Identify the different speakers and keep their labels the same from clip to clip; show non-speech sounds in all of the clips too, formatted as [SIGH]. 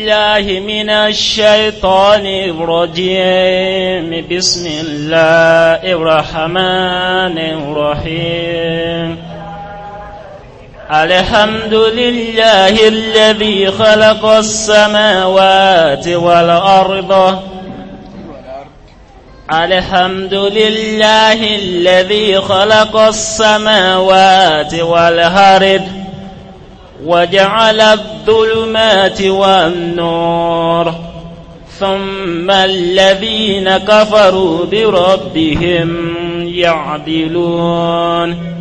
Speaker 1: الله من الشيطان الرجيم بسم الله الرحمن الرحيم الحمد لله الذي خلق السماوات والأرض الحمد لله الذي خلق السماوات والأرض وجعل الظلمات والنور ثم الذين كفروا بربهم يعدلون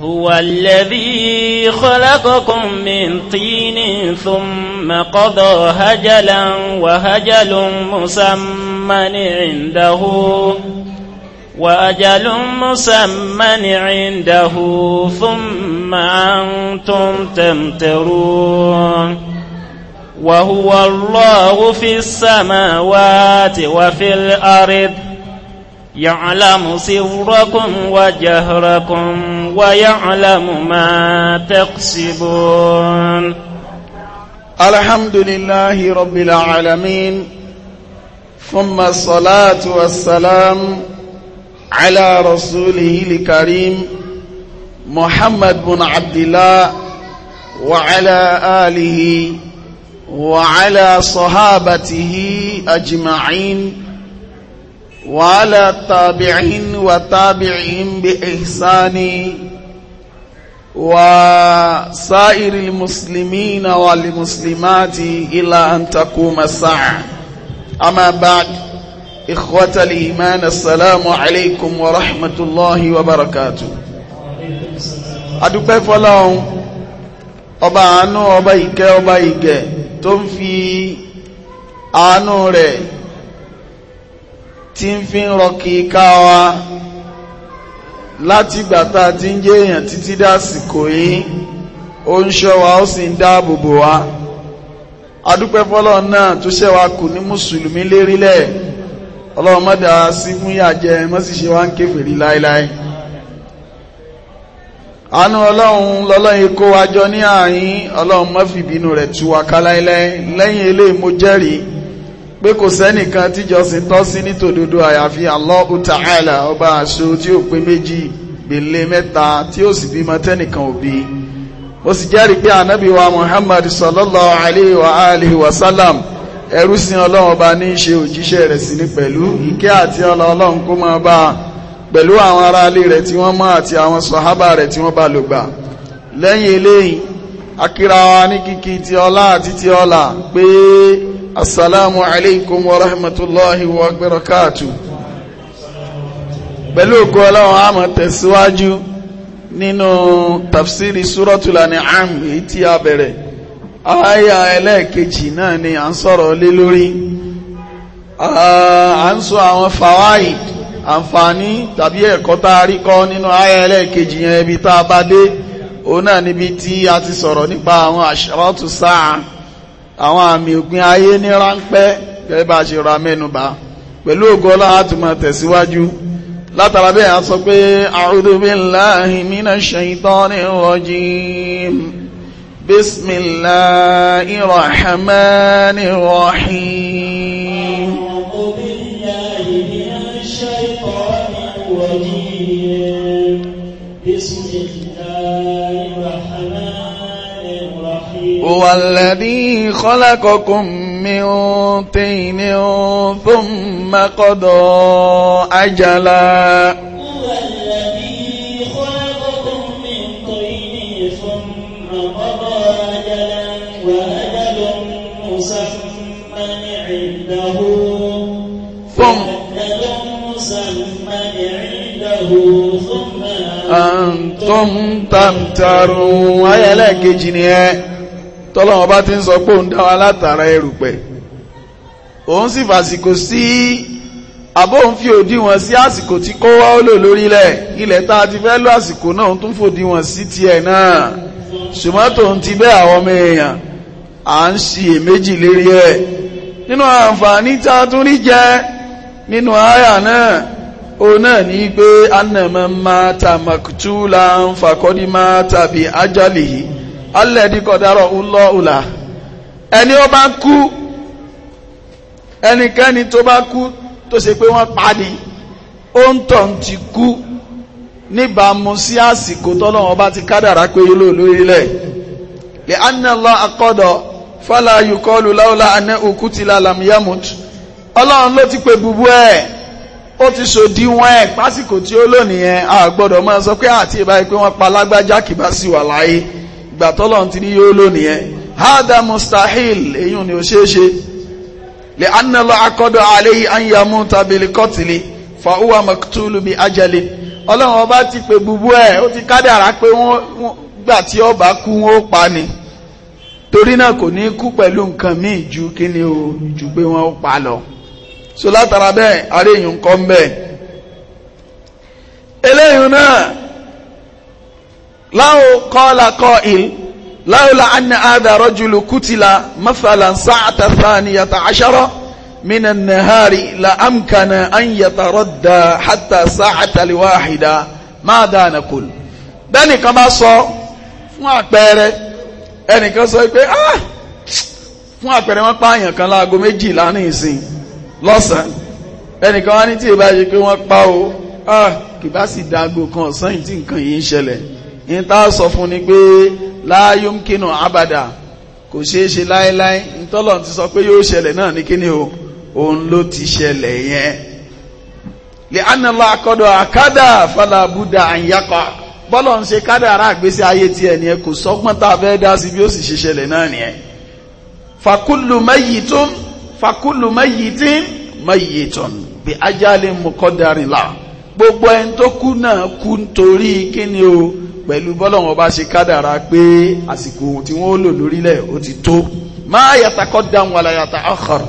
Speaker 1: هو الذي خلقكم من طين ثم قضى هجلا وهجل مسمى عنده وأجل مسمى عنده ثم أنتم تمترون وهو الله في السماوات وفي الأرض يعلم سركم وجهركم ويعلم ما تكسبون الحمد
Speaker 2: لله رب العالمين ثم الصلاة والسلام على رسوله الكريم محمد بن عبد الله وعلى آله وعلى صحابته أجمعين وعلى التابعين وتابعين بإحسان وسائر المسلمين والمسلمات إلى أن تقوم الساعة أما بعد إخوة الإيمان السلام عليكم ورحمة الله وبركاته adúpẹ́ fọ́láhun أبا àánú ọba ìkẹ́ ọba ìgẹ̀ tó ń fi àánú ركي tí ń fi ń rọkì ká wa láti gbàtà tí ń jẹ́ èèyàn títí dásìkò yìí ó ń ṣọ́ wa ó sì ń dáàbòbò wa adúpẹ́ fọ́láhun náà tó ṣẹ́ wa kù ní mùsùlùmí lérílẹ̀ẹ́ ọlọ́run má dá sí fún yà jẹ má sì ṣe wá ń kéfèrí láíláí àánú ọlọ́run lọ́lọ́yìn kó wa jọ ní àárín ọlọ́run má fi ìbínú rẹ̀ tú wa ká láíláí lẹ́yìn eléyìí mo jẹ́rìí pé kò sẹ́nìkan tíjọsìn tọ́ sí nítòdodo àyàfi Allahu Ta'ala ọba àṣọ tí ó pé méjì gbèlè mẹ́ta tí ó sì bímọ tẹ́nìkan òbí mo sì jẹ́rìí pé ànábì Muhammad sallallahu alayhi wa alihi wa sallam ẹrú sí ọlọ́run ọba ní ṣe òjíṣẹ́ rẹ̀ sí ní pẹ̀lú ìkẹ́ àti ọlọ ọlọ́run kó máa bá pẹ̀lú àwọn ará ilé rẹ̀ tí wọ́n mọ́ àti àwọn sọ̀hábà rẹ̀ tí wọ́n bá lò gbà lẹ́yìn eléyìí akíra wa ní kíkí ti ọlá àti ti ọlà pé assalamu alaikum wa rahmatullahi wa barakatuh pẹ̀lú òkú ọlọ́run a tẹ̀síwájú nínú tafsiri súrọ́tùlà ní àmì tí a bẹ̀rẹ̀ àyà ẹlẹ́ẹ̀kejì náà ni à ń sọ̀rọ̀ lé lórí à ń sọ àwọn fàwáì àǹfààní tàbí ẹ̀kọ́ tá a rí kọ́ nínú àyà ẹlẹ́ẹ̀kejì yẹn ibi tá a bá dé òun náà níbi tí a ti sọ̀rọ̀ nípa àwọn àṣírọ́tù sáà àwọn àmì òpin ayé ní ráńpẹ́ gẹ́gẹ́ bá ṣe ra mẹ́nubà pẹ̀lú ògọ́lá àtùmọ̀ tẹ̀síwájú látara bẹ́ẹ̀ a sọ pé a'udhu billahi بسم الله الرحمن الرحيم أعوذ بالله من
Speaker 1: الشيطان الرجيم بسم الله
Speaker 2: الرحمن الرحيم هو الذي خلقكم من طين ثم قضى أجلاً antum tamtarun ayẹlẹ́kejì ni ẹ tọ́lọ́wọ́n bá ti ń sọ pé òun dá wa látara erùpẹ̀ òun sì fàsìkò sí àbóhùn fi òdiwọ̀n sí àsìkò tí kó wá ó lò lórílẹ̀ ilẹ̀ tá a ti fẹ́ lọ àsìkò náà tún fòdiwọ̀n sí tiẹ̀ náà ṣùgbọ́n tòun ti bẹ́ àwọn ọmọ èèyàn à ń ṣiyèméjì lérí ẹ̀ nínú àǹfààní tá a tún rí jẹ nínú àyà náà onan igbe anama mma ta maktula nfakodi ma tabi ajalihi ala ɛdi kɔdaro ulɔ ula ɛni ɔba ku ɛnikɛni tó ba ku tó se pe wọn kpadi ontɔn ti ku níba musí asiko tɔlɔ ɔba ti kadara pé yìí lòlú yìí lɛ lè anala akɔdɔ fala yukɔlu laula ana okutila lamiyamutu ɔlɔn ló ti pè bubu ɛ. ó ti ṣòdiwọ̀n ẹ̀ pásìkò tí ó lónìí yẹn a gbọ́dọ̀ máa sọ pé àti ìbáyé pé wọ́n pa lágbájá kì bá wà láyé ìgbà ti ní yóò lónìí hada mustahil èyàn ni ó ṣeé ṣe lè anàlọ́ akọ́dọ̀ àléyìn anyamu tàbílì kọ́tìlì fàúwà mọ̀kútùlù bí ajali ọlọ́run ọba ti pè bubú ẹ̀ ó ti kádàrá pé wọ́n gbà tí ọba kú wọn ó pa ni torí náà kò ní kú pẹ̀lú nǹkan míì ju kí ni ju pé wọ́n ó pa lọ so látara bẹ́ẹ̀ aréyìn kọ́ ń bẹ́ẹ̀ eléyìn náà láwo kọ́ọ̀lá kọ́ọ̀ìl láwòlá anna àdà rọ́júlù kútìlá mọ́fàlà sáàtà sáàníyàtà àṣàrọ̀ mínà nàhárì la amkana an yàtà rọ́dà hàtà sáàtà lìwáhìdá máa dáná kùl bẹ́nìkan bá sọ fún àpẹẹrẹ ẹnìkan sọ pé ah fún àpẹẹrẹ wọn pààyàn kan láago méjìlá ní ìsìn lọ́sàn ẹnìkan wá ní tí ìbá ṣe pé wọ́n pa o ah, kìbá sì dágbò kan ọ̀sán ìtí nǹkan yìí ń ṣẹlẹ̀ yìí tá a sọ fún ni pé láyọ́m kínú abàdà kò ṣeé ṣe láéláé ntọ́lọ̀ ti sọ pé yóò ṣẹlẹ̀ náà ní kíni o òun ló ti ṣẹlẹ̀ yẹn lè ánàlọ́ akọ́dọ̀ àkádà falabuda àyàkọ́ bọ́lọ̀ ń ṣe kádàrá àgbésí ayé ti ẹ̀ nìyẹn kò sọ́gbọ́n tá a fẹ́ dá sí bí ó sì ṣe ṣẹlẹ̀ náà nìyẹn fàkúlù mẹ́yìí tó fakulu mayitin mayitun bi ajali mukodarila gbogbo ẹni tó kú náà kú nítorí kíni o pẹ̀lú bọ́lọ̀wọ̀n bá ṣe kádàrá pé àsìkò ohun tí wọ́n lò lórílẹ̀ ó ti tó máa yàtàkọ́ dáhùn alayàtà akhar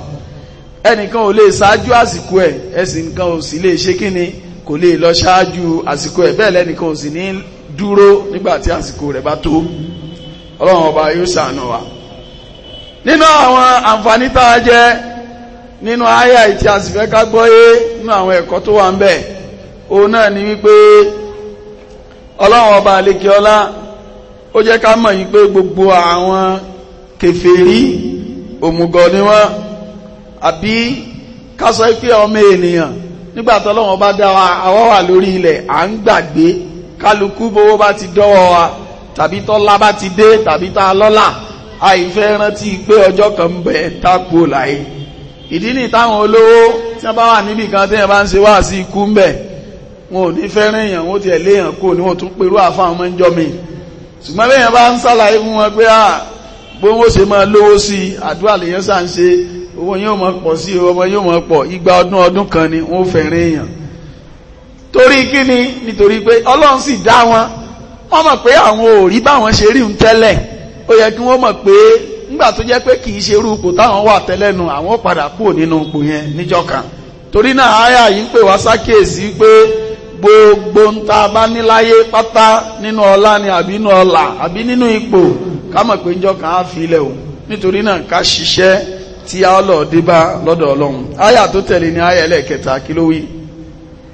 Speaker 2: ẹnìkan ò lè ṣáájú àsìkò ẹ̀ ẹ̀sìn kan ò sì lè ṣe kíni kò lè lọ ṣáájú àsìkò ẹ̀ bẹ́ẹ̀ lẹ́nìkan ò sì ní dúró nígbà tí àsìkò rẹ̀ bá tó ọlọ́run ọba yóò ṣàánú wa nínú àwọn àǹfààní tá a jẹ nínú àyà ìtì àsìfẹ́ ká gbọ́yé nínú àwọn ẹ̀kọ́ tó wà ń bẹ̀ òun náà ni wípé ọlọ́run ọba àlekè ọlá ó jẹ́ ká mọ̀ yí pé gbogbo àwọn kèfèrí òmùgọ̀ ni wọ́n àbí ká sọ pé ọmọ ènìyàn nígbà tọ́lọ́run ọba dá wa àwa wà lórí ilẹ̀ à ń gbàgbé kálukú bówó bá ti dọ́wọ́ wa tàbí tọ́lá bá ti dé tàbí tá a lọ́lá àìfẹ́ rántí pé ọjọ́ kan ń bẹ tápò láyé ìdí ní táwọn olówó tí wọ́n bá wà níbi kan tí wọ́n bá ń ṣe wá sí ikú ń bẹ wọn ò ní fẹ́ràn èèyàn wọn ò tiẹ̀ léèyàn kó ni wọ́n tún perú àfáwọn ọmọ ń jọ mi ṣùgbọ́n bẹ́ẹ̀ bá ń sàlàyé fún wọn pé gbóhùn ó ṣe máa lówó sí i àdúrà lèèyàn sà ń ṣe owó yóò máa pọ̀ sí ọmọ yóò máa pọ̀ igba ọdún ọdún kan ni wọ́n fẹ́ràn èèyàn torí kí ni nítorí pé ọlọ́run sì dá wọn wọ́n mọ̀ pé àwọn ò rí báwọn ṣe rí ń tẹ́lẹ̀ ó yẹ kí wọ́n mọ̀ pé nígbà tó jẹ́ pé kì í ṣe irú ipò táwọn wà tẹ́lẹ̀nu àwọn padà kúrò nínú ipò yẹn níjọ́ kan torí náà àyà yìí pè wá sákèsí pé gbogbo ń ta bá níláyé pátá nínú ọlá ni àbí nínú ọlà àbí nínú ipò ká mọ̀ pé níjọ́ kan á fi ilẹ̀ o nítorí náà ká ṣiṣẹ́ tí a lọ dé bá lọ́dọ̀ ọlọ́run àyà tó tẹ̀lé ní àyà ẹlẹ́ẹ̀kẹta kí ló wí.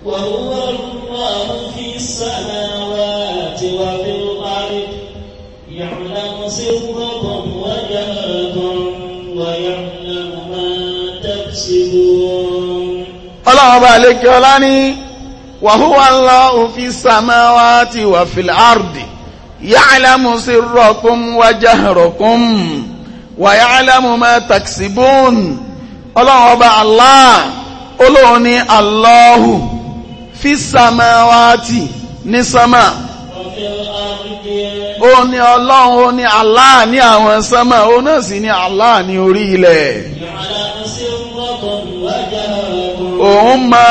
Speaker 1: wàhùn wàhùn fi sàlàwà àti wàhùn. سركم وجهركم ويعلم ما تكسبون الله عليك ولاني
Speaker 2: وهو الله في السماوات وفي الأرض يعلم سركم وجهركم ويعلم ما تكسبون الله أبا الله olóòní Allahu fi samawati ní sama ó ní ọlọ́run ó ní Allah ní àwọn sánmà ó náà sì ní Allah ní orí ilẹ̀ òun mọ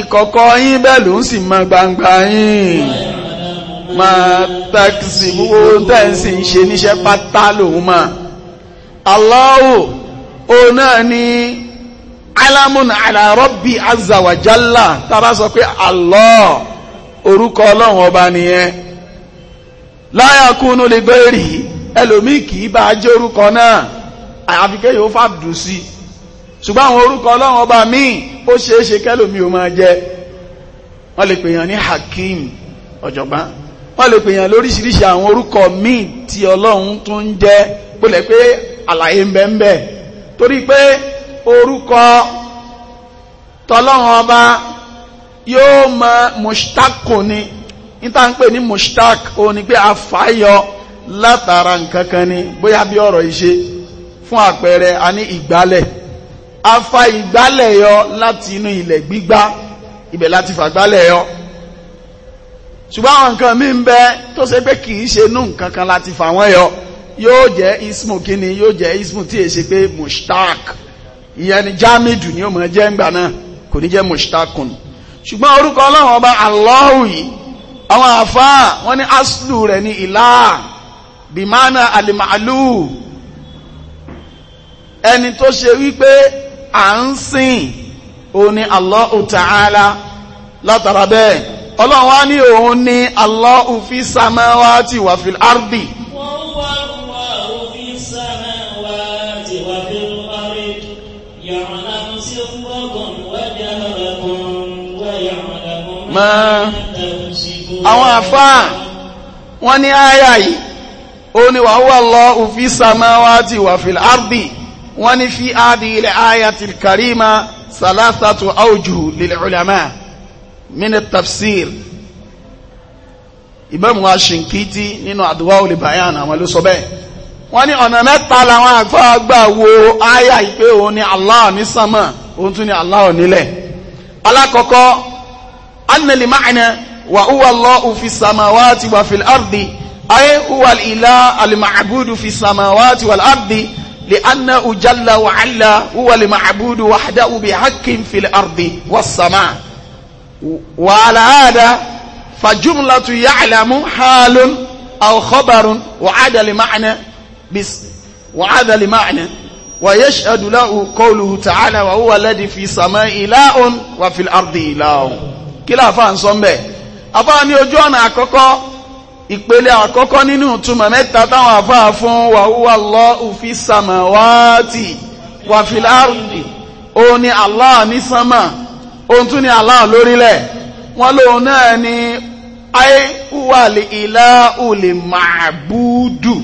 Speaker 2: ìkọ̀kọ̀ yín bẹ́ẹ̀ ló ń sì mọ gbangba yín máa tẹ́kìsì gbogbo tẹ́ǹsì ń ṣe níṣẹ́ pátá lòun mọ̀ Allahu ó náà ní alamun ala rabbi azza sọ pé Allah orúkọ ọlọ́run ọba nìyẹn láyà kúnnú lè bẹ́ẹ̀rì ẹlòmíì kì í bá a jẹ́ orúkọ náà àyàfi kéèyàn ó fàbùdù sí ṣùgbọ́n àwọn orúkọ ọlọ́run ọba míì ó ṣeé ṣe kẹ́lòmíì ó máa jẹ́ wọ́n lè pèèyàn ní hakim ọ̀jọ̀gbọ́n wọ́n lè pèèyàn lóríṣiríṣi àwọn orúkọ míì tí ọlọ́run tún ń jẹ́ pólẹ̀ pé àlàyé ń bẹ ń bẹ torí pé orúkọ tọlọ́run ọba yóò mọ mùsítákù ni níta ń pè ní mushtaq ó ní pé àfàyọ látara nǹkan kan ni bóyá bí ọ̀rọ̀ ìṣe fún àpẹẹrẹ a ní ìgbálẹ̀ afa ìgbálẹ̀ yọ láti inú ilẹ̀ gbígbá ibẹ̀ láti fàgbálẹ̀ yọ ṣùgbọ́n àwọn nǹkan mí ń bẹ tó ṣe pé kì í ṣe inú nǹkan láti fà wọ́n yọ yóò jẹ́ ismu kíni yóò jẹ́ ismu tí èṣe pé mushtaq ìyẹn ni jamidu ni ó mọ̀ jẹ́ ńgbà náà kò ní jẹ́ mushtakun ṣùgbọ́n orúkọ ọlọ́run ọba Allahu yìí àwọn àfáà wọ́n ní aslu rẹ̀ ní ìlà bìmánà àlìmàálù ẹni tó ṣe wípé à ń sìn òun ni Allahu ta'ala látara bẹ́ẹ̀ ọlọ́run wá ní òun ni Allahu fi samawati wa fil ardi. wọ́n àwọn àfáà wọ́n ní àyà yìí ó ní wà wà lọ fi samawati wà fil ardi wọ́n ní fi áàdì ilẹ̀ àyà ti karima salasatu awjuh lil ulama min tafsir ìbẹ́mu aṣinkiti nínú àdúwà olùbáyàn àwọn ló sọ bẹ́ẹ̀ wọ́n ní ọ̀nà mẹ́ta làwọn àgbà gbà wo àyà ìpé òun ni Allah ní sánmà òun tún ni Allah nílẹ̀ alákọ̀ọ́kọ́ annalima wa huwa Allahu fi samawati wa fil ardi ayé huwa ilá alimaabudu fi samawati wal ardi لأنه جل وعلا هو المعبود وحده بحق في الأرض والسماء وعلى هذا فجملة يعلم حال أو خبر وعاد لمعنى بس وعاد لمعنى ويشهد له قوله تعالى وهو الذي في السماء إله وفي الأرض إله كلا فان صنبه àfáà ní ojú ọ̀nà àkọ́kọ́ ìpele àkọ́kọ́ nínú ìtumọ̀ mẹ́ta táwọn àfáà fún wàhúwà Allahu fi samawati wa fil ardi òun ni Allah ní sánmà òun tún ni Allah lórílẹ̀ wọ́n lóun náà ni àìwàlì ìlà òlè màbúdù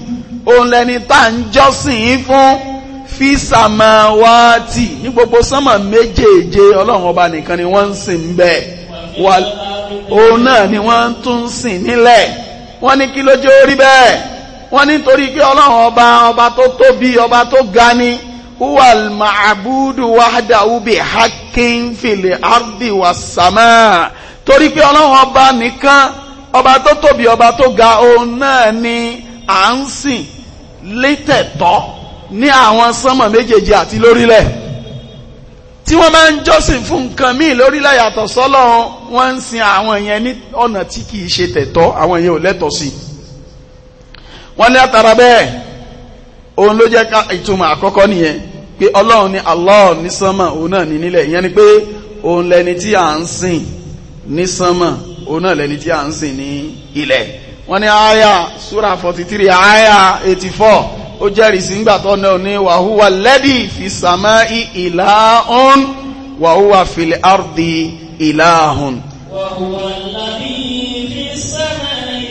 Speaker 2: òun lẹni tá ń jọ́sìn fún fi samawati ní gbogbo sánmà méjèèje ọlọ́run ọba nìkan ni wọ́n ń sìn bẹ́ẹ̀ wà òun náà ni wọ́n tún sìn nílẹ̀ wọ́n ní kí ló jẹ́ orí bẹ́ẹ̀ wọ́n nítorí pé ọlọ́run ọba ọba tó tóbi ọba tó ga ni huwal ma'abudu wahdahu bi haqqin fil ardi was samaa torí pé ọlọ́run ọba nìkan ọba tó tóbi ọba tó ga òun náà ni à ń sìn létẹ̀tọ́ ní àwọn sánmọ̀ méjèèjì àti lórílẹ̀ tí wọ́n máa ń jọ́sìn fún nǹkan míì lórílẹ̀ wọ́n ń sin àwọn yẹn ní ọ̀nà tí kì í tẹ̀tọ́ àwọn yẹn ò lẹ́tọ̀ sí wọ́n ní àtàrà bẹ́ẹ̀ òun ló jẹ́ ká ìtumọ̀ àkọ́kọ́ nìyẹn pé ọlọ́run ni Allah ní sánmà náà ní nílẹ̀ ìyẹn ni pé òun lẹni ní sánmà à ń sìn ní ilẹ̀ wọ́n ní àyà ó jẹ́rìí sí ńgbà tó náà ní wàhúwà lẹ́dí fi sàmá ìlàhún wàhúwà fìlẹ̀ àrùdí ìlàhún.
Speaker 1: wàhúwà lẹ́dí fi sàmá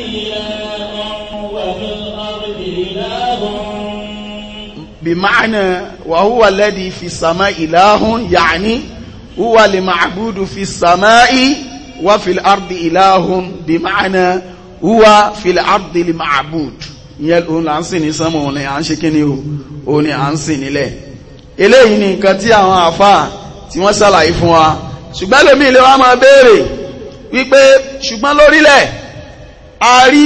Speaker 1: ìlàhún wàhúwà àrùdí ìlàhún.
Speaker 2: bìmáànà wàhúwà lẹ́dí fi sàmá ìlàhún yàní huwa lè màbúdù fi sàmá wàfìlẹ̀ àrùdí ìlàhún bìmáànà huwa fìlẹ̀ àrùdí lè màbúdù ìyẹn òun là ń sìn ní sánmọ̀ òun ni à ń ṣe kí ni o òun ni à ń sìn nílẹ̀ eléyìí ni nǹkan tí àwọn àfáà tí wọ́n ṣàlàyé fún wa ṣùgbọ́n lèmi ilé wa máa béèrè lórílẹ̀ a rí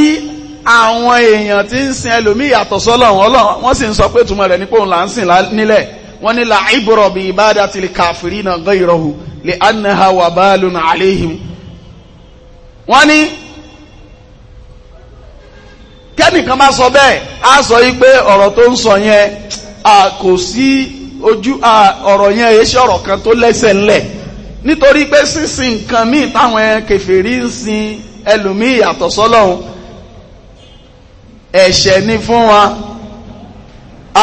Speaker 2: àwọn èèyàn tí ń sin ẹlòmíì yàtọ̀ sọ́lọ́run Ọlọ́run wọ́n sì ń sọ pé túmọ̀ rẹ̀ ní pé ń sìn nílẹ̀ wọ́n ní làíbọ̀rọ̀ bí ìbáda ti lè kàfìrí náà gọ́ ìrọ̀hù lè tẹ́nìkan bá sọ bẹ́ẹ̀ á sọ yí pé ọ̀rọ̀ tó ń sọ yẹn kò sí ojú ọ̀rọ̀ yẹn èyí ṣe ọ̀rọ̀ kan tó lẹ́sẹ̀ ńlẹ̀ nítorí pé sísìn nǹkan míì táwọn kèfèrí ń sin ẹlòmíì yàtọ̀ sọ́lọ́hun ẹ̀ṣẹ̀ ni fún wọn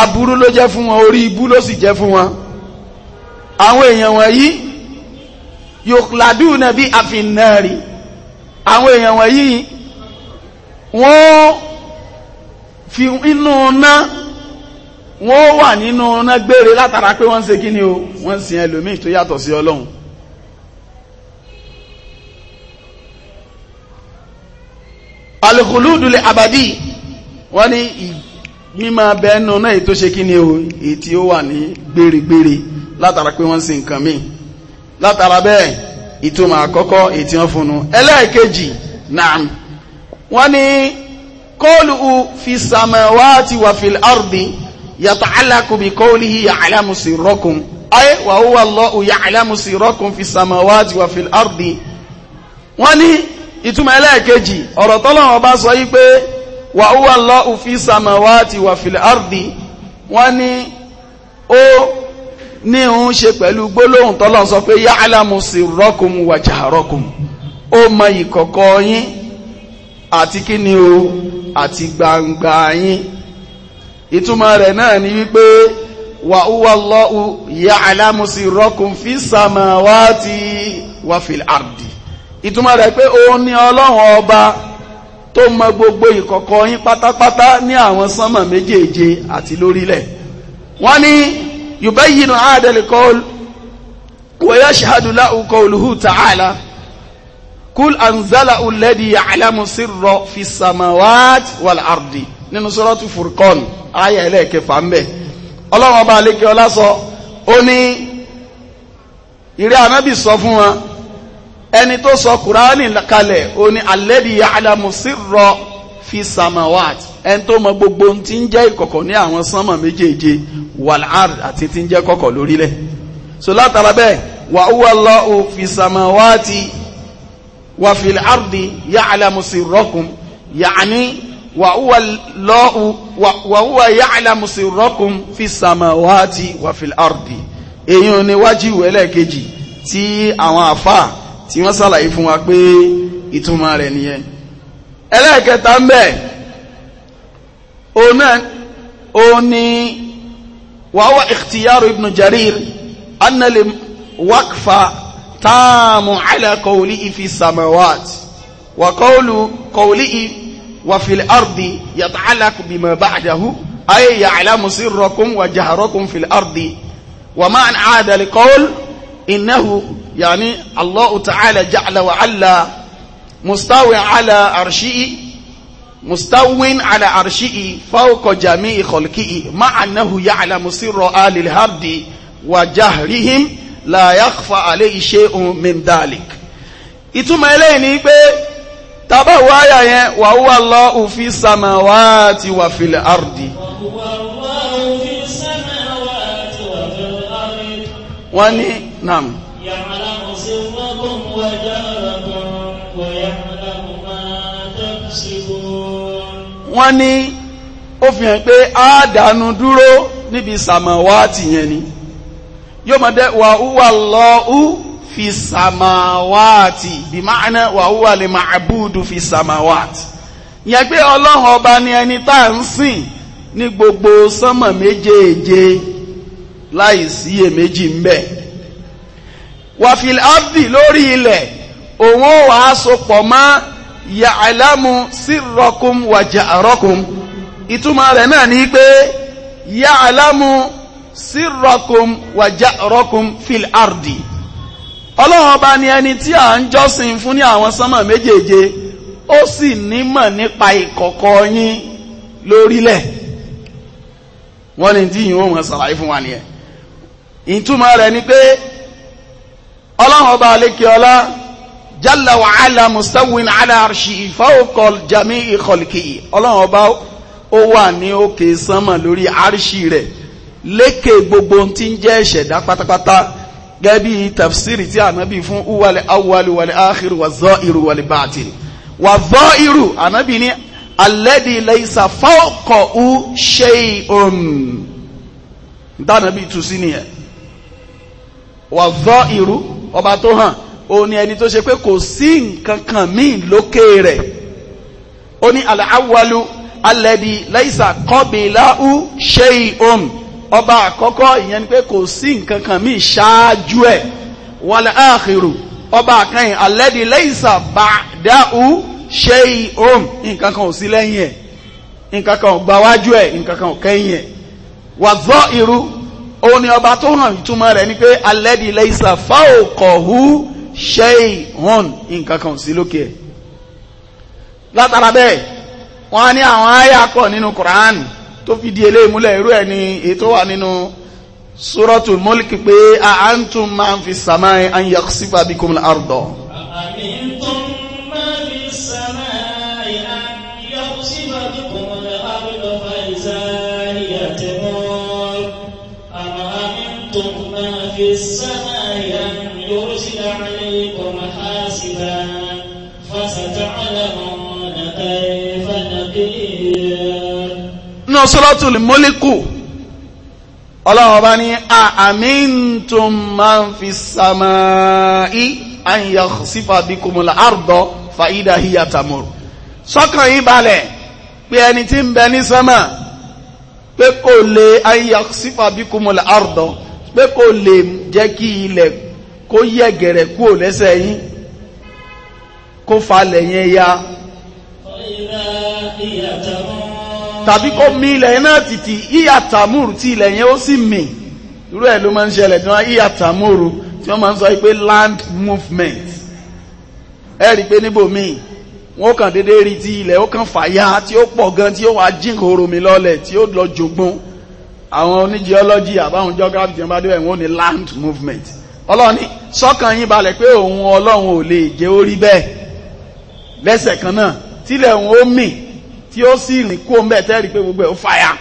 Speaker 2: aburú ló jẹ́ fún wọn orí ibú ló sì jẹ́ fún wọn àwọn èèyàn wọ̀nyí yòkùládùn nàbí àfìnnárì àwọn èèyàn wọ̀nyí wọ́n fi inú ọ̀nà wọ́n wà nínú ọ̀nà gbére látara pé wọ́n ń ṣe kí ni o wọ́n ń sin ẹlòmíì tó yàtọ̀ sí ọlọ́run alìkùlùdùlẹ̀ àbàdì wọ́n ní mímọ abẹ́nu náà èyí tó ṣe kí ni o èyí tí ó wà ní gbéregbére látara pé wọ́n ń sin nǹkan míì látara bẹ́ẹ̀ ìtumọ̀ àkọ́kọ́ èyí tí wọ́n funu ẹlẹ́ẹ̀kejì náà wọ́n ní kọlu fi samawati wa fil ardi yata'allaqu bi qawlihi ya'lamu sirrakum ay wa huwa Allahu ya'lamu sirrakum fi samawati wa fil ardi wọ́n ní ìtumọ̀ ẹlẹ́ẹ̀kejì ọ̀rọ̀ t'Ọlọ́run bá sọ yìí pé wa huwa Allahu fi samawati wa fil ardi wọ́n ní ó ní òun ṣe pẹ̀lú gbólóhùn t'Ọlọ́run sọ pé ya'lamu sirrakum wa jahrakum ó mọ ìkọ̀kọ̀ yín àti kí ni o àti gbangba yín ìtumọ̀ rẹ̀ náà ni wípé wà úwà lọ́ù yà alámùsí rọ́kùn fi sàmàwátì wà fìlì àrùdì ìtumọ̀ rẹ̀ pé òun ni ọlọ́run ọba tó mọ gbogbo ìkọ̀kọ̀ yín pátápátá ní àwọn sánmà méjèèje àti lórílẹ̀ wọ́n ní yubayyinu àádẹ́lẹ̀kọ́ wọ́yá ṣàdúlá òkọ̀ olùhù tààlà kúl anzala ulẹ́dì ya'lamu sirra fi samawati wal ardi nínú suratu furqan ayé ẹlẹ́ẹ̀kẹfà ń bẹ̀ ọlọ́run ọba àlékè ọlá sọ ó ní ìrẹ́ anábì sọ fún wọn ẹni tó sọ kùránì kalẹ̀ ó ní alẹ́dì ya'lamu sirra fi samawati ẹni tó mọ gbogbo tí ń jẹ́ ìkọ̀kọ̀ ní àwọn sánmọ̀ méjèèje wal ard àti tí ń jẹ́ kọ̀kọ̀ lórílẹ̀ so látara bẹ́ẹ̀ wàhúwà lọ́ọ́ fi samawati wà fìlì àrùdì yà àlàmùsì rọ́kùn yàní wà wúwa yà àlàmùsì rọ́kùn fi sàmàwáàtì wà fìlì àrùdì èyí ò ní wájú ìwé ẹlẹ́ẹ̀kejì tí àwọn àfáà tí wọ́n sàlàyé fún wa pé ìtumọ̀ rẹ̀ nìyẹn ẹlẹ́ẹ̀kẹta ń bẹ òun náà ó ní wàhùwà ikhtiyaru jarir annali wakfa taamu ala qawlihi fi samawat wa qawlu qawlihi wa fil ardi yata'allaqu bima ba'dahu ay ya'lamu sirrakum wa jahrakum fil ardi wa ma'an aada al-qawl innahu yani Allah ta'ala ja'ala wa 'alla mustawin ala arshihi mustawin ala arshihi fawqa jami'i khalqihi la yakhfa alayhi shay'un min dhalik ìtumọ̀ eléyìí ni pé tàbá wo àyà yẹn wa huwa Allahu fi samawati wa fil ardi wọ́n ní nam wọ́n ní ó fi hàn pé àádánú dúró níbi sàmọ̀wá tìyẹn ni yóò mọ̀ dẹ́ wà húwà lọ́hù fi sàmàwáàtì bí máàna wà húwà lè màábùdù fi sàmàwáàtì yẹn pé ọlọ́run ọba ni ẹni tá à ń sìn ní gbogbo sánmọ̀ méjèèje láì sí èméjì ń bẹ wàfíìlì abdi lórí ilẹ̀ òun ò wá sopọ̀ mọ́ ya'lamu sirrakum wa ja'rakum ìtumọ̀ rẹ̀ náà ni pé ya'lamu sírọ̀kùn wàjá rọ́kùn fil ardi ọlọ́run ọba ni ẹni tí à ń jọ́sìn fún ní àwọn sánmà méjèèje ó sì nímọ̀ nípa ìkọ̀kọ̀ yín lórílẹ̀ wọ́n ní tí ìyìn ó mọ̀ sàlàyé fún wa nìyẹn ìtumọ̀ rẹ̀ ni pé ọlọ́run ọba àlékè ọlá jalla wa ala mustawin jami'i khalqi ọlọ́run ọba ó wà ní òkè sánmà lórí arshi rẹ̀ lékè gbogbo tí ń jẹ́ ìṣẹ̀dá pátápátá gẹ́bí tafsiri tí ànábì fún uwalẹ̀ awwali wàlẹ̀ áhìrù wà zọ́ irú wàlẹ̀ bàtì wà zọ́ irú ànábì ní alẹ́dì lẹ́yìnsà fọ́ọ̀kọ̀ u ṣe òun dánàbì tù sí nìyẹn wà zọ́ irú ọba tó hàn ó ẹni tó ṣe pé kò sí nǹkan kan míì lókè rẹ̀ ó ní aláwọ̀lú alẹ́dì lẹ́ìsà kọ́bìláhù ṣe ìhùn ọba àkọ́kọ́ ìyẹn ni pé kò sí nǹkan kan míì ṣáájú ẹ̀ wal akhiru ọba kan alladhi laysa ba'dahu shay'un nǹkan kan ò sí lẹ́yìn ẹ̀ nǹkan kan ò gbáwájú ẹ̀ nǹkan kan ò kẹ́yìn ẹ̀ wa dhahiru òun ni ọba tó hàn ìtumọ̀ rẹ̀ ni pé alladhi laysa fawqahu shay'un nǹkan kan ò sí lókè ẹ̀ látara bẹ́ẹ̀ wọ́n á ní àwọn àyà pọ̀ nínú Kùránì tó fi di eléyìí múlẹ̀ irú ẹ̀ ni èyí tó wà nínú suratul mulk pé a antum man fi samai an yaksifa bikum al-ardo.
Speaker 1: àmìntún máa fi samai an yaksifa bikum al-ardo faiza yatemor àmìntún máa fi
Speaker 2: nínú sọ́lọ́tù mọ́líkù ọlọ́run ọba ní àmìntùm máa ń fi sàmà í àyà sífà bí kòmùlà àrùdọ́ fàídà híyà tàmùrù sọ́kàn yìí balẹ̀ pé ẹni tí ń bẹ ní sánmà pé kò lè àyà sífà bí kòmùlà àrùdọ́ pé kò lè jẹ́ kí ilẹ̀ kó yẹ̀gẹ̀rẹ̀ kúò lẹ́sẹ̀ yín kó falẹ̀ yẹn ya tàbí kó mi ilẹ̀ yẹn náà títì ìyá tàmúrù tí ilẹ̀ yẹn ó sì mì irú ẹ̀ ló máa ń ṣẹlẹ̀ tí wọ́n ìyá tí wọ́n máa ń sọ pé land movement ẹ rí i pé níbò míì wọ́n kàn dédé rí ti ilẹ̀ ó kàn fàyà tí ó pọ̀ gan tí ó wá jíǹkoro mi lọ́lẹ̀ tí ó lọ jogbón àwọn oníjìọ́lọ́jì àbáwọn geography tí wọ́n bá dé ẹ̀wọ̀n ní land movement ọlọ́ni sọ́kàn yín balẹ̀ pé òun ọlọ́run ò lè jẹ́ orí bẹ́ẹ̀ lẹ́sẹ̀ kan náà tílẹ̀ òun ó mì tí ó sì rìn kó ń bẹ̀ tẹ́rì pé gbogbo ẹ̀ ó fàyà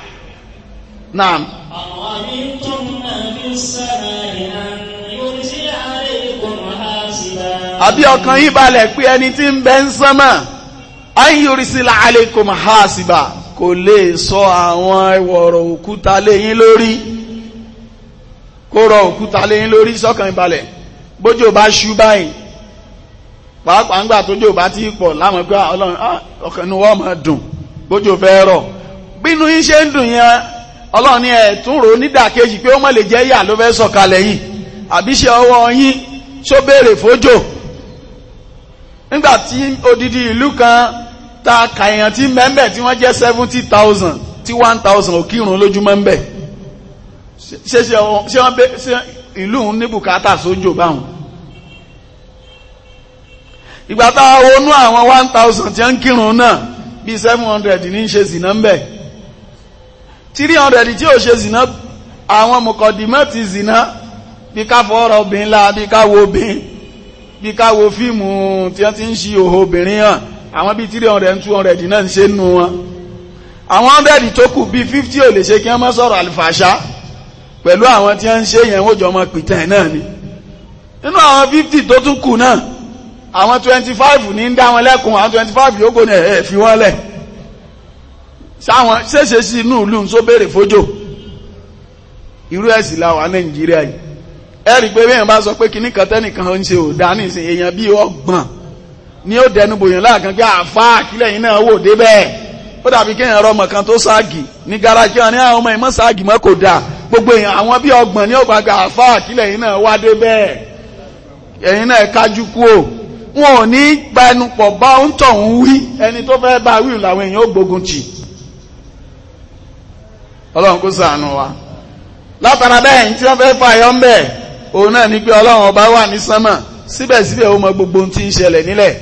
Speaker 2: náà. àwọn
Speaker 1: àmì tó ń nàbí sára ìlànà yóò ti àárẹ̀ ìkùnà àbí
Speaker 2: ọkàn yín balẹ̀ pé ẹni tí ń bẹ ń sánmà ayúrísílà aleikum hasiba kò lè sọ àwọn ẹwọ̀rọ̀ òkúta léyìn lórí kó rọ òkúta léyìn lórí sọ́kàn ìbalẹ̀ bójò bá ṣú báyìí pàápàá ń gbà tójò bá ti pọ̀ láwọn ẹgbẹ́ ah, ọlọ́run ah, ọkàn inú wọn máa dùn bójú fẹ́ rọ̀ bínú yín ṣe ń dùn yẹn ọlọ́run ni ẹ̀ tún rò nídàkejì pé ó mọ̀ lè jẹ́ yà ló fẹ́ sọ̀kalẹ̀ yìí àbíṣe ọwọ́ yín ṣó béèrè fójò nígbà tí odidi ìlú kan ta kàyàn tí mẹ́mbẹ̀ tí wọ́n jẹ́ seventy thousand tí one thousand òkírun lójúmọ́ ń bẹ̀ ṣe ṣe wọ́n bẹ ṣe ìlú ń ní bùkátà sójò báwọn ìgbà táwọn wọnú àwọn one thousand tí wọ́n ń kírun náà bí 700 ní ṣe zìnà ń bẹ̀ 300 tí ò ṣe zìnà àwọn mọ̀kọ̀dìmọ́ ti zìnà bí ká fọ́ọ̀rọ̀ obìnrin láà bí ká wo obìnrin bí ká wo fíìmù tí wọ́n ti ń ṣe òhò obìnrin hàn àwọn bí 300 200 náà ń ṣe nù wọn àwọn 100 tó kù bí 50 ò lè ṣe kí wọ́n má sọ̀rọ̀ àlùfàṣá pẹ̀lú àwọn tí wọ́n ń ṣe yẹn ó jọ mọ pìtàn náà ni nínú àwọn 50 tó tún kù náà àwọn twenty five ní ń dá wọn lẹ́kùn àwọn twenty five yòókù ni ẹ̀ fi wọ́n lẹ̀ sáwọn ṣèṣe sí inú ìlú ń sọ béèrè fójò irú ẹ̀sìn la wà nàìjíríà yìí ẹ rí i pé bẹ́ẹ̀ bá sọ pé kíní kan tẹ́nìkan ń ṣe òdá nísìnyí èèyàn bíi ọgbọ̀n ni ó dẹnu bòyàn láàkan kí àfa àkílẹ̀ yìí náà wò dé bẹ́ẹ̀ ó dàbí kéèyàn rọmọ kan tó ságì ní garaajì wọn ní àwọn ah, ọmọ ìmọ̀ ságì mọ́ kò dáa gbogbo èèyàn àwọn bíi ọgbọ̀n ni ó gbàgbà àfa àkílẹ̀ yìí náà wá dé bẹ́ẹ̀ ẹ̀yin náà kájú kú o wọn ò ní gbanupọ̀ bá ń tọ̀hún wí ẹni tó fẹ́ bá wíwù làwọn èèyàn ó gbógun tì ọlọ́run kó ṣàánú wa látara bẹ́ẹ̀ tí wọ́n fẹ́ fà ń bẹ̀ òun náà ni pé ọlọ́run ọba wà ní sánmà síbẹ̀síbẹ̀ ó mọ gbogbo ohun tí ń ṣẹlẹ̀ nílẹ̀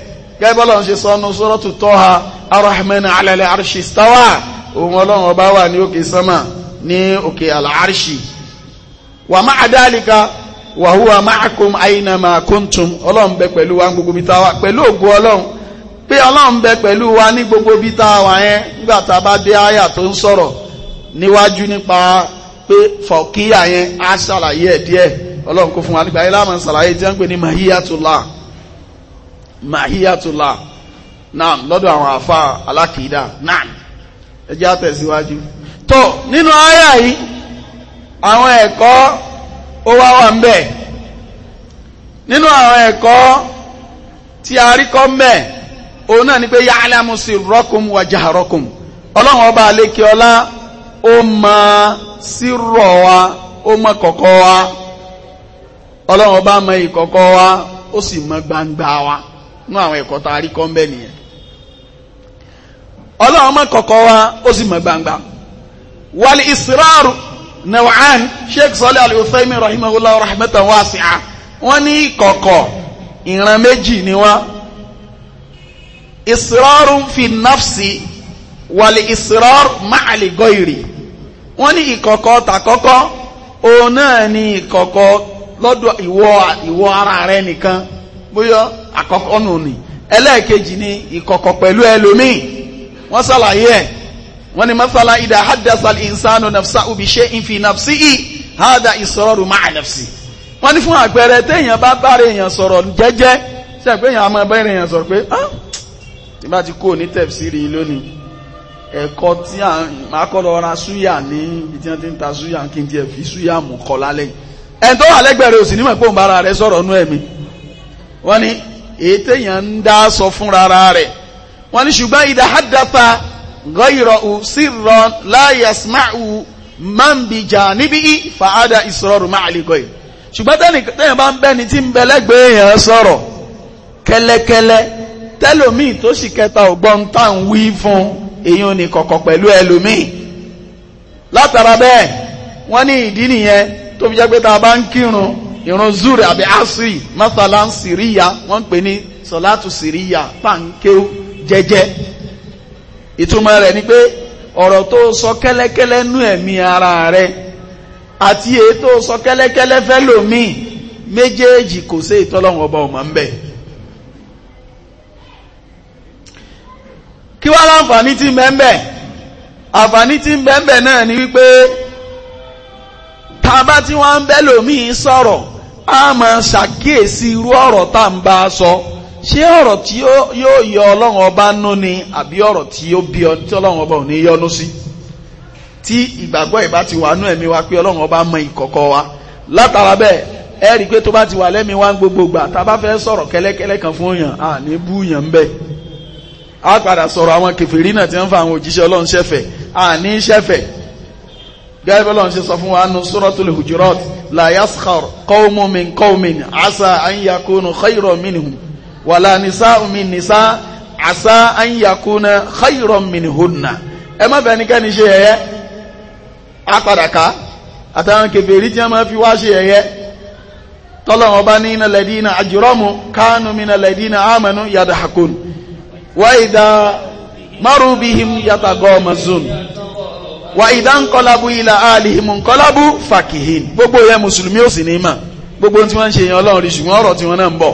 Speaker 2: gẹ́gẹ́ bọ́lọ́run ṣe sọnù suratu Toha arahman alẹ́lẹ́ arṣi stawa òun ọlọ́run ọba wà ní òkè sánmà ní òkè àlàárṣì wàmá àdáàlìkà wàhúwa máàkùn àyínàmà kúntùm ọlọ́run bẹ pẹ̀lú wa gbogbo bíi táwa pẹ̀lú ògùn ọlọ́run pé ọlọ́run wa ní gbogbo bíi táwa yẹn nígbà tá a bá dé àyà tó ń sọ̀rọ̀ níwájú nípa pé fọ̀kíyà yẹn á ṣàlàyé fún wa nígbà yẹn láwọn ṣàlàyé tí wọ́n ń pè ní mahiyatullah mahiyatullah náà lọ́dọ̀ àwọn àfa alákìídà náà ẹ jẹ́ àtẹ̀síwájú tó nínú àyà ó wá wà ń bẹ̀ nínú àwọn ẹ̀kọ́ tí a rí kọ́ mẹ́ òun náà ni pé ya'lamu sirrakum ọlọ́run ọba àlékè ọlá ó mọ wa ó mọ ọba mọ wa ó sì mọ gbangba wa àwọn ẹ̀kọ́ tá a rí kọ́ nìyẹn ọlọ́run mọ wa gbangba nàwàán sheikh sọ́lẹ̀ alìwòsẹ́mi rahimahullah rahmatan wasi'a wọ́n ní kọ̀kọ̀ ìran méjì ni wọ́n ìsìrọ́rùn fi nafsi wàlì ìsìrọ́r máàlì gọ́ìrì wọ́n ní ìkọ̀kọ̀ tàkọ́kọ́ òun náà ní ìkọ̀kọ̀ lọ́dọ̀ ìwọ ìwọ ara rẹ nìkan bóyá àkọ́kọ́ nù ní ẹlẹ́ẹ̀kejì ní ìkọ̀kọ̀ pẹ̀lú ẹlòmíì wọ́n sàlàyé ẹ̀ wọ́n ní masala idà haddasa insanu nafsa ubi ṣe ìfi nafsi i hada ìsọ̀rọ̀rù máa nafsi wọ́n ní fún àpẹẹrẹ téèyàn bá bára èèyàn sọ̀rọ̀ jẹ́jẹ́ sí àpẹẹyàn àmọ́ bára èèyàn sọ̀rọ̀ pé ah tí ti kú ní tẹ̀fsíìrì lónìí ẹ̀kọ́ tí à ń akọ́lọ ra súyà ní ibi tí wọ́n ti ń ta súyà kí n tiẹ̀ fi súyà mú kọ́ lálẹ́ yìí ẹni wà lẹ́gbẹ̀ẹ́ rẹ̀ ò sì nímọ̀ bára rẹ̀ sọ̀rọ̀ gọ́yìrọ̀ù sírọ̀ láyàsmáù máa ń bi jà níbi í fàádà ìsọ̀rọ̀ máa lè gọ́yì ṣùgbọ́n tẹ́yìn bá ń bẹ́ni tí ń bẹ lẹ́gbẹ̀ẹ́ èèyàn sọ̀rọ̀ kẹ́lẹ́kẹ́lẹ́ tẹ́lòmíì tó sì kẹta ògbọ́n táwọn wí fún èèyàn ní kọ̀kọ̀ pẹ̀lú ẹlòmíì látara bẹ́ẹ̀ wọ́n ní ìdí nìyẹn tó fi jẹ́ pé tá a bá ń kírun ìrun zuri àbí asiri mọ́sálá ń wọ́n pè ní sọ̀látù sìríyà pàǹkéw jẹ́jẹ́ ìtumọ̀ rẹ̀ ni pé ọ̀rọ̀ tó sọ kẹ́lẹ́kẹ́lẹ́ nú ẹ̀mí ara rẹ̀ àti èyí tó sọ kẹ́lẹ́kẹ́lẹ́ fẹ́ lomi méjèèjì kò sí ìtọ́lọ́wọ̀n ọba ọ̀mọ̀ ń kí láǹfààní ń ń àǹfààní ni wípé tá a bá ń a máa ṣàkíyèsí irú ọ̀rọ̀ tá ń bá sọ. ṣé ọ̀rọ̀ tí yóò yọ ọlọ́run ọba nú ni àbí ọ̀rọ̀ tí ó bí ọ tí ọlọ́run ọba ò ní yọnu sí tí ìgbàgbọ́ ìbá ti wà nú ẹ̀mí wa pé ọlọ́run ọba mọ ìkọ̀kọ̀ wa látara bẹ́ẹ̀ ẹ rí i pé tó bá ti wà lẹ́mí wa ń gbogbo gbà tá a bá fẹ́ sọ̀rọ̀ kẹ́lẹ́kẹ́lẹ́ kan fún yàn à ní bú yàn ń bẹ̀ á padà sọ̀rọ̀ àwọn kèfèrí náà tí wọ́n fa àwọn òjíṣẹ́ ọlọ́run ṣẹ̀fẹ̀ à ọlọ́run ṣe sọ fún wa nu suratul hujurat la yaskhar qawmun min qawmin asa an yakunu khayran minhum wàlá nìsá min nìsá àṣà ànyàkúnà khayran minhunna ẹ má bẹ́ẹ̀ nìkan ní ṣe ẹ̀yẹ apàdàká àtàwọn kèfèrí tí wọ́n máa fi wá ṣe ẹ̀yẹ tọ́lọ́wọ́n bá ní iná lẹ́dínà àjùrọ́mù kánú mi iná lẹ́dínà àmánú yadhakun wa idha maru bihim yataghamazun wa idha nqalabu ila alihim nqalabu fakihin gbogbo yẹn mùsùlùmí ò sì ní mà gbogbo tí wọ́n ń ṣe yẹn ọlọ́run rí ṣùgbọ́n tí wọ́n náà ń bọ̀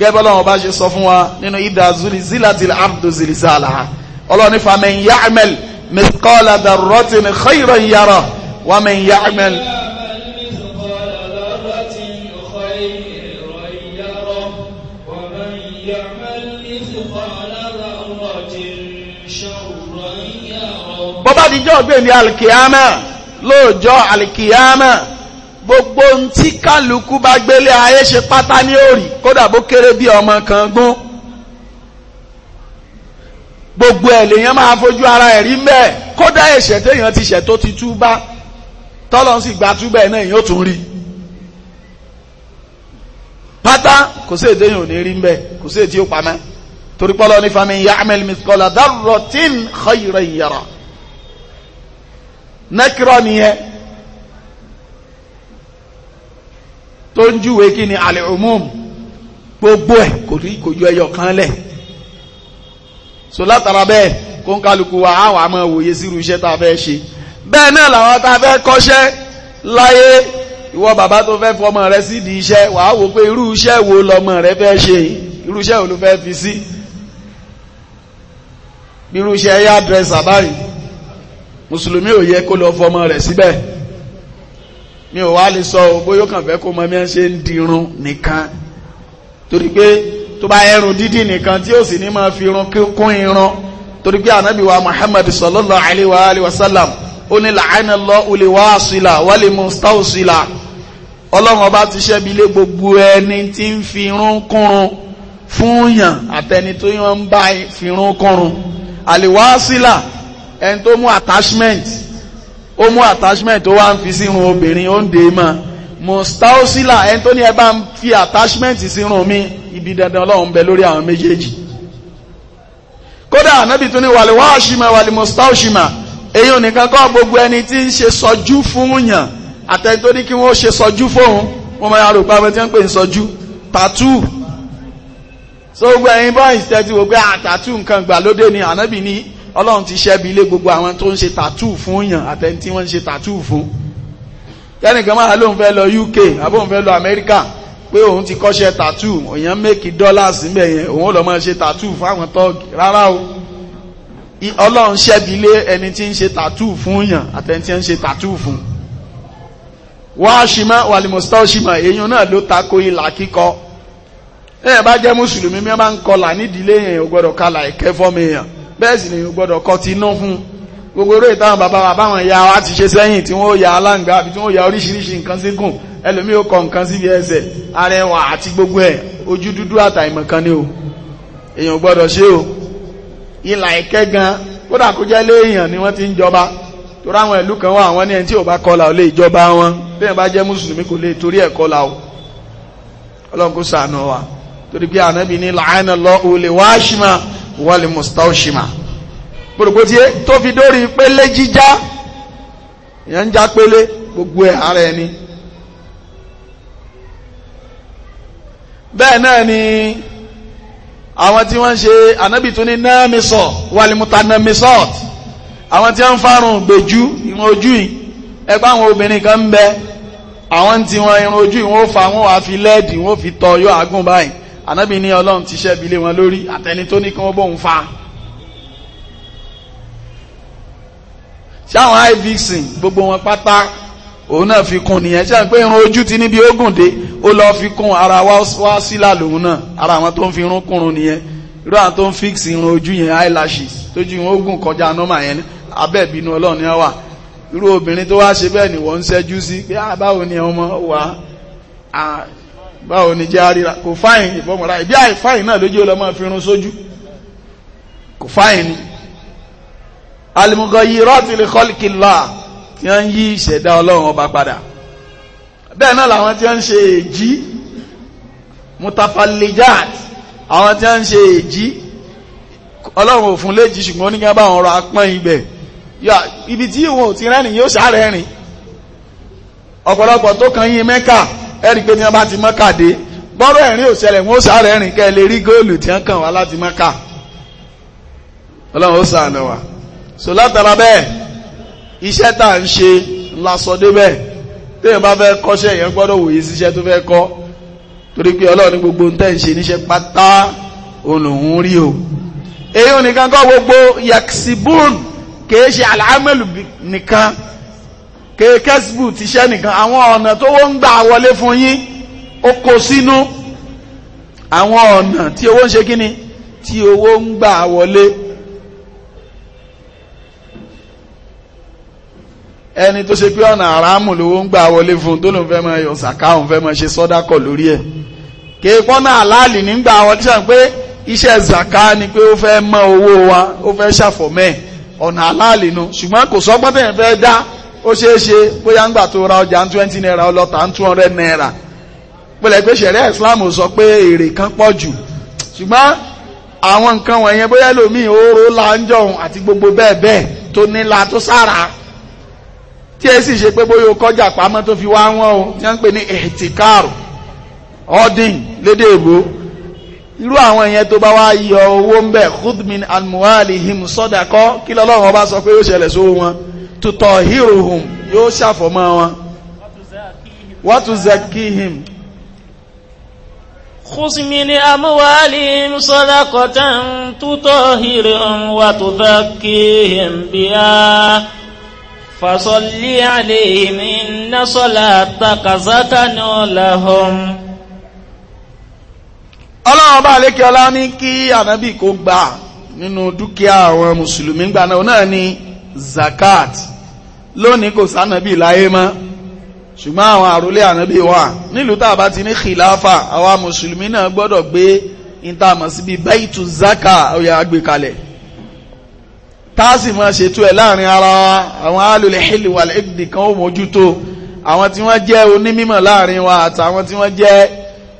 Speaker 2: gẹ́gẹ́ ọlọ́run ọba ṣe sọ fún wa nínú idà zilatil ardu zilzalaha ọlọ́run ní faman ya'mal mithqala dharratin khayran yara wa man ya'mal. bọ́bá dijọ́ gbé ní alikiyama lóòjọ́ alikiyama gbogbo ohun tí kálukú bá gbélé ayé ṣe pátá ní òrì kódà bó kéré bí ọmọ kan gún gbogbo ẹ̀ lèèyàn máa fojú ara ẹ̀ rí mbẹ́ẹ̀ kódà ẹ̀ṣẹ̀ téèyàn ti ṣẹ̀ tó ti túbá tọ́lọ́n sì gba túbẹ̀ náà yóò tún rí pátá kò sí èdè yìí ò ní rí mbẹ́ẹ̀ kò sí èdè yóò pamẹ́ torí pọ́lọ́ ní fami ya'mal mithqala darratin khayran yara nẹ́kírọ́ nìyẹn tó ń júwe kí ni al-umum gbogbo ẹ̀ kò rí kò yọ ẹyọ kan lẹ̀ so látara bẹ́ẹ̀ kó ń kálukú wa àwọn àmọ́ òye sírú iṣẹ́ tá a fẹ́ ṣe bẹ́ẹ̀ náà làwọn tá a fẹ́ kọ́ṣẹ́ láyé ìwọ bàbá tó fẹ́ fọmọ rẹ sí di iṣẹ́ wàá wò pé irú iṣẹ́ wo lọmọ rẹ fẹ́ ṣe irú iṣẹ́ wo ló fẹ́ fi sí irú iṣẹ́ yá dírẹ́sà báyìí mùsùlùmí ò yẹ kó lọ fọmọ rẹ síbẹ̀. Si mi ò wá lè sọ o bóyá kàn fẹ́ kó mọ bí wọ́n ṣe ń dirun nìkan torí pé tó bá ẹrun dídì nìkan tí ó sì ní máa fi irun kún irun torí pé ànábì wa Muhammad sallallahu alayhi wa alayhi wa sallam ó ní làánà lọ olè wàásìlà wálé mustawsila ọlọ́run ọba ti ṣẹ́bi lé gbogbo ẹni tí ń fi irun kúrun fún yàn àtẹni tó yàn ń bá fi irun kúrun àlèwàásìlà ẹni tó mú attachment ó mú attachment tó wá ń fi sírun obìnrin ó ń dè mọ́ mustausila ẹni tó ní ẹ bá ń fi attachment sírun mi ibi dandan ọlọ́run bẹ lórí àwọn méjèèjì kódà anábì tó ní wàlẹ̀ wáṣímà wàlẹ̀ mustausima èyí ò nìkan kọ́ gbogbo ẹni tí ń ṣe sọjú fún yàn àtẹni tó ní kí wọ́n ṣe sọjú fóun wọ́n máa rò pàmò tí wọ́n pè ń sọjú tàtú so gbogbo ẹ̀yin bọ́ọ̀ ìṣẹ́jú gbogbo àtàtú nǹkan gbà ni anábì ní ọlọ́run ti ṣẹ́bi ilé gbogbo àwọn tó ń ṣe tàtú fún yàn àtẹni tí wọ́n ń ṣe tàtú fún kẹ́nìkan máa lóun fẹ́ lọ UK àbóun fẹ́ lọ Amẹ́ríkà pé òun ti kọ́ṣẹ́ tàtú òyàn mẹ́kì dọ́làsì ń bẹ̀ yẹn òun lọ máa ṣe tàtú fáwọn tọ́ọ̀gì rárá o ọlọ́run ṣẹ́bi ilé ẹni tí ń ṣe tàtú fún yàn àtẹni tí ń ṣe tàtú fún wáṣímá wàlìmọ̀sítọ́ṣímá èèyàn náà ló tako ìlà kíkọ ẹ̀yìn bá jẹ́ mùsùlùmí mi máa ń kọlà nídìílé bẹ́ẹ̀ sì ni gbọ́dọ̀ kọ́ ti ná fún gbogbo eré ìtàwọn bàbá wa báwọn ìyá wa ti ṣe sẹ́yìn tí wọ́n ya aláǹgbá àbí tí wọ́n ya oríṣiríṣi nǹkan síkùn ẹlòmí ó kọ nǹkan síbi ẹsẹ̀ arẹwà àti gbogbo ẹ̀ ojú dúdú àtàìmọ̀ kan ni o èèyàn gbọ́dọ̀ ṣe o ìlà ẹ̀kẹ́ gan kódà kó jẹ́ léèyàn ni wọ́n ti ń jọba torí àwọn ìlú kan wà àwọn ní ẹni tí ò bá kọlà ò lè jọba wọn bẹ́ẹ̀ bá jẹ́ mùsùlùmí kò lè torí ẹ̀ kọlà o ọlọ́run kó ṣàánú wa torí pé ànábì ní làánà lọ òòlè wáṣímà wọ́lì mustaushima gbogbo tí tó fi dórí pélé jíjá èèyàn ń já pélé gbogbo ẹ̀ ara ẹni bẹ́ẹ̀ náà ni àwọn tí wọ́n ń ṣe ànábì tún ní náàmísọ̀ wọ́lì mutanamisọ́t àwọn tí wọ́n ń fárùn gbèjú ìwọ̀n ojú yìí ẹgbẹ́ àwọn obìnrin kan ń bẹ àwọn tí wọ́n irun ojú yìí wọ́n fà wọ́n wà fi lẹ́ẹ̀dì wọ́n fi tọ́ yóò agún báyìí anábì ní ọlọ́run ti ṣẹ́bi lé wọn lórí àtẹni tó ní kí wọ́n bóun fa ṣé àwọn ivc gbogbo wọn pátá òun náà fi kún nìyẹn ṣe pé irun ojú ti níbi ogun dé ó lọ fi kún ara wá sílà lòun náà ara àwọn tó ń fi irun kúrun nìyẹn irú àwọn tó ń fix irun ojú yẹn eyelashes tójú irun ogun kọjá nọ́mà yẹn abẹ́ ìbínú ọlọ́run yẹn wà irú obìnrin tó wá ṣe bẹ́ẹ̀ ni wọ́n ń ṣẹ́jú sí pé ah, báwo ni ọmọ wà á ah, báwo ni jẹ́ àríra kò fáyìn ìfọ́mọ̀ra ìbí àìfáyìn náà lójú ọlọ́mọ fi rún sójú kò fáyìn ni alimugọ yìí rọ́ọ̀tì lè kọ́lìkì lọ́à tí wọ́n ń yí ìṣẹ̀dá ọlọ́run ọba padà bẹ́ẹ̀ náà làwọn tí wọ́n ń ṣe èjì mutafalijat àwọn tí wọ́n ń ṣe èjì ọlọ́run òfun léjì ṣùgbọ́n oníkan bá wọn rọ apọ́n ibẹ̀ ibi tí ìwọ̀n ò ti rẹ́rìn yóò ṣàrẹ́rìn ọ̀pọ̀lọpọ̀ tó kan yín mẹ́kà ẹ̀rí pé ní wọ́n bá ti mọ́kà dé bọ́rọ̀ ẹ̀rín ò ṣẹlẹ̀ wọ́n ó sáré ẹ̀rín kẹ́ lè rí góòlù tí wọ́n kàn wá láti mọ́kà ọlọ́run ó sàánà wá so látara bẹ́ẹ̀ iṣẹ́ tá à ń ṣe lásọ débẹ̀ téèyàn bá fẹ́ kọ́ṣẹ́ yẹn gbọ́dọ̀ wòye síṣẹ́ tó fẹ́ kọ́ torí pé ọlọ́run ní gbogbo tẹ́ ṣe níṣẹ́ pátá olùhún rí o èyí ò nìkan kọ́ gbogbo yaksibun kì ṣe àlàámẹ́lù nìkan kéèkẹ́sìbù ti ṣẹ́ nìkan àwọn ọ̀nà tó wọ́n ń gbà wọlé fún yín ó kó sínú àwọn ọ̀nà tí owó ń ṣe kí ni tí owó ń gbà wọlé ẹni tó ṣe pé ọ̀nà àràmù lówó ń gbà wọlé fún tó lóun fẹ́ máa yọ òun fẹ́ máa ṣe sọ́dákọ̀ lórí ẹ̀ kéèkọ́ wa ó fẹ́ ṣàfọ̀mẹ́ ọ̀nà àláàlì nu ṣùgbọ́n kò sọ́gbọ́n fẹ́ dá ó ṣeé ṣe bóyá ń gbà tó ra ọjà twenty naira ọlọ́ta two hundred naira pẹ̀lẹ́ pé ṣẹ̀rẹ́ Islam sọ pé èrè kan pọ̀ jù ṣùgbọ́n àwọn nǹkan wọ̀nyẹn bóyá lómi òórò láńjọ̀hún àti gbogbo bẹ́ẹ̀ bẹ́ẹ̀ tó nílá tó sára tí ẹ sì ṣe pé bóyá o kọjá pamọ́ tó fi wá wọ́n o tí wọ́n ń pè ní ẹ̀tìkáàrù ọ́dìn lédè èbó irú àwọn yẹn tó bá wá yọ owó ń bẹ̀ khudmin almuhali him kí lọ́lọ́run ọba sọ pé yóò ṣẹlẹ̀ sówó wọn tutọ̀ hírohùn yóò ṣàfọ̀mọ́ wọn wàtúzàkíhìm
Speaker 1: kùsìmìnì àmúwàálì sọ́dákọ̀tà tutọ̀ hírohùn wàtúzàkíhìm bí a fàṣọlí àlèhìm iná sọ́lá àtàkàzákà náà
Speaker 2: làhùn ọlọ́run bá lékè ọlá ní kí ànábì kó gbà nínú dúkìá àwọn mùsùlùmí gbà náà náà zakat lónìí kò sánàbí láyé mọ́ ṣùgbọ́n àwọn àrólé ànábì wà nílùú tàbá ti ní khilafa àwa mùsùlùmí náà gbọ́dọ̀ gbé ìtàmọ̀ síbi baitu zaka ọ̀yà agbèkalẹ̀ táàsì máa ṣètò ẹ̀ láàrin ara wa àwọn alùlẹ̀ hìlì wà lẹ́gbẹ̀dì kan ó mójútó àwọn tí wọ́n jẹ́ onímọ̀ láàrin wa àtàwọn tí wọ́n jẹ́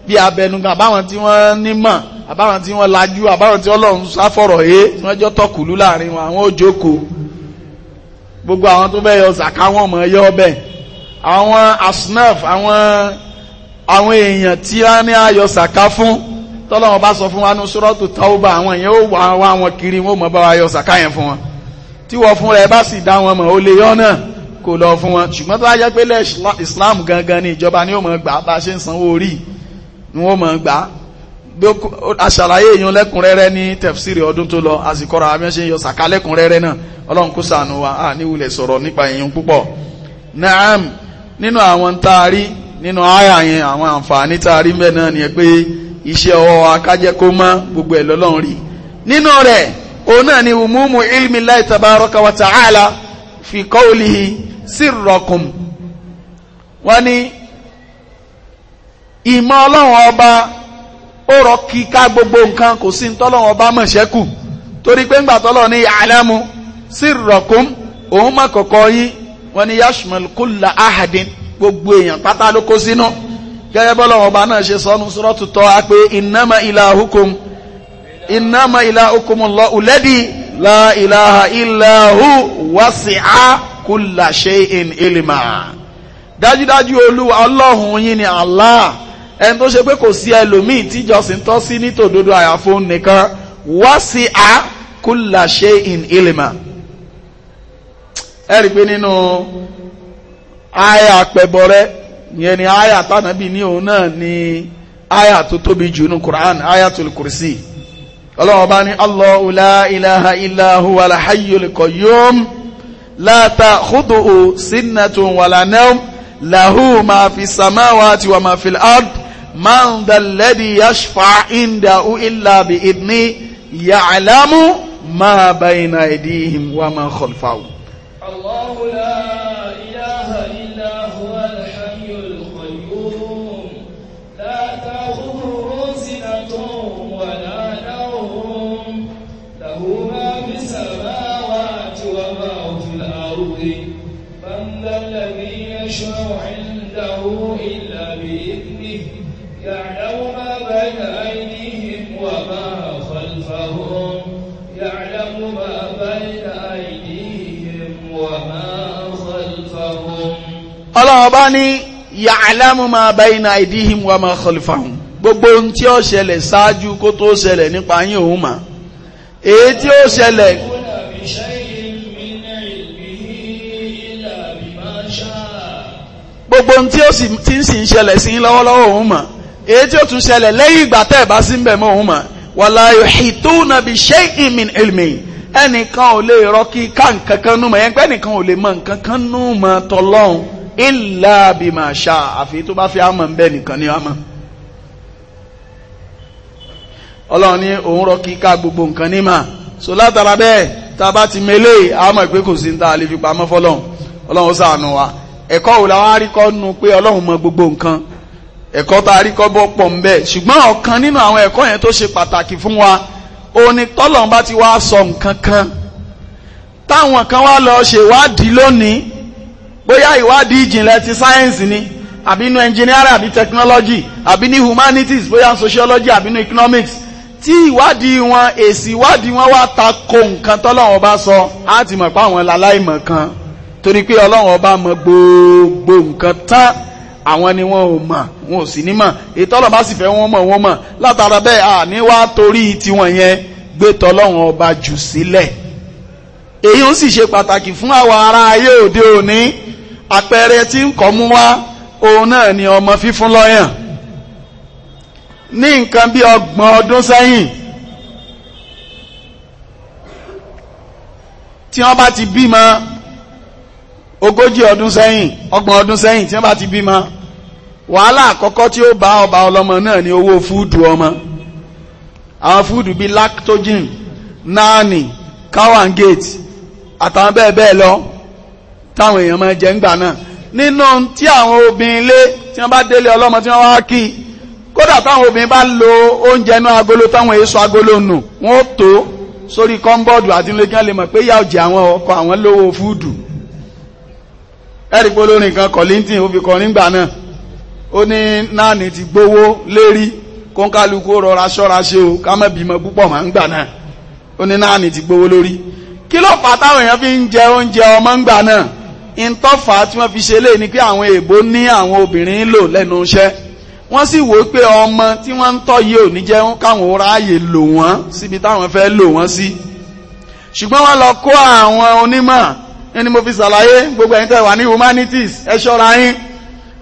Speaker 2: bí abẹnugan àbáwọn tí wọ́n nímọ̀ àbáwọn tí wọ́n lajú àbáwọn tí Ọlọ́run sáfọ̀rọ̀ yé wọ́n jọ tọkùlú láàrin wa àwọn ó gbogbo àwọn tó bẹ́ẹ̀ yọ zaka wọn mọ̀ yọ bẹ́ẹ̀ àwọn asnaf àwọn àwọn èèyàn tí a ní ayọ̀ zaka fún tọ́lọ́wọ́n bá sọ fún wa ní suratu tauba àwọn èèyàn ó wà wá wọn kiri wọn mọ̀ bá wa yọ zaka yẹn fún wọn tí wọ́n fún rẹ̀ bá sì dá wọn mọ̀ ó lè yọ náà kò lọ fún wọn ṣùgbọ́n tó bá jẹ́ pé Islam gangan ni ìjọba ni ó mọ̀ gbà bá ṣe ń sanwó orí ni wọ́n mọ̀ gbà aṣàlàyé èèyàn lẹ́kùnrẹ́rẹ́ ní tẹ̀fsìrì ọdún tó lọ àsìkọ́ra amẹ́ṣẹ́ yọ sàkà lẹ́kùnrẹ́rẹ́ náà ọlọ́run kó ṣàánú wa ní níwulẹ̀ sọ̀rọ̀ nípa èèyàn púpọ̀ naam nínú àwọn taari nínú àyà yẹn àwọn àǹfààní taari náà ni pé iṣẹ́ ọwọ́ akájẹ́ gbogbo ẹ̀ lọ́lọ́run rí nínú rẹ̀ òun ni umumu ilmi wa ta'ala fi ní ọba ó rọ kíká gbogbo nǹkan kò sí tọ́lọ́wọ́n bá mọ̀ ṣẹ́kù torí pé ńgbà tọ́lọ́ ní ya'lamu sirrakum òun mọ̀ kọ̀kọ́ yín wọn ni yashmal kulla ahadin gbogbo èèyàn pátá ló kó sínú gẹ́gẹ́ bọ́lọ́wọ́n bá náà ṣe sọ́nu suratu Taha pé innama ilahukum innama ilahukumullahu alladhi la ilaha illa hu wasi'a kulla shay'in ilma dájúdájú olúwa ọlọ́hun yín ni Allah ẹni tó ṣe pé kò sí ẹlòmíì tíjọsìn tọ́ sí ní tòdodo àyàfó nìkan wá sí a kúlà ṣe in ilima ẹ rí i pé nínú àyà pẹ̀bọ̀rẹ́ yẹn ni àyà tànàbí ní òun náà ni àyà tó tóbi jù ní Quran Ayatul Kursi ọlọ́wọ́ bá ní Allahu la ilaha illa huwa al-hayyul qayyum la ta'khudhuhu sinnatun wala nawm lahu fi samawati wa ma fil ard من ذا الذي يشفع عنده إلا بإذنه يعلم ما بين أيديهم وما خلفهم
Speaker 1: الله لا
Speaker 2: ọlọ́run bá ní ya'lamu ma bayna aydihim wa ma khalfahum gbogbo ohun tí ó ṣẹlẹ̀ ṣáájú kó tó ṣẹlẹ̀ nípa yín òun mà èyí tí ó ṣẹlẹ̀. gbogbo ohun tí ó sì ti ń sì ń ṣẹlẹ̀ sí yín lọ́wọ́lọ́wọ́ òun mà èyí tí ó tún ṣẹlẹ̀ lẹ́yìn ìgbà tẹ́ bá sí ń mọ́ òun mà wala yuhituna bi shay'in min ilmi ẹnìkan ò lè rọ́ kí ká nǹkan kan nù mọ́ ẹ̀yẹ́n pé ò lè mọ nǹkan kan nù mọ́ tọ́lọ́hún illa bima sha àfi tó bá fi àmọ̀ ń nìkan ni àmọ̀ ọlọ́run ní òun rọ kíká gbogbo nǹkan ní mà so látara bẹ́ẹ̀ tá a bá ti mele àmọ̀ pé kò sí ní ta lè fi pamọ́ fọlọ́run ọlọ́run ṣàánú wa ẹ̀kọ́ wo làwọn aríkọ́ nu pé ọlọ́run mọ gbogbo nǹkan ẹ̀kọ́ tá a ríkọ́ bọ́ pọ̀ ń ṣùgbọ́n ọ̀kan nínú àwọn ẹ̀kọ́ yẹn tó ṣe pàtàkì fún wa òun ni tọ́lọ́run bá ti wá sọ nǹkan kan táwọn kan wá lọ ṣèwádìí lónìí bóyá ìwádìí ìjìnlẹ̀ ti sáyẹ́ǹsì ni àbí inú engineering àbí technology àbí ní humanities bóyá sociology àbí inú economics tí ìwádìí wọn èsì ìwádìí wọn wá ta ko nǹkan tọ́lọ́wọ́n bá sọ á ti mọ̀ pé àwọn aláìmọ̀ kan torí pé ọlọ́wọ́n ọba mọ̀ gbogbo nǹkan tán àwọn ni wọn ò mọ̀ wọn ò sì ní mọ̀ ìtọ́lọ̀ bá sì fẹ́ wọn mọ̀ wọn mọ̀ látara bẹ́ẹ̀ à ní wá torí tiwọn yẹn gbé tọ́lọ́wọ́n ọba jù sílẹ̀ èyí ń sì ṣe pàtàkì fún àwa ará ayé òde òní àpẹẹrẹ tí ń kọ́ mú wá òun náà ni ọmọ fífún lọ́yàn ní nǹkan bí ọgbọ̀n ọdún sẹ́yìn tí wọ́n bá ti bímọ ogójì ọdún sẹ́yìn ọgbọ̀n ọdún sẹ́yìn tí wọ́n bá ti bímọ wàhálà àkọ́kọ́ tí ó bá ọba ọlọ́mọ náà ni owó fúdù ọmọ àwọn fúdù bíi lactogen nani cowangate àtàwọn bẹ́ẹ̀ bẹ́ẹ̀ lọ táwọn èèyàn máa jẹ ńgbà náà nínú tí àwọn obìnrin ilé tí wọ́n bá délé ọlọ́mọ tí wọ́n wá kí kódà táwọn obìnrin bá lo oúnjẹ inú agolo táwọn èso agolo nù wọ́n tó sórí kọ́ńbọ́ọ̀dù àti ilé lè mọ̀ pé àwọn ọkọ̀ àwọn lówó fúdù ẹ̀rí kan rọra ṣọ́ra ṣe o ká púpọ̀ ìntọ́fà tí wọ́n fi ṣe lé ni pé àwọn èèbó ní àwọn obìnrin ń lò lẹ́nu iṣẹ́ wọ́n sì wò ó pé ọmọ tí wọ́n ń tọ́ yìí ò ní jẹ́ káwọn ráàyè lò wọ́n síbi táwọn fẹ́ lò wọ́n sí ṣùgbọ́n wọ́n lọ kó àwọn onímọ̀ ẹni mo fi ṣàlàyé gbogbo ẹ̀yin tẹ́ wà ní humanities ẹ ṣọ́ra yín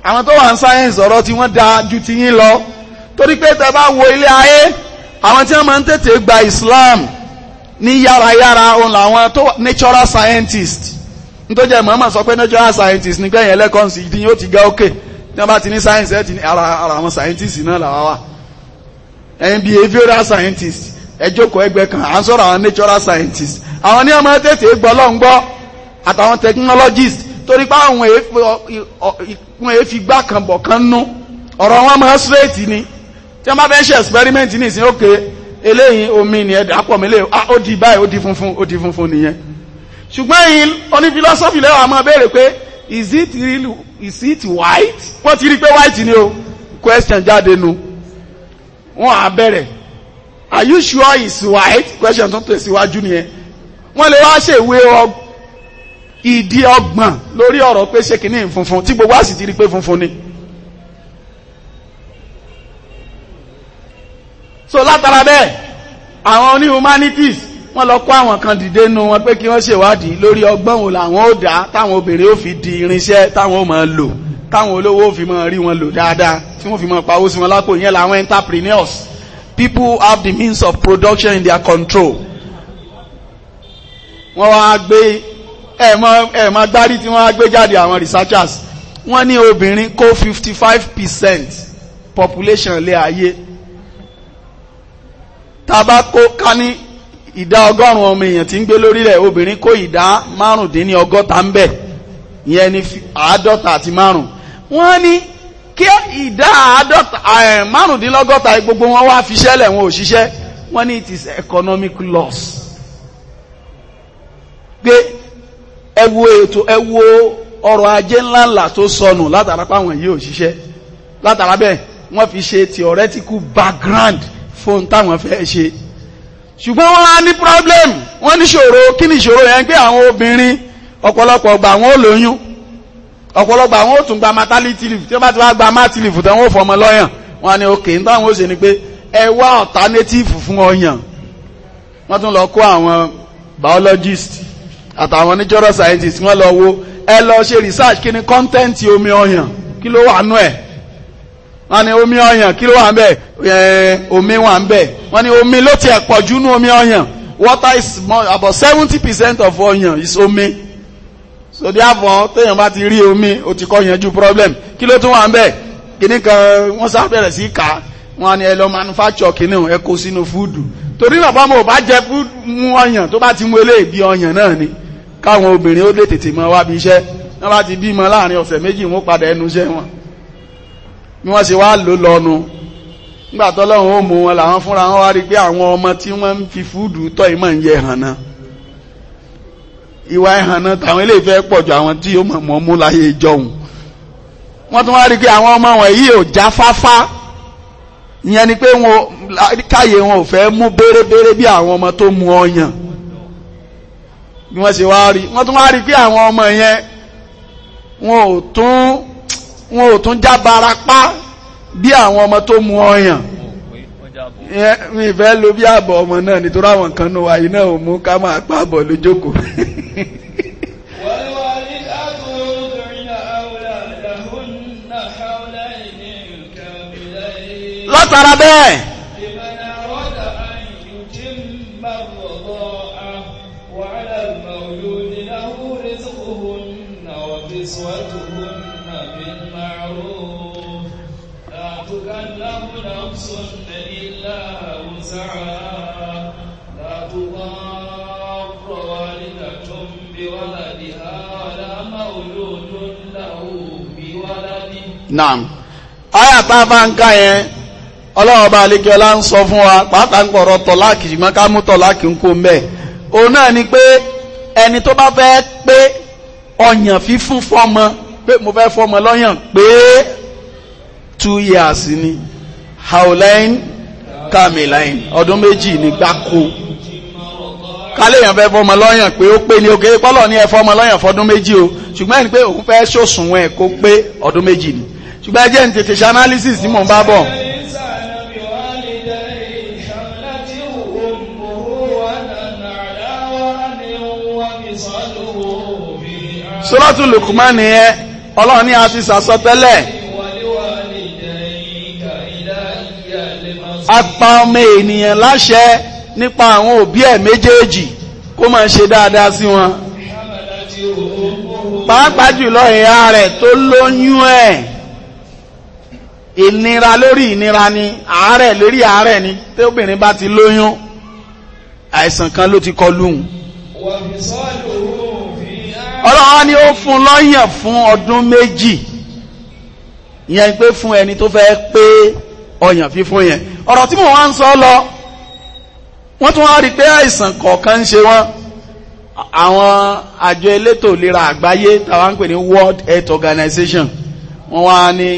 Speaker 2: àwọn tó wà ní science ọ̀rọ̀ tí wọ́n dáa ju ti yín lọ torí pé tẹ́ bá wo ilé ayé àwọn tí wọ́n máa ń tètè gba Islam ní yárayára òun làwọn tó natural scientist nítorí jẹ́ muhammad sọ pé natural scientist ní gbẹ̀yìn ẹlẹ́kọ̀ọ́sì ìdí yóò ti ga òkè ní ti ní science ẹ̀ ti àwọn scientist náà làwa wà behavioral scientist ẹ ẹgbẹ́ kan à ń sọ̀rọ̀ àwọn natural scientist àwọn ní ọmọ tètè gbọ́ lọ́n gbọ́ àtàwọn technologist torí pé àwọn gbá kan bọ̀ kan nú ọ̀rọ̀ wọn máa straight ni tí wọ́n bá fẹ́ ṣe experiment ní omi ni ṣùgbọ́n yìí onífilọ́sọ́fì lẹ́wọ̀ àmọ́ béèrè pé is it really? is it white wọ́n ti rí pé white ni o question jáde nu wọ́n á bẹ̀rẹ̀ are you sure it's white question tó tẹ̀ síwájú nìyẹn wọ́n lè wá ṣèwé ìdí ọgbọ̀n lórí ọ̀rọ̀ pé ṣe kìíní funfun tí gbogbo àsì ti rí pé funfun ni. so látara bẹ́ẹ̀ àwọn oní humanities wọ́n lọ kó àwọn kan dìde nu wọn pé kí wọ́n ṣèwádìí lórí ọgbọ́n wo làwọn ó dá táwọn obìnrin ó fi di irinṣẹ́ táwọn ó máa lò táwọn olówó ó fi máa rí wọn lò dáadáa tí wọ́n fi máa pawó sí wọn lápò ìyẹn làwọn entrepreneurs people who have the means of production in their control. wọ́n wá gbé ẹ̀ mọ ẹ̀ mọ gbárí tí wọ́n wá gbé jáde àwọn researchers wọ́n ní obìnrin kó fifty five percent population lé ayé tabako kání ìdá ọgọ́rùn-ún ọmọ èèyàn tí ń gbé lórílẹ̀ obìnrin kó ìdá márùndínní ọgọ́ta ń bẹ̀ ìyẹn ni àádọ́ta àti márùn wọ́n ní kí ìdá àádọ́ta márùndínlọ́gọ́ta gbogbo wọn wá fiṣẹ́ lẹ̀ wọn ò ṣiṣẹ́ wọ́n ní it is economic loss pé ẹ wo ètò ẹ wo ọrọ̀ ajé ńláńlá tó sọnù látara páwọn yìí ò ṣiṣẹ́ látara bẹ́ẹ̀ wọ́n fi ṣe theoretical background fún táwọn fẹ́ ṣe ṣùgbọ́n wọ́n á ní problem wọ́n ní ṣòro kí ni ṣòro yẹn pé àwọn obìnrin ọ̀pọ̀lọpọ̀ gbà wọ́n lóyún ọ̀pọ̀lọpọ̀ àwọn ó tún gba maternity leave tí wọ́n bá ti wá gba maternity leave tán wọ́n fọmọ lọ́yàn wọ́n ní òkè ní táwọn ó ni pé ẹ wá alternative fún ọyàn wọ́n tún lọ kó àwọn biologist àtàwọn natural scientist wọ́n lọ wo ẹ lọ ṣe research kí ni content omi ọyàn kí ló wà nú ẹ̀ wọ́n ní omi ọyàn kí ló wà ń bẹ̀ ẹ̀ omi wà ń bẹ̀ wọ́n ní omi ló tiẹ̀ pọ̀ jù nú omi ọyàn water is more about seventy percent of ọyàn is omi so therefore téèyàn bá ti rí omi ó ti kọ́ yanjú problem kí ló tún wà ń bẹ̀ kíní kan wọ́n sá bẹ̀rẹ̀ sí ká wọ́n ní ẹ lọ manufacture kíní ẹ kó sínú fúdù torí náà bámu ò bá jẹ fúdù mú ọyàn tó bá ti mú eléyìí bí ọyàn náà ni káwọn obìnrin ó lè tètè mọ wá iṣẹ́ wọ́n bá ti bímọ láàrin ọ̀sẹ̀ méjì wọ́n padà ẹnu iṣẹ́ wọn bí wọ́n ṣe wá lò lọ́nu nígbà tọ́lọ́run ó mú wọn làwọn fúnra wọn wá rí pé àwọn ọmọ tí wọ́n ń fi fúdù tọ́ ìmọ̀ ń yẹ hàn náà ìwà ẹ̀hàn náà tàwọn ilé ìfẹ́ pọ̀ ju àwọn tí ó mọ̀ mú láyé ìjọhùn wọ́n tún wá rí pé àwọn ọmọ wọn yìí ò já fáfá ìyẹn ni pé wọn káyé wọn ò fẹ́ mú bérebére bí àwọn ọmọ tó mu ọyàn bí wọ́n ṣe wá rí wọ́n tún wá rí pé àwọn ọmọ yẹn wọn ò tún wọn ò tún já barapá bí àwọn ọmọ tó mu ọyàn mi fẹ́ lo bí àbọ̀ ọmọ náà nítorí àwọn kan nù wáyé náà ò mú ká máa pa àbọ̀ lójókòó. [LAUGHS] látara bẹ́ẹ̀.
Speaker 1: وعلى المولود له رزقهن وكسوتهن بالمعروف لا تكلف نفس إلا وسعها لا تضار والدة بولدها
Speaker 2: ولا مولود له بولده نعم آية طبعا كاين ọlọ́ọ̀bá alékiọlá ń sọ fún wa pàápàá ń ṣùgbọ́n ká mú ń kó pé mo fẹ́ fọmọ lọ́yàn pé two years ni haulain kamilain ọdún méjì ní gbáko káléèyàn fẹ́ fọmọ lọ́yàn pé ó pé ní òkè pọ́lọ̀ ní ẹ fọmọ lọ́yàn fọdún méjì o ṣùgbọ́n ẹni pé òun fẹ́ ṣòṣùwọ̀n ẹ̀ kó pé ọdún méjì ni ṣùgbọ́n ẹ jẹ́ ní tètè ṣe analysis tí mò ń bá bọ̀. Suratul Luqman nìyẹn ọlọ́run ní a sì sàsọtẹ́lẹ̀ a pa ọmọ ènìyàn láṣẹ nípa àwọn òbí ẹ̀ méjèèjì kó máa ṣe dáadáa sí wọn pàápàá jùlọ ìyá rẹ̀ tó lóyún ẹ̀ ìnira lórí ìnira ni àárẹ̀ lórí àárẹ̀ ni tí obìnrin bá ti lóyún àìsàn kan ló ti kọlù un. wà á fi sọ́ọ̀lù ọlọ́run ni ó fún lọ́yàn fún ọdún méjì ìyẹn pé fún ẹni tó fẹ́ pé ọyàn fífún yẹn ọ̀rọ̀ tí mo wá ń sọ lọ wọ́n tún wá rí pé àìsàn kọ̀ọ̀kan ń ṣe wọ́n àwọn àjọ elétò ìlera àgbáyé táwọn ń pè ní World Health Organization wọ́n wá ní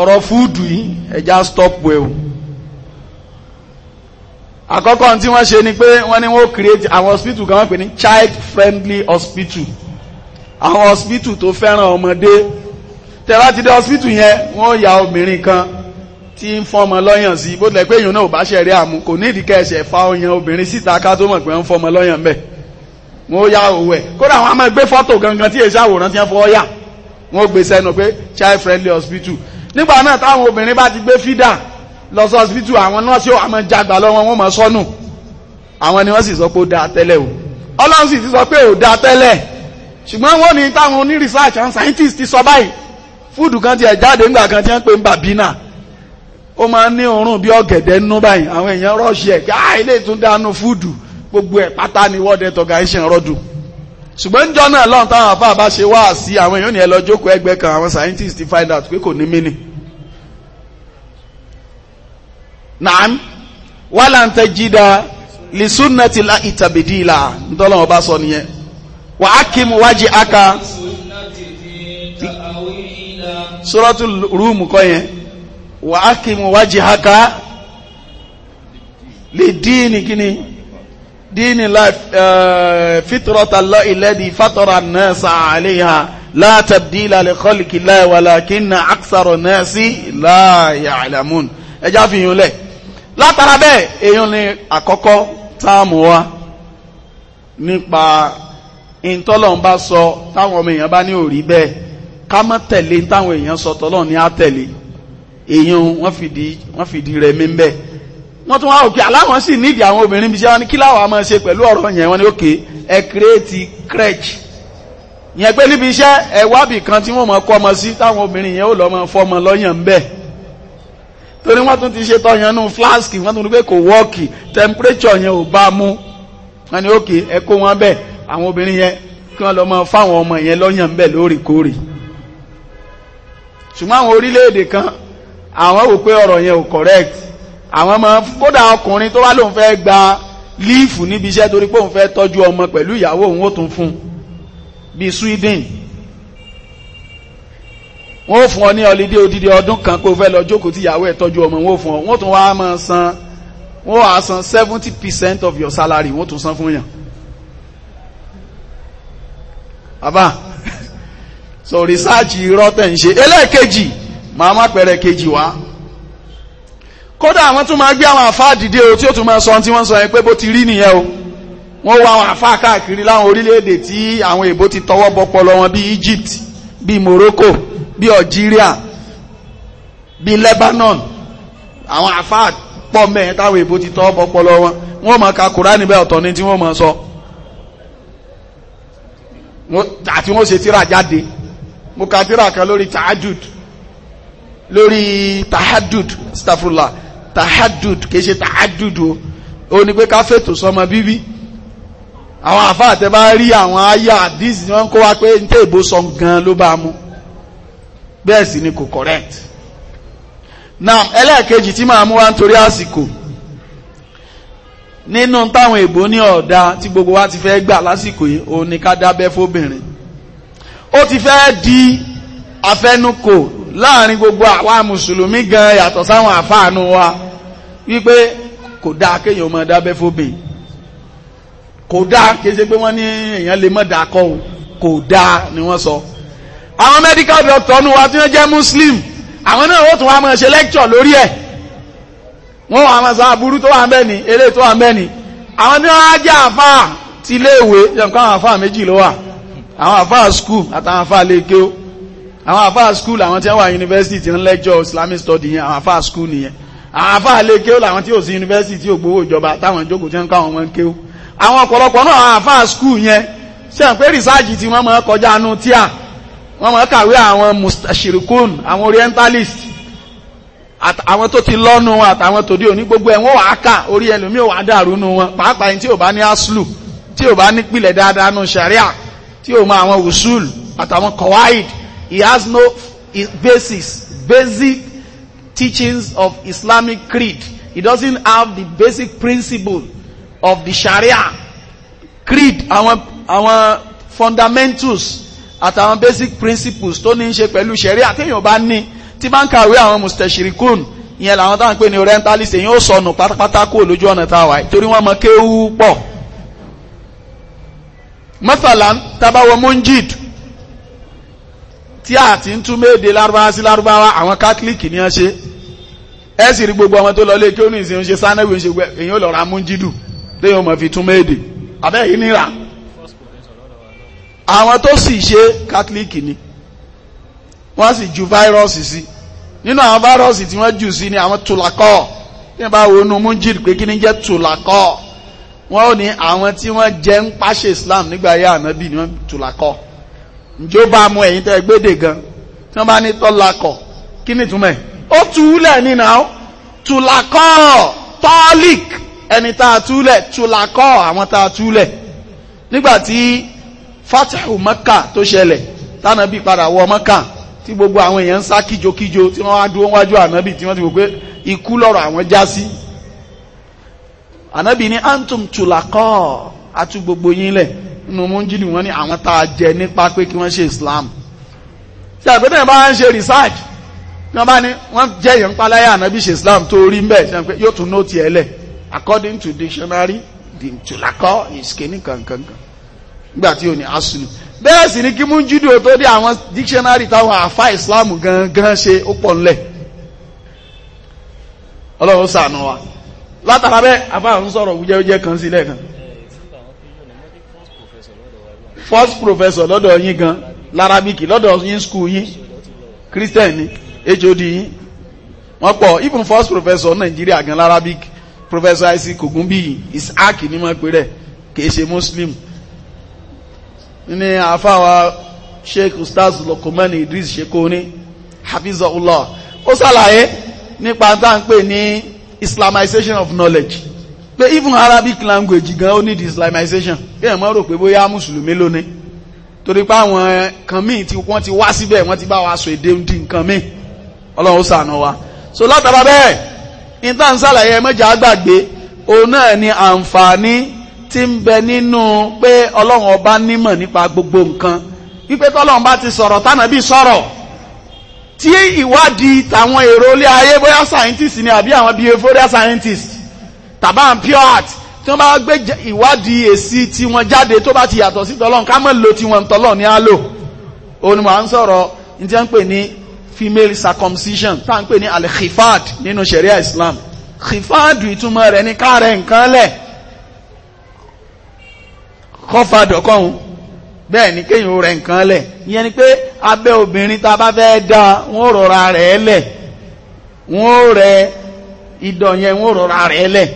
Speaker 2: ọ̀rọ̀ fúdù yìí ẹja stop well àkọ́kọ́ tí wọ́n ṣe ni pé wọ́n ní wọ́n create àwọn hospital kan wọ́n pè ní child friendly hospital àwọn hospital tó fẹ́ràn ọmọdé tẹ́lá ti dé hospital yẹn wọ́n ya obìnrin kan tí ń fọmọ lọ́yàn sí bó tilẹ̀ pé èèyàn náà ò bá ṣe rí àmú kò ní ìdíkẹ́ ẹ̀ṣẹ̀ fa ọyàn obìnrin síta ká tó mọ̀ pé wọ́n fọmọ lọ́yàn bẹ́ẹ̀ wọ́n ya òwẹ̀ kódà àwọn máa gbé fọ́tò gangan tí èsì àwòrán ti ń fọwọ́ yà wọ́n gbé sẹ́nu pé child friendly hospital nígbà náà táwọn obìnrin bá ti gbé fídà lọ sí ọsibítù àwọn nọ́ọ̀sì ò àmọ́ jàgbà lọ́wọ́ wọn mọ̀ sọ́nù àwọn ni wọ́n sì sọ pé ó dáa tẹ́lẹ̀ o ọlọ́run sì ti sọ pé ò dáa tẹ́lẹ̀ ṣùgbọ́n wọ́n ní táwọn oní research and scientist ti sọ báyìí fúdù kan ti ẹ̀ jáde ńgbà kan ti ń pè ń bàbínà ó máa ní òórùn bí ọ̀gẹ̀dẹ̀ nínú báyìí àwọn èèyàn rọ́ọ̀ṣì ẹ̀ ká ilé ah, ìtún dánú fúdù gbogbo ẹ̀ pátá ni world health organization rọ́dù ṣùgbọ́n jọ lọ́n táwọn àfáà bá ṣe wá sí àwọn èèyàn ní ẹ lọ jókòó ẹgbẹ́ kan àwọn scientist ti find out pé kò ní meaning naam wàlà ń tẹ jìdá lisunnati la itabidila ntọ́lọ́wọ́ bá sọ nìyẹn wà á kí mu wájì aka suratu rúùmù kọ́ yẹn wà á kí mu wájì aka lè díìnì kíni díìnì la eh, fitrata Allah ilẹ̀dì fatara nasa àléhà la tabdila li khalqi Allah walakinna aksaro nasi la ya'lamun ẹjá fi yún lẹ́ẹ̀ látara bẹ́ẹ̀ èèyàn ni àkọ́kọ́ táàmù wa nípa ìntọ́lọ̀ ń bá sọ táwọn ọmọ èèyàn bá ní òrí bẹ́ẹ̀ ká má tẹ̀lé táwọn èèyàn sọ tọ́lọ̀ ní á tẹ̀lé èèyàn wọ́n fìdí wọ́n fìdí rẹ̀ mí bẹ́ẹ̀ wọ́n tún wá òkè aláwọn sì nídìí àwọn obìnrin bí ṣe wọ́n ní kí láwọn máa ṣe pẹ̀lú ọ̀rọ̀ yẹn wọ́n ní òkè ẹ kírètì crèche yẹn pé níbi iṣẹ́ ẹ wábì kan tí wọ́n mọ̀ kọ́ ọmọ sí táwọn obìnrin yẹn ó lọ́ mọ fọ́mọ lọ́yàn bẹ́ẹ̀ torí wọ́n tún ti ṣe tọyàn nù flask wọ́n tún rí pé kò wọ́ọ̀kì temperature yẹn ò bá mú wọ́n ní òkè ẹ kó wọn bẹ́ẹ̀ àwọn obìnrin yẹn kí wọ́n lọ mọ fáwọn ọmọ yẹn lọ́yàn ń bẹ̀ lóòrèkóòrè ṣùgbọ́n àwọn orílẹ̀-èdè kan àwọn wò pé ọ̀rọ̀ yẹn ò correct àwọn ọmọ kódà ọkùnrin tó wá lóun fẹ́ gba líìfù níbi iṣẹ́ torí pé òun fẹ́ tọ́jú ọmọ pẹ̀lú ìyàwó òun ó tún fún bíi Sweden wọ́n ó fún ọ ní ọlídé odidi ọdún kan kó fẹ́ lọ jókòó tí ìyàwó ẹ̀ tọ́jú ọmọ wọ́n ó fún ọ wọ́n tún wá máa san wọ́n á san seventy percent of your salary wọ́n tún san fún yàn. bàbá [LAUGHS] so research irọ́ tẹ̀ ń ṣe ẹlẹ́ẹ̀kejì màá má pẹ̀rẹ̀ kejì wá kódà àwọn tún máa gbé àwọn àfáà dìde o tí ó tún máa sọ ohun tí wọ́n sọ yẹn pé bó ti rí nìyẹn o wọ́n wá àwọn àfáà káàkiri láwọn orílẹ̀-èdè tí àwọn èbó ti tọwọ́ bọpọlọ wọn bíi Egypt bíi Morocco bí Algeria bí Lebanon àwọn àfáà pọ̀ mẹ́ẹ̀ táwọn èbó ti tọ́ ọpọlọ wọn wọ́n máa ka Kùránì bẹ́ẹ̀ ọ̀tọ̀ ni tí wọ́n máa sọ àti wọ́n ṣe tíra jáde mo ka tíra kan lórí tahajud lórí tahajud stafurla tahajud kìí ṣe tahajud o ò ní pé ká fètò sọmọ bíbí àwọn àfáà tẹ bá rí àwọn àyà àdìsí wọn kó wá pé ní tèbó sọ gan ló bá mu bẹ́ẹ̀ sì ni kò correct now ẹlẹ́ẹ̀kejì tí màá mú wá nítorí àsìkò nínú táwọn èbó ní ọ̀dà tí gbogbo wa ti fẹ́ gbà lásìkò yìí òun ni ká dábẹ́ fóbìnrin ó ti fẹ́ di afẹnukò láàrin gbogbo àwa mùsùlùmí gan yàtọ̀ sáwọn àfáànú wa wípé kò dáa kéèyàn máa dábẹ́ fóbìnrin kò dáa kéèyàn pé wọ́n ní èèyàn lè mọ̀ dákọ́ o kò dáa ni wọ́n sọ. So àwọn medical doctor nu wa tí wọ́n jẹ́ muslim àwọn náà ó tún wá máa ṣe lecture lórí ẹ̀ wọ́n wà máa sọ aburú tó wà ń bẹ̀ ni eré tó wà ń àwọn tí wọ́n á jẹ́ àfáà ti iléèwé jẹ̀mọ́ àwọn àfáà méjì ló wà àwọn àfáà school àtàwọn àfáà lèkè ó àwọn àfáà school àwọn tí wọ́n wà university ti ń lecture islamic study yẹn àwọn àfáà school nìyẹn àwọn àfáà lèkè ó làwọn tí ò sí university tí ò gbowó ìjọba táwọn ìjókòó tí wọ́n ń kọ́ àwọn ọmọ ń àwọn ọ̀pọ̀lọpọ̀ náà àwọn àfáà school yẹn ṣe ń pé rìsáàjì tí wọ́n máa kọjá anú tíà wọ́n máa kàwé àwọn mustashirikun àwọn orientalist àwọn tó ti lọ́nu wọn àtàwọn tòde òní gbogbo ẹ̀ wọ́n wàá kà orí ẹlòmíì wàá dàrú nu wọn pàápàá yìí tí ò bá ní aslu tí ò bá nípìlẹ̀ dáadáa nu sharia tí ò mọ àwọn usul àtàwọn kawaid he has no basis basic teachings of Islamic creed he doesn't have the basic principle of the sharia creed àwọn àwọn fundamentals àtàwọn basic principles tó ní í ṣe pẹ̀lú ṣẹ̀rí àtẹ̀yìn bá ní tí bá ń kàwé àwọn mustachirikun ìyẹn làwọn táwọn pè ní orientalist èyí ó sọnù pátápátá kúrò lójú ọ̀nà táwa torí wọ́n mọ kéwú pọ̀ mọ́sàlá tábàwọ̀ munjid tí a ti ń tún méde lárúbáwá sí lárúbáwá àwọn catholic ni wọ́n ṣe ẹ sì rí gbogbo ọmọ tó lọ lé kí ó ní ìsìn ń ṣe sanawi ń ṣe èyí ó lọ ra munjidu téèyàn mọ̀ fi tún méde àbẹ́yìn níra àwọn tó sì ṣe catholic ni wọ́n sì ju fáírọ́ọ̀sì sí nínú àwọn fáírọ́ọ̀sì tí wọ́n jù sí ni àwọn tùlàkọ́ tí wọ́n bá wo inú mújìrì pé kí ni jẹ́ tùlàkọ́ wọ́n ní àwọn tí wọ́n jẹ́ ń pàṣẹ islam nígbà ayé ànábì ni wọ́n tùlàkọ́ ǹjẹ́ ó bá mu ẹ̀yin tẹ́ gbédè gan tí wọ́n bá ní tọ́lakọ̀ kí ni túmọ̀ ẹ̀ ó túlẹ̀ nínú àwọn tùlàkọ́ tọ́lík ẹni tá a túlẹ̀ tùlàkọ́ àwọn tá a túlẹ̀ nígbà tí fatihu maka tó ṣẹlẹ̀ tánàbí padà wọ maka tí gbogbo àwọn èèyàn ń sá kíjokíjo tí wọ́n wá dúró wájú ànábì tí wọ́n ti wò pé ikú lọ́rọ̀ àwọn já sí ànábì ní antum tulakọ́ atú gbogbo yín lẹ̀ nínú múnjínì wọ́n ní àwọn tá a jẹ nípa pé kí wọ́n ṣe islam ṣe àgbẹ̀tẹ̀ bá ń ṣe research ní wọ́n bá ní wọ́n jẹ́ èèyàn páláyà ànábì ṣe islam tó rí mbẹ́ ṣe pé yóò tún nóòtì ẹ̀ lẹ̀ according to dictionary the tulakọ́ is kìnnìkankankan nígbà tí ò ní asùlù bẹ́ẹ̀ sì ni kí mú júdù tó dé àwọn dictionary táwọn àfá ìsìláàmù gangan ṣe ó pọ̀ ńlẹ̀ ọlọ́run ṣàánú wa látara bẹ́ẹ̀ àfá ń sọ̀rọ̀ wújẹ́wújẹ́ kan sí lẹ́ẹ̀kan first professor lọ́dọ̀ gan larabiki lọ́dọ̀ yín school yín christian ni hod yín wọ́n pọ̀ even nàìjíríà gan larabiki professor isaac ogunbiyi isaac ni wọ́n pe rẹ̀ ní àfáwà sheikh ustaz Luqman Idris Shekoni hafizahullah ó ṣàlàyé nípa tá à ń pè ní islamization of knowledge pé even arabic language gan ó need islamization bí ẹ̀ mọ́ rò pé bóyá mùsùlùmí lónìí torí pé àwọn kan míì tí wọ́n ti wá síbẹ̀ wọ́n ti bá wa sọ èdè di nǹkan míì ọlọ́run ó ṣàánú wa so látara bẹ́ẹ̀ ní tá à ń ṣàlàyé mẹ́jà àgbàgbé òun náà ni àǹfààní tí ń bẹ nínú pé ọlọ́run ọba nímọ̀ nípa gbogbo nǹkan wípé tọ́lọ́run bá ti sọ̀rọ̀ tánàbí sọ̀rọ̀ tí ìwádìí tàwọn èrò ilé ayé bóyá scientist ni àbí àwọn behavioral scientist tàbá pure art tí wọ́n bá gbé ìwádìí èsì tí wọ́n jáde tó bá ti yàtọ̀ sí tọ́lọ́run ká mọ̀ lo tí wọ́n tọ́lọ́run ní á òun ni wọ́n sọ̀rọ̀ ní tí wọ́n pè ní female circumcision tá à ń pè ní al nínú sharia Islam khifad ìtumọ̀ rẹ̀ ní ká rẹ̀ nǹkan lẹ̀ kọ́fà dọ̀kọ́hún bẹ́ẹ̀ ni kéyìn rẹ̀ nǹkan lẹ̀ ìyẹn ni pé abẹ́ obìnrin tá a bá fẹ́ dá wọ́n rọra rẹ̀ lẹ̀ wọ́n rẹ̀ ìdọ̀ wọ́n rọra rẹ̀ lẹ̀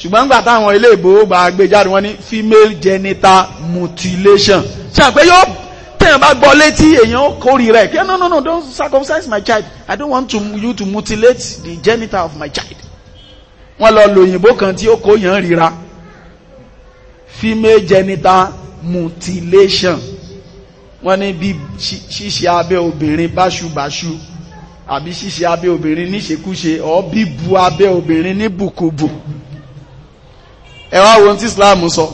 Speaker 2: ṣùgbọ́n nígbà táwọn ilé ìbò gbé jáde wọ́n ní female genital mutilation ṣe àpé yóò tẹ̀yàn bá gbọ́ létí èèyàn kórìí rẹ̀ kí no no no don't circumcise my child I don't want to, you to mutilate the genital of my child wọ́n lọ lòyìnbó kan tí ó kó yàn ríra female genital mutilation wọ́n ní bí ṣíṣe abẹ́ obìnrin báṣubàṣu àbí ṣíṣe abẹ́ obìnrin níṣekúṣe ọ̀ bíbu abẹ́ obìnrin ní bùkúbù ẹ wá wo tí Islam sọ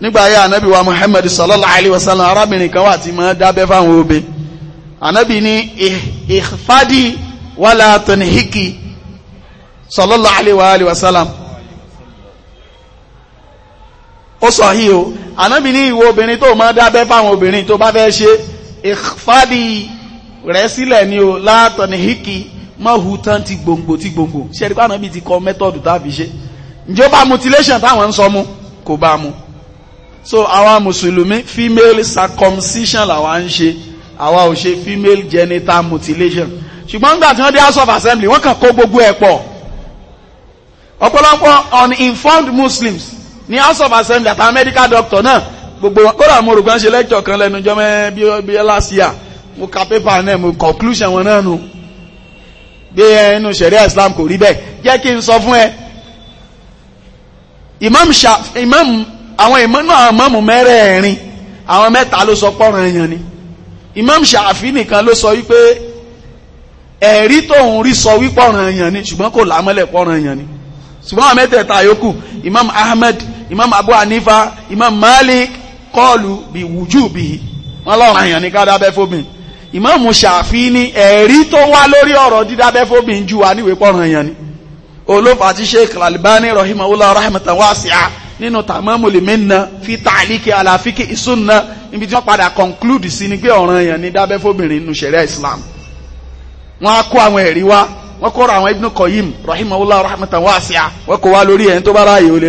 Speaker 2: nígbà ayé anabi wa Muhammad sallallahu alayhi wa sallam arábìnrin kan wà tí máa dábẹ́ fáwọn obìnrin anabi ní ìfádì wàlá tanhiki sallallahu alayhi wa sallam ó sọ yìí o ànábì ní ìwọ obìnrin tó máa dábẹ́ fáwọn obìnrin tó bá fẹ́ ṣe ìfádì rẹ̀ sílẹ̀ ni o látọ̀ni híkì mọ́hu tán ti gbòǹgbò ti gbòǹgbò ṣẹ́rí pé ti kọ mẹ́tọ̀dù táàfi ṣe ǹjọ́ bá mutilation táwọn ń sọ mu kò bá mu so àwa mùsùlùmí female circumcision làwa ń ṣe àwa ò ṣe female genital mutilation ṣùgbọ́n nígbà tí wọ́n dé house of assembly wọ́n kàn kó gbogbo ẹ̀ pọ̀ ọ̀pọ̀lọpọ̀ uninformed muslims ní house of assembly àtàwọn medical doctor náà gbogbo wọn kódà mo rò pé wọ́n ṣe lecture kan lẹ́nu jọ́mọ́ bí bí last year mo ka paper náà mo conclusion wọn náà nu bí ẹnu sẹ̀ríà Islam kò rí bẹ́ẹ̀ jẹ́ kí n sọ fún ẹ imam sha imam àwọn imam náà imamu mẹ́rẹ̀ẹ̀rin àwọn mẹ́ta ló sọ pọ́nrán èèyàn ni imam Shafi nìkan ló sọ wípé ẹ̀rí tóun rí sọ wípé ọ̀ràn èèyàn ni ṣùgbọ́n kò lámọ́lẹ̀ pọ́nrán èèyàn ni ṣùgbọ́n àwọn mẹ́tẹ̀ẹ̀ta yòókù imam Ahmed imam abu Anifa, imam malik kọlu bi wùjú bí wọn lọ́rọ̀ àyàn ní ká dábẹ́ imam ṣàfi ní ẹ̀rí tó wá lórí ọ̀rọ̀ dídábẹ́ fóbìn ju wa níwèé pọ̀rọ̀ àyàn ni olófà tí sheikh al-albani rahimahullah rahmatan wasi'a nínú tamamul minna fi ta'liki ala fiqhi sunna níbi tí wọ́n padà conclude sí ni pé ọ̀ràn èèyàn ní dábẹ́ fóbìnrin nínú ṣẹ̀ríà islam wọ́n á kó àwọn ẹ̀rí wá wọ́n kó àwọn ibn qayyim rahimahullah rahmatan wasi'a wọ́n kó wá lórí ẹ̀yìn tó bá ráàyè ó lè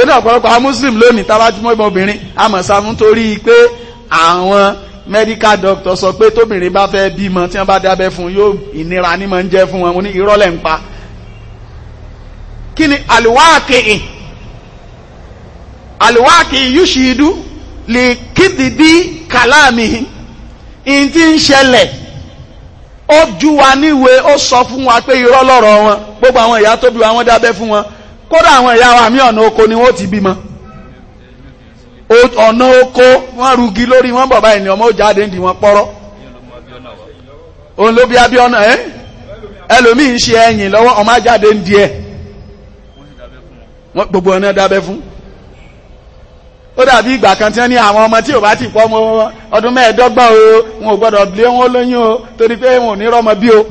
Speaker 2: torí ọ̀pọ̀lọpọ̀ àwọn muslim lónìí tábàtúmọ̀ ìbọn obìnrin àmọ̀sáfún torí pé àwọn medical doctor sọ pé tóbìnrin bá fẹ́ bímọ tí wọ́n bá dábẹ́ fún yóò ìnira ní máa ń jẹ́ fún wọn mo ní ìrọ́lẹ̀ ń pa kí ni àlùwáàkì àlùwáàkì yúṣìdú lè kídìdí kàláàmì in tí ń ṣẹlẹ̀ ó jú wa níwèé ó sọ fún wa pé irọ́ lọ́rọ̀ wọn gbogbo àwọn ìyá tó wa wọ́n dábẹ́ fún wọn kódà àwọn ìyá wa mi ọ̀nà oko ni wọ́n ti bímọ ọ̀nà oko wọ́n rugi lórí wọ́n bọ̀ báyìí ni ọmọ òjáde ń di wọn pọ́rọ́ òun ló bí abíọ́nà ẹ́ ẹlòmíì ń ṣe ẹ̀yìn lọ́wọ́ ọmọ ajáde ń di ẹ̀ gbogbo ọ̀nà dábẹ́ fún ó dàbí ìgbà kan tí wọ́n ní àwọn ọmọ tí ò bá ti pọ́ ọmọ ọdún mẹ́ẹ̀ẹ́dọ́gbọ̀n o wọn o torí pé wọn ò o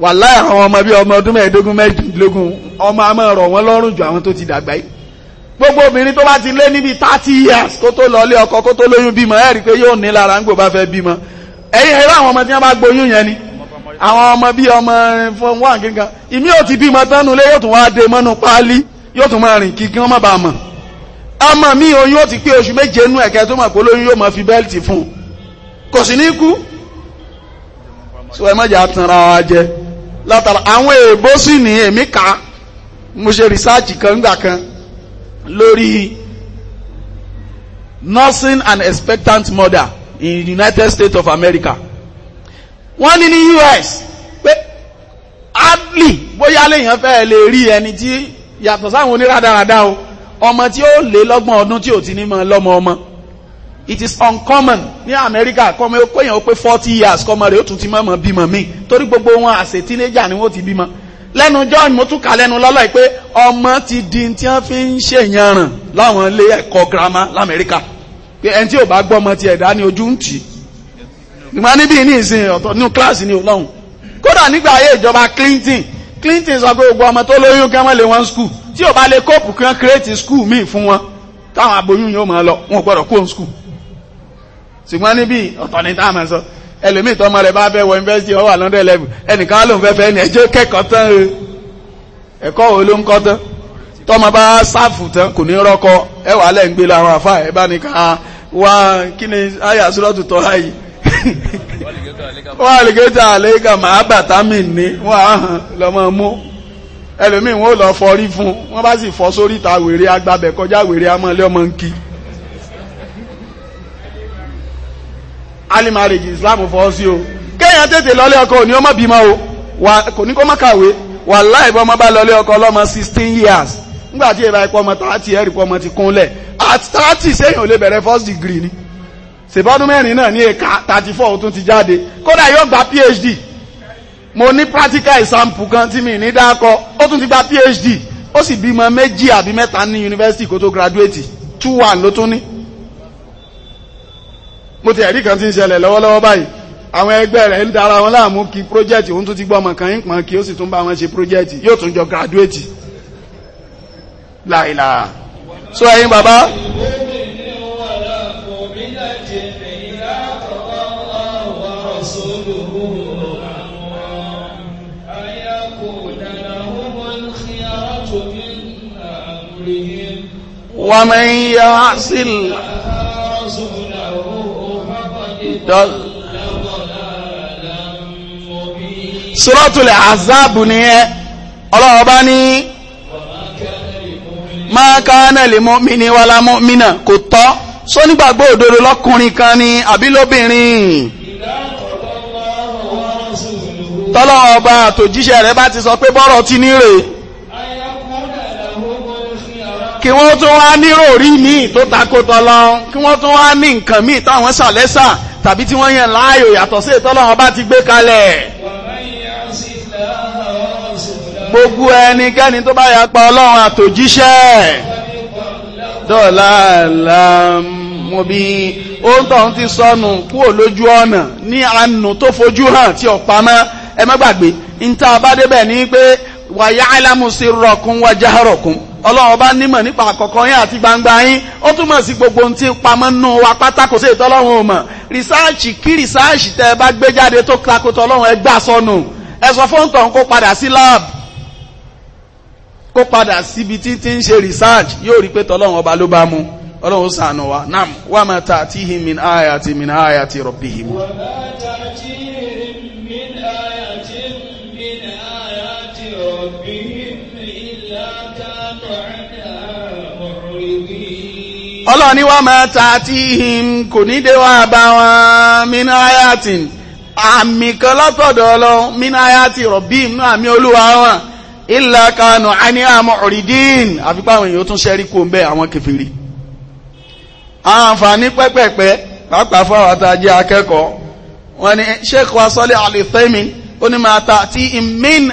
Speaker 2: wàlá àwọn ọmọ bíi ọmọ ọdún mẹ́ẹ̀ẹ́dógún ọmọ a máa rọ̀ wọ́n lọ́rùn ju àwọn tó ti dàgbà gbogbo obìnrin tó bá ti lé níbi thirty years kó tó lọ lé ọkọ kó tó lóyún bímọ ẹ rí i pé yóò ní lára ńgbò bá bímọ yẹn ni àwọn ọmọ bíi ọmọ fún wọn gígan ìmí ò ti bímọ tánú lé yóò tún wá dé mọ́nú páálí yóò tún máa rìn kí mi oyún ó ti pé oṣù méje nú tó pé fi fún kò ní látara àwọn èèbó sì ní èmi kà mo ṣe rìsáàjì kan gbà kan lórí nursing and expectant mother in the United States of America wọ́n ní ní US pé hardly. bóyá lèèyàn fẹ́ lè rí ẹni tí yàtọ̀ sáwọn oníradàradà o ọmọ tí ó lé lọ́gbọ̀n ọdún tí ò ti ní mọ lọ́mọ ọmọ it is uncommon ní Amẹ́ríkà kọ́mọ ó péyàn ó pé forty years kọ́mọ rẹ̀ ó tún ti mọ̀mọ́ bímọ mi torí gbogbo wọn àṣẹ tínéjà ni wọ́n ti bímọ lẹ́nu john mo tún kà lẹ́nu lọ́lọ́ pé ọmọ ti di tí wọ́n fi ń ṣèyànràn láwọn ilé ẹ̀kọ́ girama l'Amẹ́ríkà pé ẹni tí ò bá gbọ́ ọmọ tiẹ̀ dá ní ojú ń tì ìgbà níbí ní ìsìn ọ̀tọ̀ nínú kíláàsì ní ọlọ́run kódà nígbà ayé ìjọba Clinton Clinton sọ pé gbogbo ọmọ tó lóyún kí wọ́n lé wọn skul tí ò bá lè kóòpù kí wọ́n kírètì school. míì fún wọn táwọn aboyún yóò máa lọ wọn gbọ́dọ̀ kó skul ṣùgbọ́n níbi ọ̀tọ̀ ní táàmà sọ ẹlòmíì ma rẹ̀ bá fẹ́ wọ yunifásitì ó wà lọ́ndẹ̀ ẹnìkan ló ń fẹ́ fẹ́ ẹni ẹjẹ́ kẹ́kọ̀ọ́ tán o ẹ̀kọ́ wo ló ń kọ́ tán tọ́mọ bá tán kò ní rọ́kọ ẹ wà lẹ́ ń gbé ẹ bá ní ká wá kí ni àyà sùrọ̀tù tọ́ láyì wọ́n àlìgẹ́tà àlẹ́gà màá bàtà Ali marriage islam fọ́ sí o kéèyàn tètè lọ́lé ọkọ òní ọmọ bímọ o kò ní kó má kàwé wà láì bọ́ ọmọ bá lọ́lé ọkọ ọlọ́mọ sixteen years nígbà tí ìbá ipò ọmọ tààtì ẹ̀rì pọ̀ ọmọ ti kúnlẹ̀ at thirty sẹ́yìn ò lè bẹ̀rẹ̀ first degree ni ṣèbọ́dún mẹ́rin náà ní ẹ̀ka thirty four tún ti jáde kódà yóò gba phd mo ní practical example kan tí mi ní dákọ ó tún ti gba phd ó sì bímọ méjì àbí mẹ́ta ní yunifásitì kó tó graduate two one ló tún ní mo ti ẹ̀rí kan tí ń ṣẹlẹ̀ lọ́wọ́lọ́wọ́ báyìí àwọn ẹgbẹ́ rẹ̀ ń dára wọn láàmú kí project òun tún ti gbọ́ ọmọ kan ń pọ̀n kí ó sì tún bá wọn ṣe project yóò tún jọ graduate láìláà so ẹ̀yin bàbá ومن يعص الله suratul azab nìyẹn ọlọ́wọ́ bá ní ma kana lil mu'mini wala mu'mina kò tọ́ sọ nígbàgbọ́ òdodo lọ́kùnrin kan ni àbí lóbìnrin tọ́lọ́wọ́ bá àtòjíṣẹ́ rẹ̀ bá ti sọ pé bọ́rọ̀ ti ní rèé kí wọ́n tún wá ní ròrí míì tó takò tọ́lọ kí wọ́n tún wá ní nǹkan míì táwọn ṣàlẹ́sà tàbí tí wọ́n yàn láàyò yàtọ̀ sí ìtọ́lọ́wọ́n bá ti gbé kalẹ̀ gbogbo ẹnikẹ́ni tó bá yapa ọlọ́run àtòjíṣẹ́ dọ́là lámọ́bí ó ń tọ́ ti sọnù kúrò lójú ọ̀nà ní àánú tó fojú hàn tí ọ̀pá mọ́ ẹ má gbàgbé ní tá a bá débẹ̀ ní pé wàyà alámùsí rọ̀kún wájà rọ̀kún ọlọ́run bá nímọ̀ nípa àkọ́kọ́ yín àti gbangba yín ó túmọ̀ sí gbogbo ohun tí pamọ́ nù wa pátá kò sí ìtọ́lọ́run ò mọ̀ rìsáàcì kí rìsáàcì tẹ́ ẹ bá gbé jáde tó takotọ́ ọlọ́run ẹ gbà sọnù ẹ sọ fún tọ̀hún kó padà sí lab kó padà síbi tí ti ń ṣe research yóò rí pé tọ́lọ́run ọba ló bá mú ọlọ́run ó ṣàánú wa nam wàmẹ́ta tí himin ayati min ayati rabbihim. wàmẹ́ta ọlọ́ọ̀ni wà máa ta tí ihim kò ní dé wá bá wọn mina ayatin àmì kan látọ̀dọ̀ ọlọ́run mina ayati rọ̀bí nínú àmì olúwa wọn illa kanu àní àmọ́ ọ̀rìndín àfipá àwọn èèyàn tún ṣẹ́rí kó ń bẹ́ àwọn kẹfìrí àwọn àǹfààní pẹ́pẹ́pẹ́ pàápàá fáwọn àtàjẹ akẹ́kọ̀ọ́ wọn ni sheikh wa sọ́lẹ̀ ó ní máa ta tí ihim min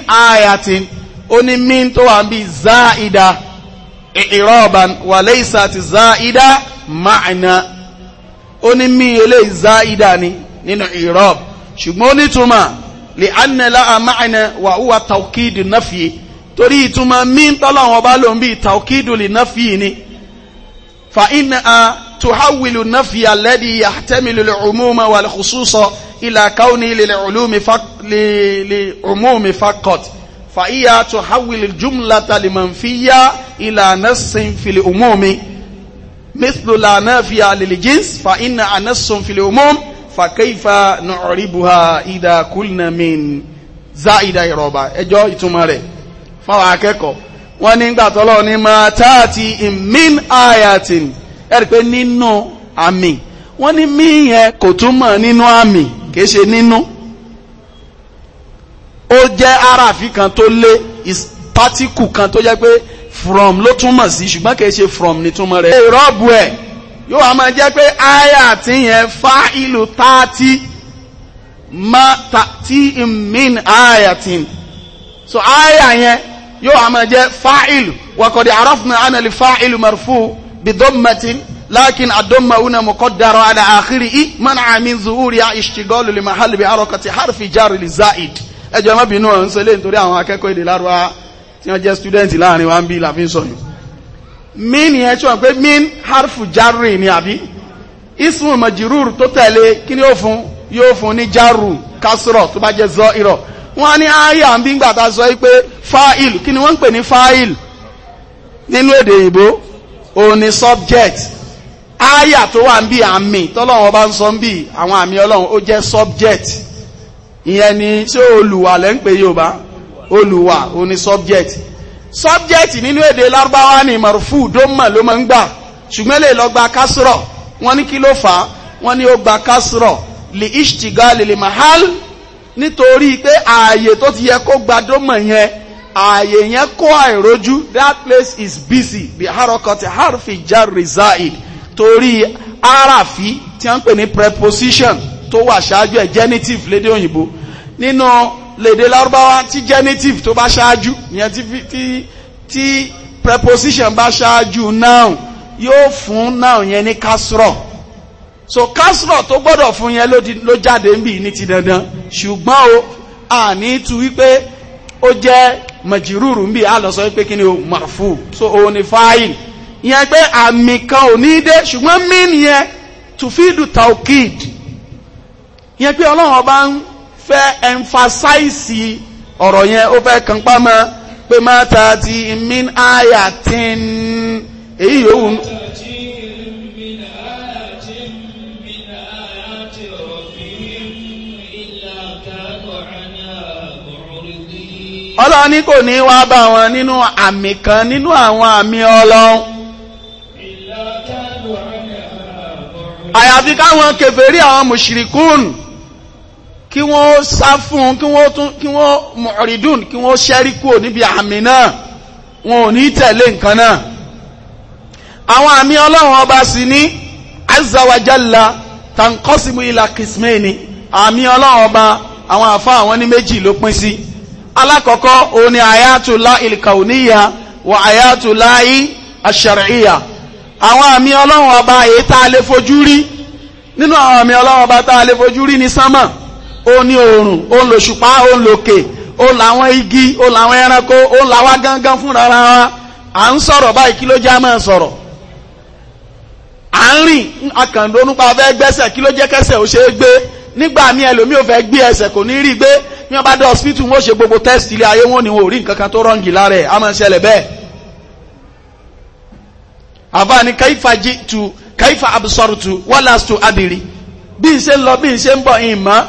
Speaker 2: ó ní min tó wà ń bí záìdá ìrọ̀bàn wà lẹ́ìsà ti záìdá máàna ó ní mí eléyìí záìdá ni nínú ìrọ̀b ṣùgbọ́n ó ní túmọ̀ lè ánàlá àmáàna wà húwa tàukídù náfìyè torí ìtumọ̀ mí tọ́lọ̀wọ̀n bá lòun bí tàukídù lè náfìyè ni fa iná a tuhawilu náfìyà lẹ́dí yàtẹ́mìlì lùmúmọ̀ wà lùkùsùsọ ìlà káwọn ilẹ̀ lùmúmi fakọ̀tì fàíyà tó hawil jùmlá talimanfíyà ìlànà sinfili umumi mithlula náà fi àlèlè jíns fa iná ànásùn fili umum fa kaifa nu'ribuha ìdá kulna min záìdá ìrọ̀bà ẹjọ́ ìtumọ̀ rẹ̀ fáwọn akẹ́kọ̀ọ́ wọ́n ní gbà tọ́lọ́ ní máa táàtì min ayatin ẹ̀rì pé nínú àmì wọ́n ní mí kò túmọ̀ nínú àmì kìí ṣe nínú ó jẹ́ arafi kan tó lé particle kan tó jẹ́ pé from ló túmọ̀ sí ṣùgbọ́n kìí ṣe from ní túmọ̀ rẹ̀. ìrọ́bù ẹ̀ yóò wá máa jẹ́ pé aya ti yẹn fa ìlú tààtì ma tààtì min aya ti so aya yẹn yóò wá máa jẹ́ fa ìlú wakọ̀dì arafna anali fa ìlú marfu bidommatin lakin adoma una muqaddara ala akhiri i man amin zuhuri ya ishtigalu li mahali bi harakati harfi jari li zaid ẹjọ́ má bínú ọ̀hún ṣe lé nítorí àwọn akẹ́kọ̀ọ́ èdè lárúbá tí wọ́n jẹ́ student láàrin wa ń bí làfin sọ̀yìn min yẹn tí wọ́n pé min harfu jarri ni àbí ismu majirur tó tẹ̀lé kí ni yóò fún yóò fún ní jarru kásírọ̀ tó bá jẹ́ zọ irọ̀ wọ́n ní àyà ń bí sọ pé fáìl kí ni wọ́n ń pè ní fáìl nínú èdè ìbò òun ni subject àyà tó wà ń bí àmì tọ́lọ́wọ́n bá ń sọ ń bí àwọn àmì ọlọ́run ó jẹ́ subject ìyẹn ni ṣé olùwà lẹ́ ń pè Yorùbá olùwà ó subject subject nínú èdè lárúbáwá ni marufu dómà ló máa ń gbà ṣùgbọ́n lè lọ gba kásírọ̀ wọ́n ní kí ló fà á wọ́n ní ó gba kásírọ̀ lè ishtigal lè mahal nítorí pé ààyè tó ti yẹ kó gba dómà yẹn ààyè yẹn kó àìrójú that place is busy bí harokoti harfi jar reside torí arafi tí wọ́n pè ní preposition tó wà ṣáájú ẹ̀ genitive lédè òyìnbó nínú lédè lárúbáwá tí genitive tó bá ṣáájú ìyẹn tí tí tí preposition bá ṣáájú noun yóò fún noun yẹn ní kásrọ̀ so kásrọ̀ tó gbọ́dọ̀ fún yẹn ló jáde ń bì ní ti dandan ṣùgbọ́n o àní tu wípé ó jẹ́ màjìrúrù ń bì á lọ sọ wípé kí ni o marfu so òun ni fáìlì ìyẹn pé àmì kan ò ní dé ṣùgbọ́n mí nìyẹn tùfídù taukid yẹn pé ọlọ́run ọba ń fẹ́ ẹnfàsáìsì ọ̀rọ̀ yẹn ó fẹ́ kàn pa pé má ta ti min aya tí ń èyí yòówù. ní kò ní wá bá wọn nínú àmì kan nínú àwọn àmì ọlọ́run. àyàfi káwọn àwọn kí wọ́n sá fún kí wọ́n tún kí wọ́n mọ̀rìdùn kí wọ́n ṣẹ́rí kúrò níbi àmì náà wọn ò ní tẹ̀lé nǹkan náà àwọn àmì ọlọ́run ọba sì ní azza wa jalla tankosimu ila kismeni àmì ọlọ́run ọba àwọn àfa àwọn ní méjì ló pín sí alákọ̀ọ́kọ́ òun ni ayatollah ilkauniya wa ayatollah ashariya àwọn àmì ọlọ́run ọba èyí tá a lè fojú rí nínú àwọn àmì ọlọ́run ọba tá a lè fojú rí ní sánmà ó ní oòrùn ó ń lo ṣùpá ó ń lo kè ó làwọn igi ó làwọn ẹranko ó làwọn gangan fúnra wa à ń sọ̀rọ̀ báyìí kí ló jẹ́ àmọ́ sọ̀rọ̀ à ń rìn akàndó nípa fẹ́ gbẹ́sẹ̀ kí ló jẹ́ kẹsẹ̀ ó ṣe é gbé nígbà míì ẹlòmíì ò fẹ́ gbé ẹsẹ̀ kò ní rí gbé ní wọ́n bá dé hospital wọ́n ṣe gbogbo test ilé ayé wọn ni wọn ò rí nǹkan kan tó rọ́ǹgì lára ẹ̀ àmọ́ ṣẹlẹ̀ bẹ́ẹ̀ àbá ni kaifa jitu kaifa absortu wala to adiri bí n ṣe ń lọ bí n ṣe ń bọ̀ ìmọ̀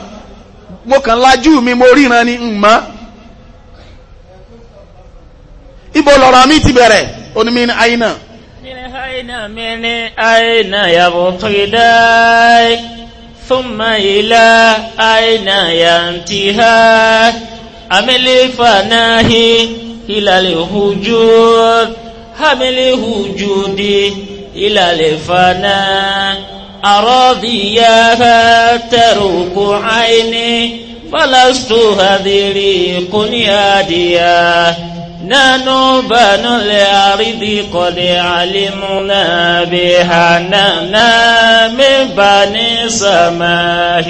Speaker 2: mo kàn lajú mi mo ríran ni mọ́ ibo lọ̀rọ̀ mi ti bẹ̀rẹ̀ onímí ni àyínà. àyínà mi ni
Speaker 1: àyínà yàgò tó yẹ dáì thumma ila àyínà yàǹtì ha amílẹ̀ fanáhì ìlàlẹ̀ hujú amílẹ̀ hujú di ìlàlẹ̀ fanáhì. أراضياها تروك عيني فلست هذري قنياديا نحن بنو الأرض قد علمنا بها نحن بني سماه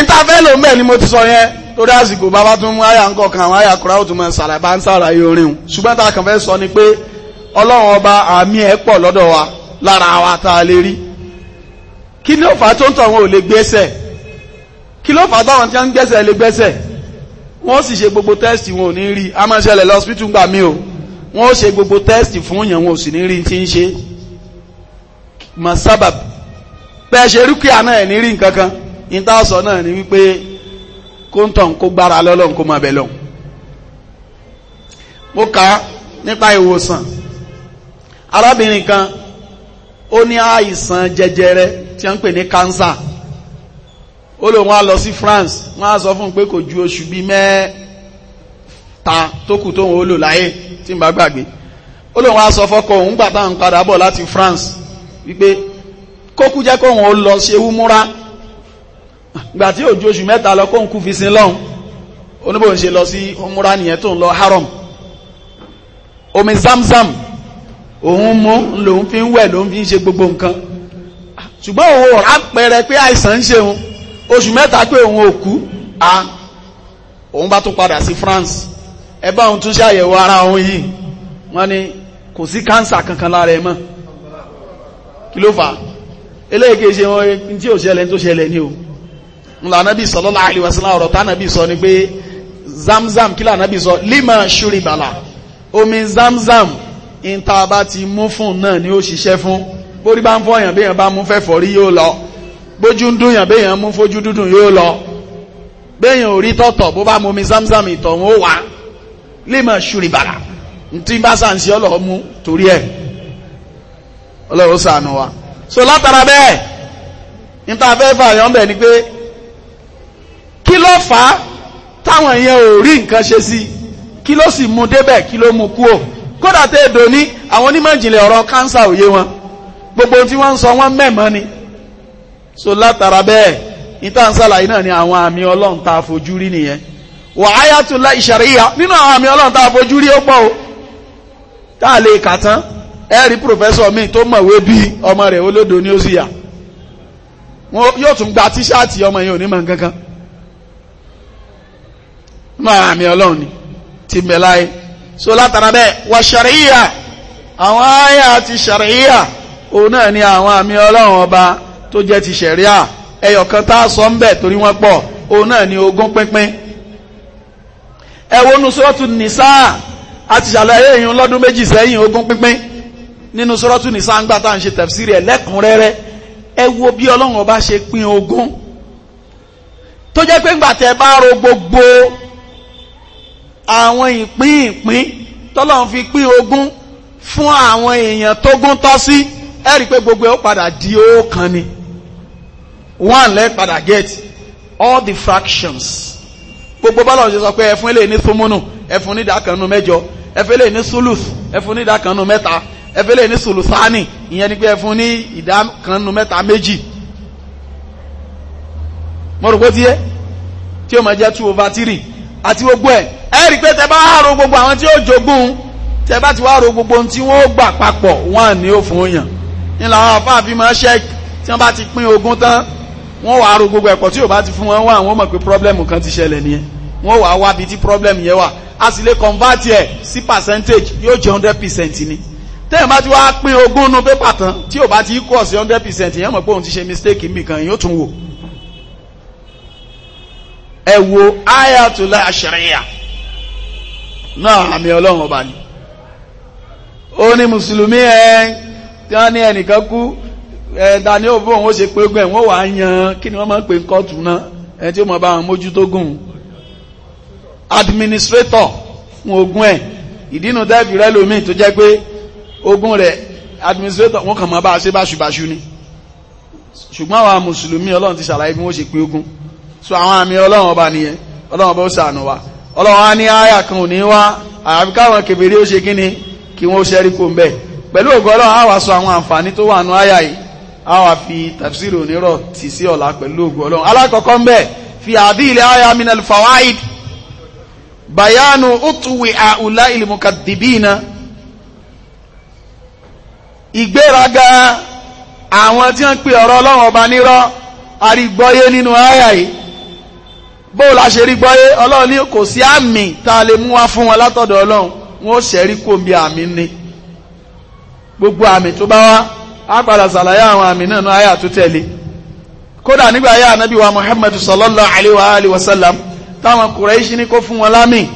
Speaker 2: intervelo mẹ́ẹ̀ ni mo ti sọ yẹn torí àsìkò bàbá tún mú àyà kan àwọn àyà bá ń orin ṣùgbọ́n sọ ni pé ọlọ́run ọba àmì ẹ̀ pọ̀ lọ́dọ̀ wa lára wa tá a lè rí kí ló fà á tó ń tọ̀ wọn ò lè gbẹ́sẹ̀ kí ló fà á táwọn tí wọ́n ń gbẹ́sẹ̀ lè gbẹ́sẹ̀ wọ́n sì ṣe gbogbo tẹ́sì wọn ò ní rí a lọ́sípítù gbà mí o wọ́n ṣe gbogbo tẹ́sì fún yẹn wọn ò sì ní rí tí ń ṣe mọ̀ sábàb bẹ́ẹ̀ ṣe rúkìá náà ẹ̀ ní rí nǹkan kan ìtàsọ̀ náà ni wípé kóńtọ̀n kó gbára lọ́lọ́n kó máa bẹ̀ ó ní àìsàn jẹjẹrẹ tí wọ́n ń pè ní cancer ó lè wọ́n lọ sí France wọ́n á sọ fún un pé kò ju oṣù bíi mẹ́ta tó kù tóun ó lò láyé tí n bá gbàgbé ó lè wọ́n á sọ fọ́kọ òun gbà táwọn padà bọ̀ láti France wípé kókú jẹ́ kóun ó lọ ṣe wúmúra gbà tí ò ju oṣù mẹ́ta lọ kóun kú fi sin lọ́hùn oníbòun ṣe lọ sí wúmúra nìyẹn tóun lọ haram omi zamzam òun mú lòun fi ń wẹ̀ lòun fi ń gbogbo nǹkan ṣùgbọ́n òun ọ̀rá pẹ̀rẹ̀ pé àìsàn ń ṣe oṣù mẹ́ta pé òun ò kú a òun bá padà sí France ẹ bá òun tún ṣàyẹ̀wò ara òun yìí wọ́n ní kò sí kankan lára ẹ mọ́ kí ló fà á eléyìí ṣe wọn tí tó ṣẹlẹ̀ o sọ ni zamzam kí anabi sọ lima omi zamzam in tá a bá ti mú fún náà ni ó ṣiṣẹ́ fún bórí bá ń fọyàn béèyàn bá mú fẹ́fọ́ rí yóò lọ bójú ń dùnyàn béèyàn mú fojú dúdùn yóò lọ béèyàn ò rí tọ̀tọ̀ bó bá mú mi zamzam ìtọ̀hún ó wà lè mọ̀ ṣúrì bàrà ntí bá sàǹsì ọlọ́ọ̀ mú torí ẹ̀ ọlọ́ọ̀ sànù wa so látara bẹ́ẹ̀ ní tá a fẹ́ fà yọ̀ ń bẹ̀ ni pé kí ló fà á táwọn yẹn ò rí nǹkan ṣe sí kí ló sì mú débẹ̀ kí ló mú kúò kódà tẹ́ èdò ní àwọn onímọ̀ ìjìnlẹ̀ ọ̀rọ̀ kánsà òye wọn gbogbo tí wọ́n ń sọ wọ́n mẹ́mọ́ ni so látara bẹ́ẹ̀ ìtànsàlàyé náà ni àwọn àmì ọlọ́run tá a fojú rí nìyẹn wà áyá tó la ìṣàríyà nínú àwọn àmì ọlọ́run tá a fojú rí ó pọ̀ o tá a lè kà tán ẹ rí pòfẹ́sọ̀ mi tó mọ̀wé bí ọmọ rẹ̀ olódo ní ó sì yà wọn yóò tún gba tíṣáàtì ọmọ yẹn ò ní mọ̀ nǹkan kan máa àmì ọlọ́run ni ti mẹ́láyé so látara bẹ́ẹ̀ wà ṣàríyà àwọn àyà ti ṣàríyà òun náà ni àwọn àmì ọlọ́run ọba tó jẹ́ ti ṣẹ̀ríà ẹyọ̀kan tá a sọ ń bẹ̀ torí wọ́n pọ̀ òun náà ni ogún pínpín ẹ wo nu sọ́ọ̀tù nìsá a ti ṣàlàyé ìyún lọ́dún méjì sẹ́yìn ogún pínpín nínú sọ́ọ̀tù nìsá ń gbà tá à ń ṣe tẹ̀fsíìrì ẹ̀ lẹ́kùnrẹ́rẹ́ ẹ wo bí ọlọ́run ọba ṣe pín ogún tó jẹ́ pé ńgbà tẹ́ bá ro gbogbo àwọn ìpín ìpín tọ́lọ́run fi pín ogún fún àwọn èèyàn tógún tọ́ sí ẹ rí i pé gbogbo ẹ̀ ó padà di ọ̀kan ni one let padà get all the fractions gbogbo bọ́lá òṣèṣọ pé ẹ fún eléyìí ní sumunu ẹ fún ní ìdákanu mẹ́jọ ẹ fún ní sulus ẹ fún ní ìdákanu mẹ́ta ẹ fún ní sulusani ìyẹn ni pé ẹ fún ní ìdákanu mẹ́ta méjì mo rò pé tiẹ́ tí ó máa jẹ́ two over three àti gbogbo ẹ̀ ẹ rí i pé tẹ bá ro gbogbo àwọn tí ó jogún tẹ bá ti wá ro gbogbo ohun tí wọ́n ó gbà papọ̀ wọ́n ní ó fún yàn ní làwọn àfáàfin máa ṣẹ́ tí wọ́n bá ti pín ogún tán wọ́n wàá ro gbogbo ẹ̀pọ̀ tí ò bá ti fún wọn wá àwọn mọ̀ pé pírọ́blẹ́mù kan ti ṣẹlẹ̀ nìyẹn wọ́n wàá wá bi tí pírọ́blẹ́mù yẹn wà a sì lè convert ẹ̀ sí percentage yóò jẹ́ hundred percent ni tẹ́yìn bá ti wá pín ogún nu pépà tán tí ò bá ti kọ̀ sí hundred percent yẹn mọ̀ pé òun ti ṣe mistake nbìkan yóò tún wò ẹ wo ayatul ashriya náà àmì ọlọ́run ọba ni ó ní mùsùlùmí ẹ tí wọ́n ní ẹnìkan kú ẹ̀dá ní òbí òun ó ṣe pé gbẹ̀ wọ́n wà yan kí ni wọ́n máa ń pè ń kọ́ọ̀tù náà ẹni tí ó mọ̀ bá àwọn mójútó gùn administrator fún ogun ẹ̀ ìdínú dẹ́bì rẹ lómi tó jẹ́ pé ogun rẹ̀ administrator wọ́n kàn máa bá a ṣe báṣubàṣu ni ṣùgbọ́n àwọn mùsùlùmí ọlọ́run ti ṣàlàyé bí wọ́n ṣe pé ogun so àwọn àmì ọlọ́run ọba nìyẹn ọlọ́run ọba ó ṣàánú wa ọlọ́run á ní àyà kan ò ní wá àyàfi káwọn kèbèrè ó ṣe kí ni kí wọ́n ṣẹ́rí kó ń bẹ̀ pẹ̀lú ògo ọlọ́run á wá sọ àwọn àǹfààní tó wà nù àyà yìí á wá fi tafsir onírọ̀ tì sí ọ̀la pẹ̀lú ògo ọlọ́run alákọ̀ọ́kọ́ ń bẹ̀ fi àbí ilẹ̀ àyà min al-fawaid bayanu utuwi àùlá ilmukadibina ìgbéraga àwọn tí wọ́n pe ọ̀rọ̀ ọlọ́run ọba nírọ́ arígbọ́yé nínú àyà yìí bóò la ṣe rí gbọ́yé ọlọ́run ní kò sí àmì tá a lè mú wá fún wọn látọ̀dọ̀ ọlọ́run wọn ó ṣẹ̀rí kò bí àmì ni gbogbo àmì tó bá wá á padà ṣàlàyé àwọn àmì náà náà àyà tó tẹ̀lé kódà nígbà ayé ànábì wa muhammadu sallallahu alayhi wa alayhi wa sallam táwọn kùrẹ́ṣì ní kó fún wọn lámì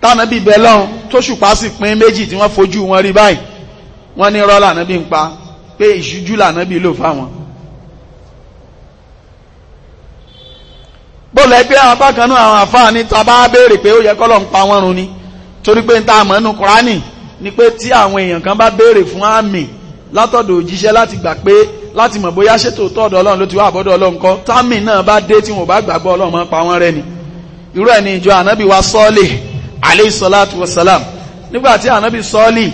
Speaker 2: tánàbì bẹ́lọ́n tó ṣùpá sì pín méjì tí wọ́n fojú wọn rí báyìí wọ́n ní rọ́lá ànábì ń pa pé ìṣújú lànábì bóòlù ẹgbẹ́ abákanú àwọn àfáà ní tàbá béèrè pé ó yẹ kọ́lọ̀ ń pa wọ́n run ni torí pé ń ta àmọ́ nu kúránì ni pé tí àwọn èèyàn kan bá béèrè fún àmì látọ̀dọ̀ òjíṣẹ́ láti gbà pé láti mọ̀ bóyá ṣètò tọ́ọ̀dọ̀ ọlọ́run ló ti wá àbọ́dọ̀ ọlọ́run kọ́ támì náà bá dé tí wọn bá gbàgbọ́ ọlọ́run pa wọ́n rẹ́ ni irú ẹ̀ ni ìjọ ànábì wa sọ́ọ̀lì alayhi salatu wassalam nígbà tí ànábì sọ́ọ̀lì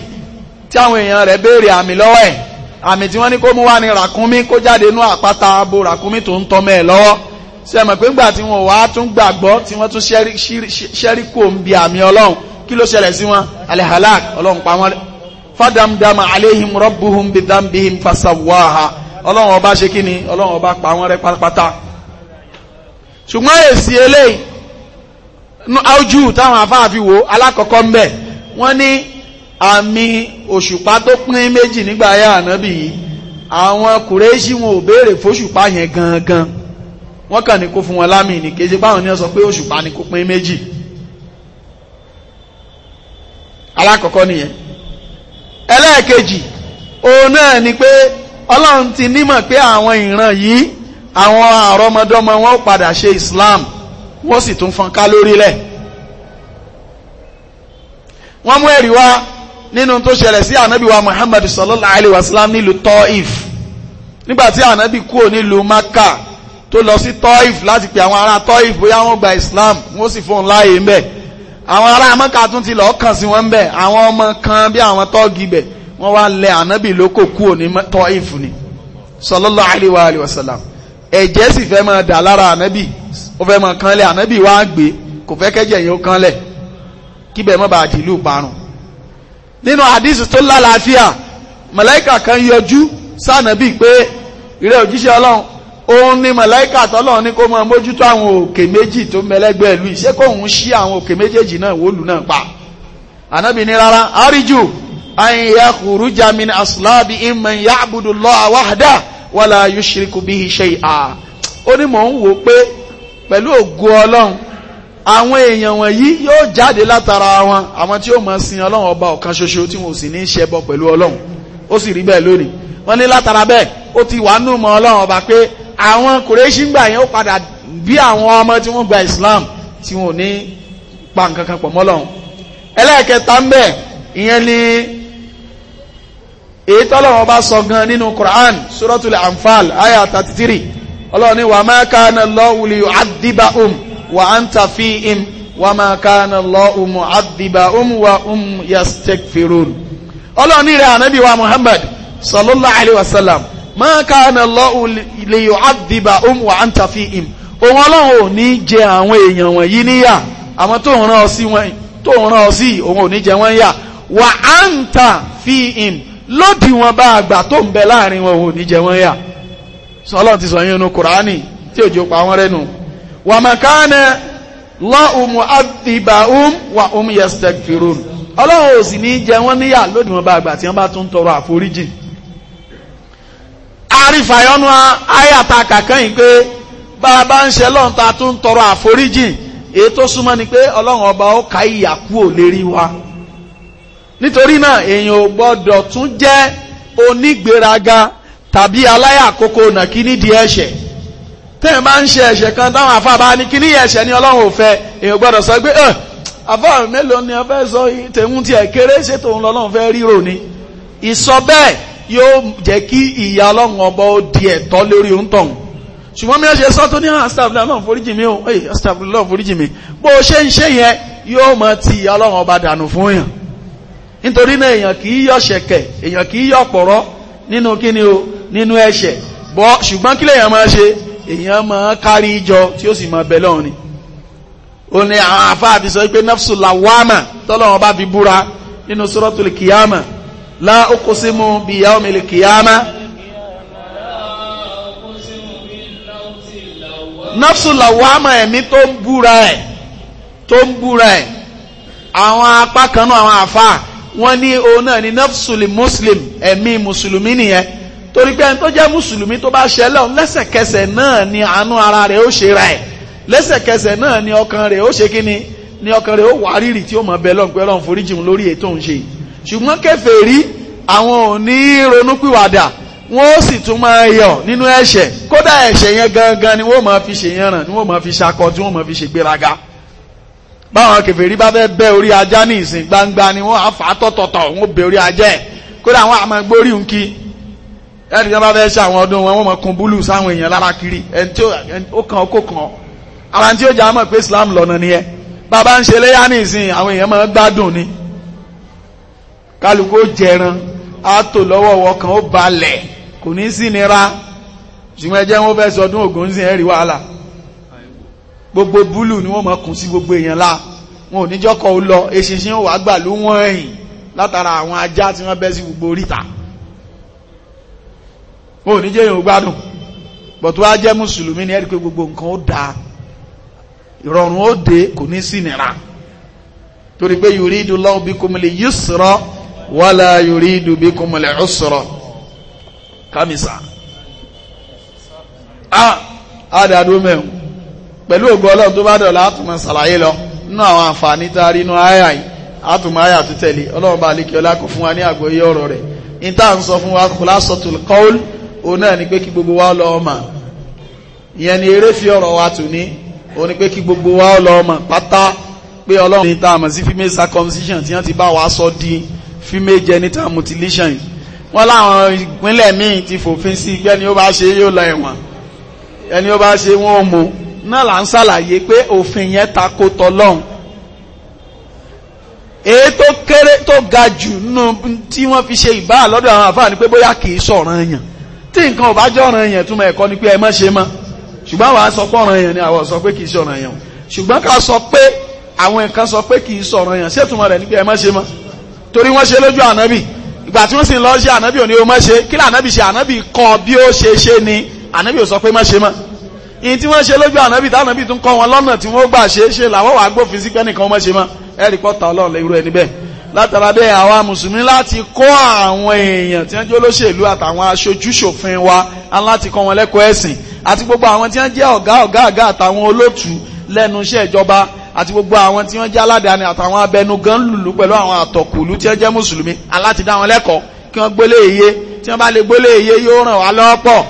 Speaker 2: tí àwọn èèyàn rẹ̀ béèrè àmì lọ́wọ́ ẹ̀ àmì tí wọ́n ní kó mú wá ní ràkúnmí kó jáde nú àpáta abo ràkúnmí tó ń tọ́mẹ́ lọ́wọ́ ṣe mọ̀ pé ńgbà tí wọn wá tún gbàgbọ́ tí wọ́n tún ṣẹ́rí kò ń bi àmì ọlọ́run kí ló ṣẹlẹ̀ sí wọn alihalak ọlọ́run pa wọn fadamdama aleihim rabbuhum bidambihim fasawaha ọlọ́run ọba ṣe kí ni ọlọ́run ọba pa wọn rẹ pátápátá ṣùgbọ́n èsì eléyìí ájú táwọn afáàfi wo alákọ̀ọ́kọ́ ń bẹ̀ wọ́n ní àmì òṣùpá tó pín méjì nígbà ayé ànábì yìí àwọn kùrẹ́ṣì wọn ò béèrè fóṣùpá yẹn gangan wọ́n kàn ní kó fún wọn lámì ní kéje báwọn ní ọ sọ pé òṣùpá ní kó pín méjì alákọ̀ọ́kọ́ nìyẹn ẹlẹ́ẹ̀kejì òun náà ni pé ọlọ́run ti nímọ̀ pé àwọn ìran yìí àwọn àrọmọdọ́mọ wọn padà ṣe Islam wọ́n sì tún fọ́nká lórílẹ̀ wọ́n mú ẹ̀rí wá nínú tó ṣẹlẹ̀ sí ànábì wa Muhammad sallallahu alayhi wa sallam nílùú Taif nígbà tí ànábì kúrò nílùú Makkah tó lọ sí Tọ́ìf láti pè àwọn ará Tọ́ìf bóyá wọ́n gba Islam wọ́n sì fún un láàyè ń bẹ̀ àwọn ará amọ́ka tún ti lọ́ọ́ kàn sí wọn ń bẹ̀ àwọn ọmọ kan bí àwọn tọ́ọ̀gì bẹ̀ wọ́n wá lẹ ànábì lóko kúrò ní Tọ́ìf ni sallallahu alaihi wa alihi wasallam ẹ̀jẹ̀ sì fẹ́ máa dà lára ànábì ó fẹ́ máa kanlẹ̀ ànábì wá gbé kò fẹ́ kẹ́jẹ̀ yẹn ó kanlẹ̀ kíbẹ̀ mọ́ bá àdìlú parun nínú àdìsí tó lálàáfíà màláíkà kan yọjú sànàbì pé ìrẹ́ òjíṣẹ́ ọlọ́run òun ni màláíkà tọ́lọ̀ ní kó máa mójútó àwọn òkè méjì tó mẹlẹ́gbẹ́ ìlú ìṣe kó òun ṣí àwọn òkè méjèèjì náà wólù náà pa ànábì ní rárá àríjù an yakhruja min aslabi man ya'budu Allaha wahda wala yushriku bihi shay'a ó ní mò ń wò pé pẹ̀lú ògo ọlọ́run àwọn èèyàn wọ̀nyí yóò jáde látara wọn àwọn tí ó máa sin ọlọ́run ọba ọ̀kan ṣoṣo tí wọn ò sì ní í ṣẹbọ pẹ̀lú ọlọ́run ó sì rí bẹ́ẹ̀ lónìí wọ́n ní látara bẹ́ẹ̀ ó ti wà nù mọ́ ọlọ́run ọba pé àwọn kòrèṣí gbà yẹn ó padà bí àwọn ọmọ tí wọ́n gba islam tí wọ́n ní pa nǹkan kan pọ̀ mọ́lọ́hun ẹlẹ́ẹ̀kẹta ń bẹ̀ ìyẹn ni èyí tọ́lọ́wọ́n bá sọ gan nínú quran suratul anfal aya thirty three ọlọ́run ni wa ma kana Allahu liyu'adhibahum wa anta fihim wa ma kana Allahu mu'adhibahum wa hum yastaghfirun ọlọ́run ní rẹ̀ ànábì wa muhammad sallallahu alayhi wa sallam ma kana Allahu li yu'adhibahum wa anta fihim òun ọlọ́run ò ní jẹ àwọn èèyàn wọ̀nyí níyà àmọ́ tó ń rán ọ sí wọn tó ń wa anta fihim wọn bá agba tó ń laarin wọn ò ní jẹ wọ́n ti sọ yín inú kùránì pa wa ma kana Allahu mu'adhibahum wa hum yastaghfirun ọlọ́run ò wọn bá agba ti clarify ọ̀nà ayàtà kàkán yìí pé bá ń ṣe lọ́n tọrọ àforíjì èyí tó súnmọ́ ni pé ọlọ́run ọba ó ka ìyà kúò lérí wa nítorí náà èèyàn ò gbọ́dọ̀ tún jẹ́ onígbéraga tàbí aláyàkókò nà kí nídìí ẹ̀ṣẹ̀ máa kan táwọn ní ni ọlọ́run ò fẹ́ èèyàn gbọ́dọ̀ sọ pé ẹ̀ mélòó ni fẹ́ sọ tẹ̀hún tiẹ̀ kéré ni ìsọ yóò jẹ́ kí ìyà ọlọ́run ọba ó di ẹ̀tọ́ lórí oúntọ̀hún ṣùgbọ́n mi ṣe sọ́tún ní ah, astagfirullah foríjì mi o ey astagfirullah foríjì mi bó o ṣe ń ṣe yẹn yóò mọ ti ìyà ọlọ́run ọba dànù fún yàn nítorí náà èèyàn kì í yọ ṣẹ̀kẹ̀ èèyàn kì í yọ pọ̀rọ́ nínú kíni o nínú ẹ̀ṣẹ̀ bọ́ àwọn àfáà fi sọ pé nafsu lawama tọ́lọ́run ọba fi búra nínú suratul kiyama la uqsimu bi yawmil nafsu lawama ẹ̀mí tó ń búra ẹ̀ tó ń búra ẹ̀ àwọn apá kan náà àwọn àfa wọ́n ní òun náà ní nafsul muslim ẹ̀mí mùsùlùmí nìyẹn torí pé ẹni tó jẹ́ mùsùlùmí tó bá ṣẹlẹ̀ òun lẹ́sẹ̀kẹsẹ̀ náà ni àánú ara rẹ̀ ó ṣe ra ẹ̀ lẹ́sẹ̀kẹsẹ̀ náà ni ọkàn rẹ̀ ó ṣe kí ni ni ọkàn rẹ̀ ó wárìrì tí ó mọ̀ bẹ́ẹ̀ lọ́nkú ẹ̀ lọ́n foríjì lórí ètò òun ṣe yìí ṣùgbọ́n kèfèrí àwọn ò ní ronúpìwàdà wọ́n ó sì tún máa yọ̀ nínú ẹ̀ṣẹ̀ kódà ẹ̀ṣẹ̀ yẹn gangan ni wọ́n máa fi ṣèyànràn ni wọ́n máa fi ṣakọ tí wọ́n máa fi ṣègbéraga báwọn kèfèrí bá fẹ́ bẹ́ orí ajá ní ìsìn gbangba ni wọ́n á fà á tọ̀tọ̀tọ̀ wọ́n bẹ́ orí ajá ẹ̀ kódà àwọn àmọ́ gbórí ń kí ẹni tí bá fẹ́ ṣe àwọn ọdún wọn wọ́n mọ̀ kun búlù sáwọn èèyàn lára kiri ẹni tí ó kàn ó kò kàn Islam lọ́nà nìyẹn bàbá ń ṣe léyà ní ìsìn àwọn kálukú ó jẹran á tò lọ́wọ́ wọkàn ó balẹ̀ kò ní sí nira ṣùgbọ́n ẹjẹ́ wọn fẹ́ sọdún ògùn sí ẹ̀rí wàhálà gbogbo búlù ni wọ́n mọ̀ kùn sí gbogbo èèyàn la wọn ò níjọ́kọ̀ ó lọ eṣinṣin wàá gbà ló wọ́n ẹ̀yìn látara àwọn ajá tí wọ́n bẹ́ sí gbogbo oríta wọn ò ní jẹ́ èèyàn gbádùn bọ̀tú wá jẹ́ mùsùlùmí ni ẹ̀rí pé gbogbo nǹkan ó dáa ìrọ̀rùn ó dé kò ní sí nira torí pé yuridu Allahu bikumul yusra wala yuridu bikumul usra kámísà a àdàdó mẹ́rin pẹ̀lú ògo ọlọ́run tó bá dọ̀la àtùmọ̀ ṣàlàyé lọ nínú àwọn àǹfààní tá a rí inú àyà yìí àtùmọ̀ àyà tó tẹ̀lé ọlọ́run bá lè kí ọlá kó fún wa ní àgbọ́yé ọ̀rọ̀ rẹ̀ níta ń sọ fún wa khulasatul qawl òun náà ni pé kí gbogbo wa lọ ọmọ ìyẹn ni eré fi ọ̀rọ̀ wa tù ní òun ni pé kí gbogbo wa lọ ọmọ pátá pé ọlọ́run ní ta àmọ̀ sí female circumcision tí wọ́n ti bá wa sọ di fi méje ní term mutilation yìí wọ́n láwọn ìpínlẹ̀ míì ti fòfin sí igbẹ́ ni ó bá ṣe yóò lọ ẹ̀wọ̀n ẹni ó bá ṣe wọ́n mú náà là ń ṣàlàyé pé òfin yẹn tako tọlọ́hun èyí tó kéré tó ga jù nù tí wọ́n fi ṣe ìbá lọ́dọ̀ àwọn àfáà ni pé bóyá kì í sọ̀ràn yàn tí nǹkan ò bá jọ̀ràn yàn túmọ̀ ẹ̀kọ́ ni pé ẹ má ṣe mọ́ ṣùgbọ́n wàá sọ pé ọ̀ràn yàn ni àwọn sọ pé kì í sọ̀ràn yàn ṣùgbọ́n ká sọ pé àwọn nǹkan sọ pé kì í sọ̀ràn yàn ṣé túmọ̀ rẹ̀ ni pé ẹ má ṣe mọ́ torí wọ́n ṣe lójú ànábì ìgbà tí wọ́n sì lọ ṣe ànábì ò ní o má ṣe kí lè ànábì ṣe ànábì kọ́ bí ó ṣe ṣe ni ànábì ò sọ pé má ṣe mọ́ ìyìn tí wọ́n ṣe lójú ànábì tánábì tún kọ́ wọn lọ́nà tí wọ́n gbà ṣe ṣe làwọn wàá gbófin sí pé nìkan má ṣe mọ́ ẹ̀rí pọ́ta ọlọ́run irú ẹni bẹ́ẹ̀ látara bẹ́ẹ̀ àwa mùsùlùmí láti kọ́ àwọn èèyàn tí wọ́n jẹ́ olóṣèlú àtàwọn aṣojúṣòfin wa aláti kọ́ wọn lẹ́kọ̀ọ́ ẹ̀sìn àti gbogbo àwọn tí wọ́n jẹ́ ọ̀gá ọ̀gá àgá àtàwọn olótùú lẹ́nu iṣẹ́ ìjọba àti gbogbo àwọn tí wọ́n jẹ́ aládàáni àtàwọn abẹnugan lùlù pẹ̀lú àwọn àtọ̀kùlù tí wọ́n jẹ́ mùsùlùmí aláti dá wọn lẹ́kọ̀ọ́ kí wọ́n gbélé iye tí wọ́n bá lè gbélé iye yóò ràn wá lọ́pọ̀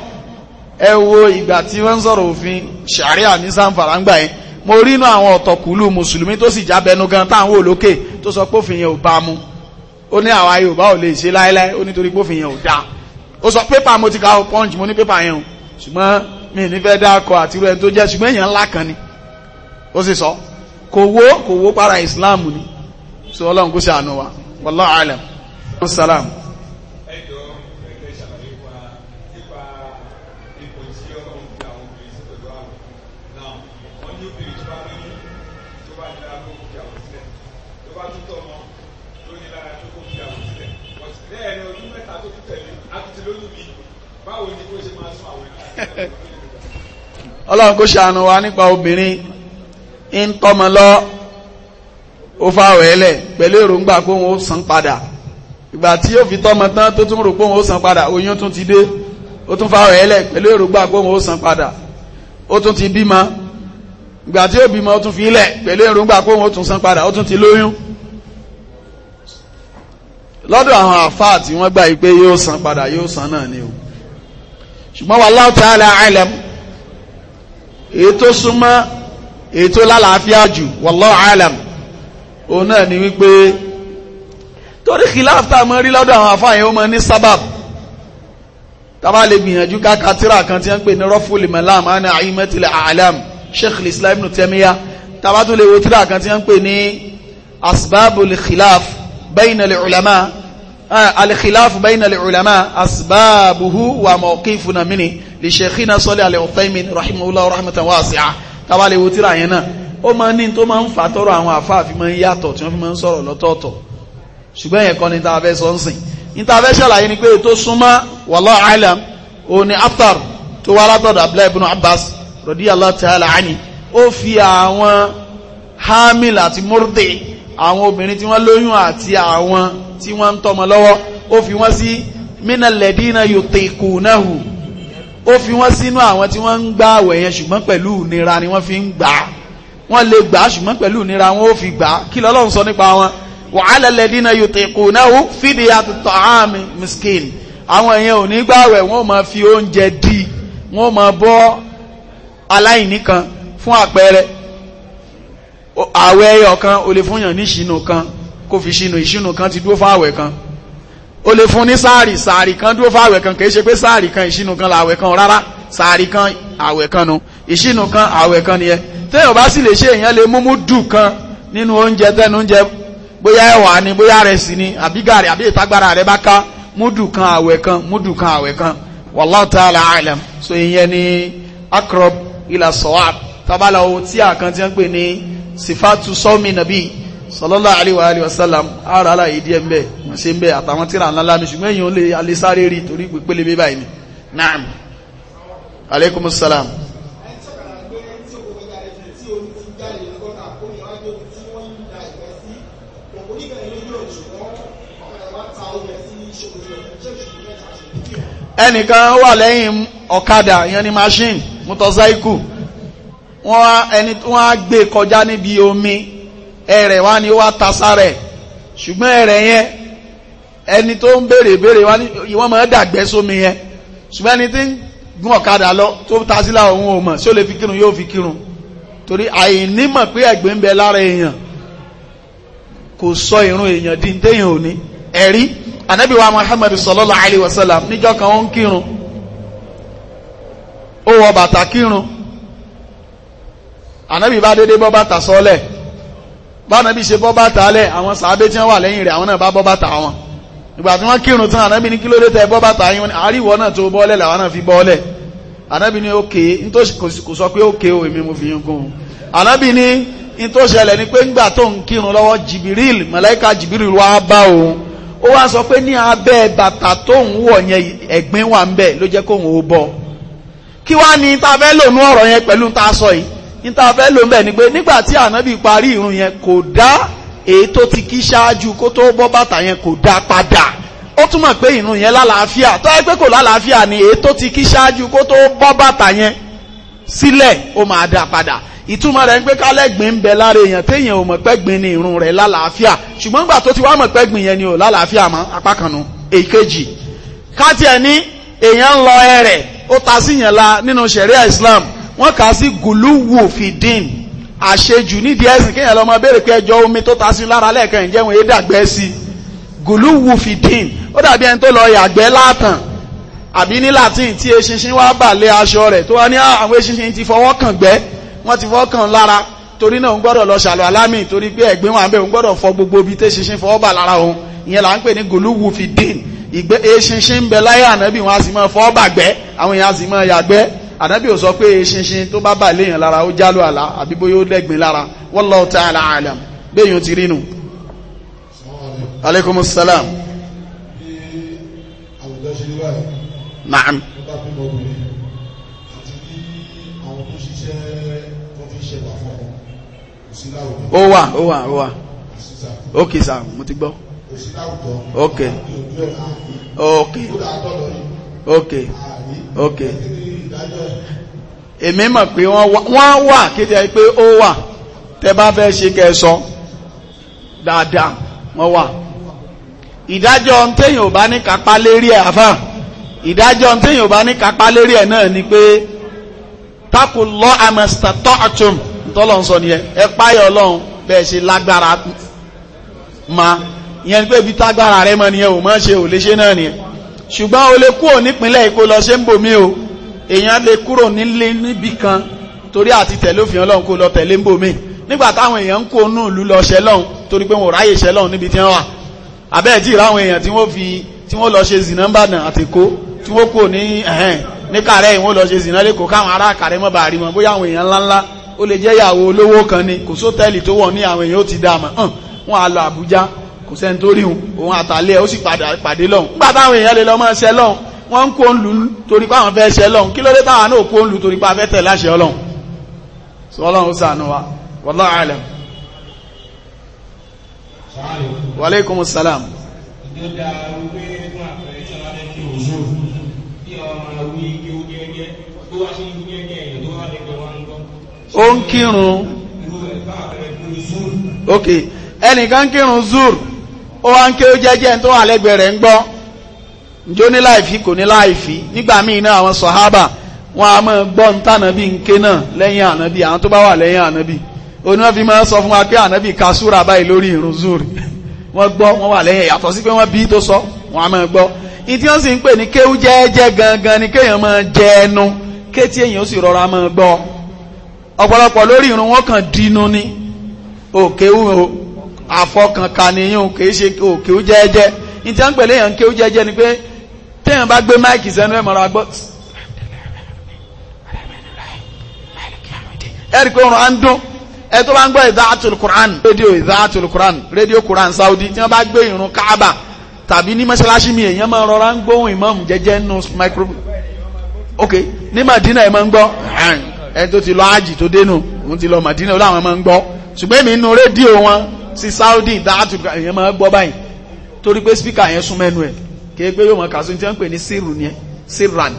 Speaker 2: ẹ wo ìgbà tí wọ́n ń sọ̀rọ̀ òfin ṣàríà ní sanfàrà ń gbà yẹn mo rí inú àwọn ọ̀tọ̀kùlù mùsùlùmí tó sì jábẹnugan táwọn olókè tó sọ pófin yẹn ò bá mu ó ní àwa Yorùbá ò lè ṣe láéláé ó nítorí pófin yẹn ò dáa ó sọ pépà mo ti ka o punch mo ní pépà yẹn o ṣùgbọ́n mi ní fẹ́ dákọ̀ àtirú ẹni tó jẹ́ ṣùgbọ́n èèyàn ńlá kan ni ó sì sọ kò wó para islam ni so ọlọ́run kó ṣàánú wa wallahu alam salam. [LAUGHS] ọlọ́run kó ṣàánú wa nípa obìnrin ń tọ́mọ lọ ó fáwọ̀ ẹlẹ̀ pẹ̀lú èròǹgbà pé òun ó san padà ìgbà tí yóò fi tọ́mọ tán tó tún rò pé òun ó san padà oyún tún ti dé ó tún fáwọ̀ ẹlẹ̀ pẹ̀lú èròǹgbà pé òun ó san padà ó tún ti bímọ ìgbà tí yóò bímọ ó tún fi ilẹ̀ pẹ̀lú èròǹgbà pé òun ó tún san padà ó tún ti lóyún lọ́dọ̀ àwọn àfáà tí wọ́n gbà yí pé yóò san padà yóò san náà ni o ṣùgbọ́n wallahu ta'ala alam èyí tó súnmọ́ èyí tó lálàáfíà jù wallahu alam òun náà ni wípé torí khilaf tá a mọ rí lọ́dọ̀ àwọn afáàyàn ó mọ ní sábàb tábà lè gbìyànjú káka tíra kan tí wọ́n ń pè ní rọ́fúlì malam ana aimatil alam sheikh islam ibn tẹ́míyá tábà tó lè wo tíra kan tí wọ́n ń pè ní asbabul khilaf bayna ulama al khilaf bayna al ulama asbabuhu wa mawqifuna minni li sheikhina sọ́lẹ̀ al rahimahullah rahmatan wasi'a tábàlẹ̀ wo tíra yẹn náà ó máa ní tó máa ń fà tọrọ àwọn àfáàfin máa ń yàtọ̀ tí wọ́n fi máa ń sọ̀rọ̀ lọ́tọ̀ọ̀tọ̀ ṣùgbọ́n yẹn kọ́ ni tá a fẹ́ sọ ń sìn ní tá a fẹ́ ṣàlàyé ni pé ètò súnmọ́ wallahu alam òun ni aftar tó wá látọ̀dọ̀ abdullahi ibn abbas radiyallahu ta'ala ani ó fi àwọn hamil àti murdi àwọn obìnrin tí wọ́n lóyún àti àwọn tí wọ́n ń tọ́mọ lọ́wọ́ ó fi wọ́n sí minalladina yutiqunahu ó fi wọ́n sínú àwọn tí wọ́n ń gbà àwẹ̀ yẹn ṣùgbọ́n pẹ̀lú ìnira ni wọ́n fi ń gbà á wọ́n lè gbà á ṣùgbọ́n pẹ̀lú ìnira wọn ó fi gbà á kí lọ́lọ́run sọ nípa wọn wàhálà lẹ́dínà yutiqunahu fidyatu ta'ami miskin àwọn èèyàn ò ní gbà àwẹ̀ wọ́n máa fi oúnjẹ di wọ́n máa bọ́ aláìní kan fún àpẹẹrẹ àwẹ̀ ẹyọ kan ó lè fúnyàn ní ìṣínú kan kó fi ṣínú ìṣínú kan ti dúró fún àwẹ̀ kan o lè fún ní sáàrì sáàrì kan dúró fáwẹ̀ kan kìí ṣe pé sáàrì kan ìṣínú kan làwẹ̀ kan rárá sáàrì kan àwẹ̀ kan nu ìṣínú kan àwẹ̀ kan nìyẹn téèyàn bá sì lè ṣe èèyàn lè múmú dù kan nínú oúnjẹ tẹnu oúnjẹ bóyá ẹ̀wà ni bóyá rẹ̀ sì ni àbí gàrí àbí ìtagbára rẹ̀ bá ká múdù kan àwẹ̀ kan múdù kan àwẹ̀ kan wallahu ta'ala a'lam so ìyẹn ni akrab ila sawab tabalawo tí àkàntí ń pè ní sifatu sọ́mi nàbí sallallahu alaihi wa alihi wasallam ara aláyé díẹ̀ ń bẹ̀ wọ́n ṣe ń bẹ̀ àtàwọn tíra ńláńlá mi ṣùgbọ́n èèyàn lè alẹ́sáré rí torí pípélé bí báyìí ni naam alaikum salam. ẹnìkan wà lẹ́yìn ọ̀kadà ìyẹn ni machine motorcycle wọ́n á gbé kọjá níbi omi ẹ̀rẹ̀ wá ni ó wá ta sára ṣùgbọ́n yẹn ẹni tó ń béèrè béèrè wá ní ìwọ́n máa dàgbẹ́ sómi yẹn ṣùgbọ́n ẹni tí ń lọ tó ta sílá òun ò mọ̀ ṣé ó lè fi kírun yóò fi kírun torí àìnímọ̀ pé ẹ̀gbẹ́ ń bẹ lára èèyàn kò sọ ìrun èèyàn di téèyàn ò ní ẹ̀rí wa sallallahu alayhi wa sallam kan ó ń bánabi ṣe bọ́ bàtà alẹ́ àwọn sàábé tí wọ́n wà lẹ́yìn rẹ̀ àwọn náà bá bọ́ bàtà wọn ìgbà tí wọ́n kírun tán ànábì ní kí ló dé tẹ bọ́ bàtà yín àríwọ̀ náà tó bọ́ọ̀lẹ̀ làwọn náà fi bọ́ọ̀lẹ̀ ànábì ní òkè nítòsí kò sọ pé òkè o èmi mo fi yín kún un ànábì ní nítòsí ẹlẹ̀ ni pé ńgbà tó ń kírun lọ́wọ́ jìbìrìl màláíkà jìbìrìl wá bá òun ó wá sọ pé ní abẹ́ bàtà tóun wọ̀ yẹn ẹ̀gbin wà níta fẹ́ ló ń bẹ̀ ni pé nígbà tí ànábì parí ìrun yẹn kò dá èyí tó ti kí ṣáájú kó tó bọ́ bàtà yẹn kò dá padà ó túmọ̀ pé ìrun yẹn lálàáfíà tó yẹ pé kò lálàáfíà ni èyí tó ti kí ṣáájú kó tó bọ́ bàtà yẹn sílẹ̀ ó máa dá padà ìtumọ̀ rẹ̀ ń pé kálẹ̀gbìn ń bẹ lára èèyàn téèyàn ò mọ̀ pẹ́gbìn ni ìrun rẹ̀ lálàáfíà ṣùgbọ́n gbà tó ti wá mọ̀ pẹ́gbìn yẹn ni ò lálàáfíà mọ́ apá kan nu èkejì káàtì ẹ̀ ní èèyàn ń lọ ẹrẹ̀ ó ta síyàn la nínú ṣẹ̀ríà Islam wọ́n kà á sí gùlúwù fìdín àṣejù nídìí ẹ̀sìn kéèyàn lọ́mọ béèrè pé ẹjọ́ omi tó ta sí lára lẹ́ẹ̀kan ìjẹ́ wọn èédàgbẹ́ sí gùlúwù fìdín ó dàbí ẹni tó lọ yàgbẹ́ látàn àbí ní latin tí eṣinṣin wá bà lé aṣọ rẹ̀ tó wá ní ah, àwọn eṣinṣin ti fọwọ́ kàn gbẹ́ wọ́n ti fọwọ́ kàn lára torí náà ń gbọ́dọ̀ lọ ṣàlọ́ alámì torí pé ẹ̀gbin wà ń bẹ̀ ń gbọ́dọ̀ fọ gbogbo ibi tí eṣinṣin fọwọ́ bà lára òun ìyẹn là ń pè ní gòlúwù fìdín ìgbẹ́ eṣinṣin ń bẹ láyé ànábì wọn a sì máa fọwọ́ bàgbẹ́ àwọn èèyàn a sì máa yàgbẹ́ ànábì ò sọ pé eṣinṣin tó bá bà léèyàn lára ó jálò àlá àbí bóyá ó lẹ́gbìn lára wallahu ta'ala alam béèyàn ti rí nù. aleykum naam. ó wà ó wà ó wà ok sir mo ti gbọ́ ok ok ok ok èmi mọ̀ pé wọ́n wà kéde pé ó wà tẹ́ bá fẹ́ ṣe kẹsọ dáadáa wọ́n wà ìdájọ́ ntẹ́yìn ò bá ní kápá lérí ẹ̀ àfà ìdájọ́ ntẹ́yìn ò bá ní kápá lérí ẹ̀ náà ni pé takò lọ àmàsítà tọ́ àtúm ntọ́lọ́n sọ nìyẹn ẹ páyọ̀ ọlọ́run bẹ́ẹ̀ ṣe lágbára ma ìyẹn ni pé ibi tágbára rẹ mọ nìyẹn ò mọ̀ ṣe ò lè ṣe náà nìyẹn ṣùgbọ́n o lè kúrò nípínlẹ̀ Èkó lọ ṣe ń bòmí o èèyàn lè kúrò nílé níbì kan torí àti tẹ̀lé òfin ọlọ́run kó lọ tẹ̀lé ń bòmí nígbà táwọn èèyàn ń kó nù lú lọ ṣẹ lọ́hun torí pé wọn ráyè ṣẹ lọ́hun níbi tí wọ́n wà àbẹ́ẹ̀ tí ìráwọn èèyàn tí wọ́n fi tí wọ́n lọ ṣe zìnà ńbàdàn àti kó tí wọ́n kò ní ẹ̀hẹ́n ní kàrẹ́ ìwọ́n lọ ṣe zìnà lẹ́kọ̀ọ́ káwọn ará kàrẹ́ mọ́ bàárí mọ́ bóyá àwọn èèyàn ńláńlá ó lè jẹ́ ìyàwó olówó kan ni kò sótẹ́ẹ̀lì tó wọ̀ ní àwọn èèyàn ó ti dá àmọ́ hàn á lọ Àbújá kò sẹ́ni tó rí òun àtàlẹ́ ó sì padà pàdé lọ́hùn nígbà táwọn èèyàn lè lọ mọ́ ṣe lọ́hùn wọ́n ń kó ń lù torí pé àwọn fẹ́ ṣe lọ́hùn kí ló dé táwọn náà kó ń lù torí pé a fẹ́ tẹ̀ láṣẹ ọlọ́hùn sọ ọlọ́hùn ó sànù wa wallahu alam. wa alaikum salam.
Speaker 1: ìjọba wípé fún àpẹẹrẹ tí wọ́n fẹ́ kí
Speaker 2: ó ń kírun. ok ẹnìkan kírun zur. ó wá ń ké ó jẹ́jẹ́ tó wà lẹ́gbẹ̀ẹ́ rẹ̀ ń gbọ́ njó ní láìfí kò ní láìfí nígbà míì náà àwọn sọ̀hábà wọn a máa gbọ́ ń tànàbí náà lẹ́yìn àwọn tó bá wà lẹ́yìn fi sọ fún wa pé ka súra báyìí lórí irun zuri gbọ́ wà lẹ́yìn yàtọ̀ sí pé sọ wọn a máa gbọ́ sì ń pè ní gangan ni kéèyàn máa jẹ ẹnu rọra máa gbọ́ ọ̀pọ̀lọpọ̀ lórí irun wọn kàn ni o àfọkànkà nìyàn kìí ṣe òkè ó jẹ́ẹ́jẹ́ ní tí wọ́n ń pèlè yàn kí ó jẹ́ẹ́jẹ́ ni pé téèyàn bá gbé máìkì sẹ́nu ẹ̀ mọ̀ra gbọ́. ẹ̀rì pé òrùn á dún ẹ tó bá ń gbọ́ ìdáàtúlù Quran rédíò ìdáàtúlù Quran rédíò Quran Saudi tí wọ́n bá gbé ìrun Kaaba tàbí ní mọ́ṣáláṣí mi èèyàn máa rọra ń gbóhùn ìmáàmù jẹ́jẹ́ nù microphone ok ní Madina ẹ máa ń gbọ́ ẹ tó ti lọ ájì tó dénú òun ti lọ Madina ó láwọn sí Saudi dáàtù èèyàn máa gbọ́ báyìí torí pé spíkà yẹn sún mẹ́nu ẹ̀ kí pé yóò mọ̀ kàṣún tí wọ́n ń pè ní sírù ni síràn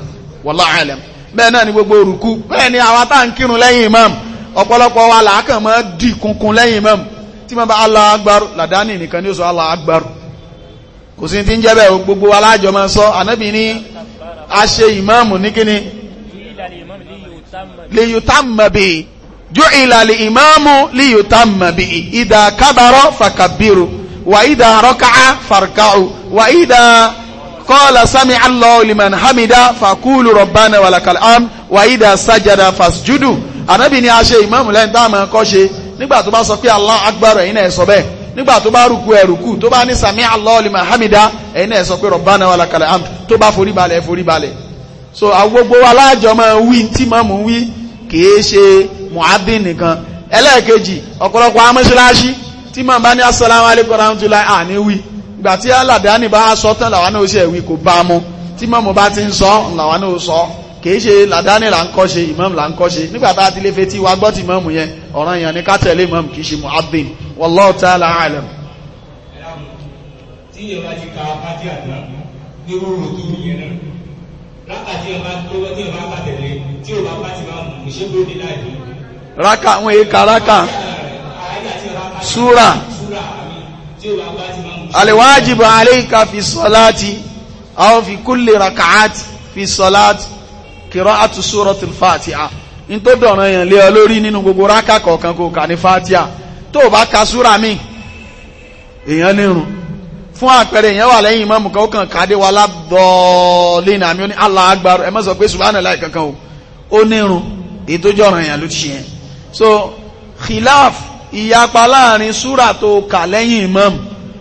Speaker 2: wallahu alam bẹ́ẹ̀ náà ni gbogbo òrùkú bẹ́ẹ̀ ni àwọn tá à ń kírun lẹ́yìn imam ọ̀pọ̀lọpọ̀ wa làákàn máa dì kunkun lẹ́yìn imam tí wọ́n bá Allah akbar làdáni nìkan ni ó sọ Allah akbar kò sí ti ń jẹ́ bẹ́ẹ̀ gbogbo alájọ máa sọ ànábì ní a ṣe ìmáàmù ní kíni lè yóò tá mọ̀ bẹ́ẹ̀ ju'ila li imamu li yutamma bi idha kabara fakabbiru wa idha raka'a farka'u wa idha qala sami'a Allahu liman hamida fakulu rabbana walakal hamd wa idha sajada fasjudu anabi ni a ṣe imamu lẹ́yìn tá a máa kọ́ ṣe nígbà tó bá sọ pé Allahu akbar ẹ̀yin náà sọ bẹ́ẹ̀ nígbà tó bá rùkú ẹ̀rùkú tó bá ní sami'a Allahu hamida ẹ̀yin so àwọn gbogbo alájọ máa wí tí mu'adhin nìkan ẹlẹ́ẹ̀kejì ọ̀pọ̀lọpọ̀ amọ́ṣáláṣí tí màá bá ní asọ́lámù alaykum rahmatulahi àní wí ìgbà tí aládàáni bá sọ tán làwọn náà ṣe ẹ̀wí kò bá mu tí mọ́mọ́ bá ti ń sọ làwọn náà sọ là nígbà tá a ti lè tí yẹn ọ̀ràn yẹn ni ká tẹ̀lé kìí ṣe ka bá tí
Speaker 1: ọba bá ti mú ṣé bó
Speaker 2: rákà ka raka sura
Speaker 1: súrà alìwájìbà aléìka
Speaker 2: fi salati àwọn fi kúlè rakaat fi sọ́láti kìrọ́ àtú súratul fàtíà ní tó dọ̀rọ̀ èèyàn lé ọ lórí nínú gbogbo raka kọ̀ọ̀kan kò kà ní fàtíà tó bá ka sura mi èèyàn nírun fún àpẹẹrẹ èèyàn wà lẹ́yìn ìmáàmù kan ó kàn káde wa lábọ̀ọ́lé ní àmì ó ní Allahu Akbar ẹ má sọ subhanallah kankan o ó nírun èyí tó jọ̀rọ̀ èèyàn ló ti ṣe so khilaf ìyapa láàrin súrà tó kà lẹ́yìn imam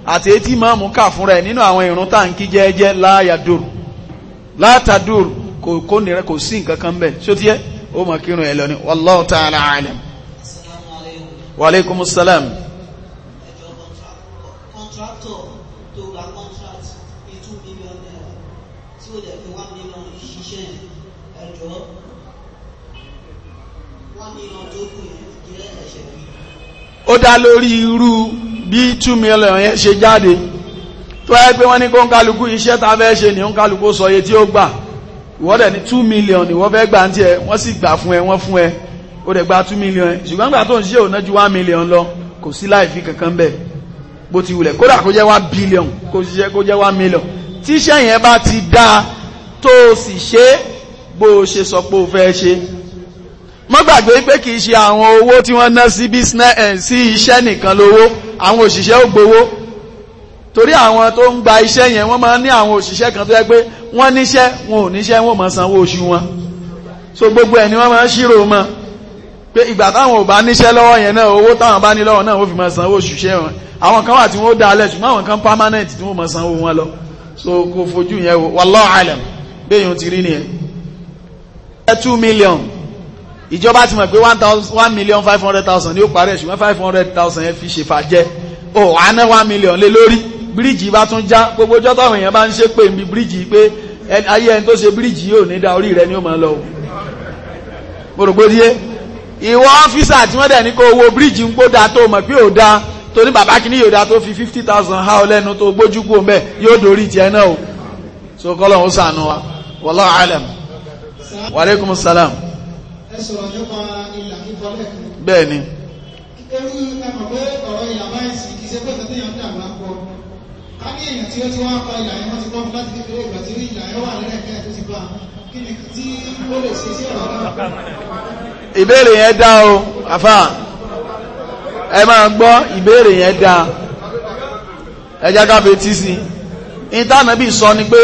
Speaker 2: àti etí imam kà fún rẹ̀ nínú àwọn ìrun táǹkì jẹ́ẹ́jẹ́ láyàdúró látàdúró kò kó nìrẹ́ kò sí nǹkan kan bẹ́ẹ̀ ṣó tiẹ́ ó mọ̀ kírun ẹ̀ lọ ni wallahu ta'ala alam. ó dá lórí irú bí two million yẹn ṣe jáde tó yẹ pé wọ́n ní kó ń kálukú iṣẹ́ tá fẹ́ ṣe ní ń kálukú sọ iye tí ó gbà ìwọ ní two million ìwọ fẹ́ gbà ń tiẹ̀ wọ́n sì gbà fún ẹ wọ́n fún ẹ ó dẹ̀ gba two million ẹ ṣùgbọ́n gbà tó ń ṣe òun ju one million lọ kò sí láì fi kankan bẹ́ẹ̀ bó ti wulẹ̀ kódà kó jẹ́ one billion kó ṣiṣẹ́ kó jẹ́ one million tíṣẹ́ yẹn bá ti dáa tó o sì ṣe bó o ṣe sọ pé o fẹ́ ṣe mọ́ gbàgbé pé kìí ṣe àwọn owó tí wọ́n ná sí business eh, sí iṣẹ́ nìkan lówó àwọn òṣìṣẹ́ ó gbowó torí àwọn tó ń gba iṣẹ́ yẹn wọ́n máa ní àwọn òṣìṣẹ́ kan tó yẹ pé wọ́n níṣẹ́ wọn ò níṣẹ́ wọn máa sanwó oṣù wọn so gbogbo ẹ̀ ni wọ́n máa ń ṣírò mọ́ pé ìgbà táwọn ò bá níṣẹ́ lọ́wọ́ yẹn náà owó táwọn bá ní lọ́wọ́ náà ó fi máa sanwó òṣìṣẹ́ wọn àwọn kan wà tí wọ́n dá alẹ́ ṣùgbọ́n àwọn kan permanent tí wọ́n máa sanwó wọn lọ so kò fojú yẹn wò wallahu alam béèyàn ti rí nìyẹn. two million ìjọba ti mọ̀ pé one million five hundred thousand ni ó parí ṣùgbọ́n five hundred thousand yẹn fi ṣe fàjẹ́ ó àná one million lé lórí bíríìjì bá tún já gbogbo ọjọ́ táwọn èèyàn bá ń ṣe pé níbi bíríìjì pé ayé ẹni tó ṣe bíríìjì yóò ní da orí rẹ ni ó máa lọ. mo rò pé díẹ̀ ìwọ ọ́fíìsà tí wọ́n dẹ̀ ní kó owó bíríìjì ń kó da tó mọ̀ pé ò da torí bàbá kìíní yóò da tó fi fifty thousand ha ọ lẹ́nu tó gbójú kú mbẹ́ yóò dorí tiẹ̀ náà o so kọ́lọ́ ń sànù wa wallahu alam wa aleykum salam ẹ sọ̀rọ̀ nípa ìlà kíkọ lẹ́ẹ̀kan. bẹ́ẹ̀ni. ewu ẹ pé ọ̀rọ̀ ìlà máa ń sìn kì í ṣe pé tọ́tí yẹn dàgbà lápò ká ní èèyàn tí ó ti wá pa ìlà yẹn wọ́n ti kọ́ fún láti kékeré ìgbà tí ìlà yẹn wà lẹ́ẹ̀kẹ́ tó ti bá kí ni tí ó lè ṣe sí ọ̀rọ̀ náà. ìbéèrè yẹn dá o àfà ẹ máa gbọ́ ìbéèrè yẹn dá ẹ já ká fetí sí i ìtànàbì sọ ni pé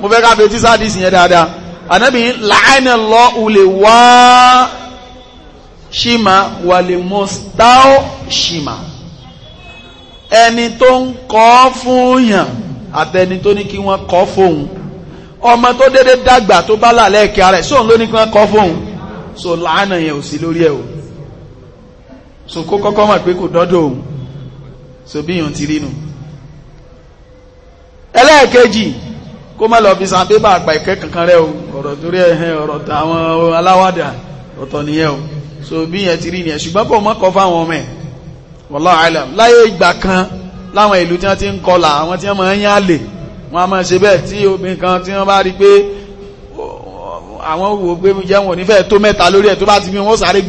Speaker 2: mo fẹ́ ká fetí sáà dì yẹn dáadáa anabi la'ana Allahu li washima wa li mustawshima ẹni tó ń kọ́ fún yàn àtẹni tó ní kí wọ́n kọ́ fóun ọmọ tó dédé dàgbà tó bá lálẹ́ ẹ̀kẹ́ ara ẹ̀ sóun ló ní kí wọ́n kọ́ fóun so làánà yẹn ò sí lórí ẹ̀ o so kó kọ́kọ́ mọ̀ pé kò dọ́dọ̀ òun so bí yàn ti rí nu ẹlẹ́ẹ̀kejì kó má lọ fi san bébà àgbà ìkẹ́ kankan rẹ o ọ̀rọ̀ torí ẹ̀hẹ́ ọ̀rọ̀ tàwọn aláwàdà ọ̀tọ̀ nìyẹn o so bí yẹn ti rí nìyẹn ṣùgbọ́n kò mọ́ kọ fáwọn ọmọ ẹ̀ wallahu alam láyé ìgbà kan láwọn ìlú tí wọ́n ti ń kọlà àwọn tí wọ́n máa ń yá lè wọ́n a máa ṣe bẹ́ẹ̀ tí obìnrin kan tí wọ́n bá rí pé àwọn wò pé jẹ́ wọn nífẹ̀ẹ́ tó mẹ́ta lórí ẹ̀ tó bá ti bí wọ́n sáré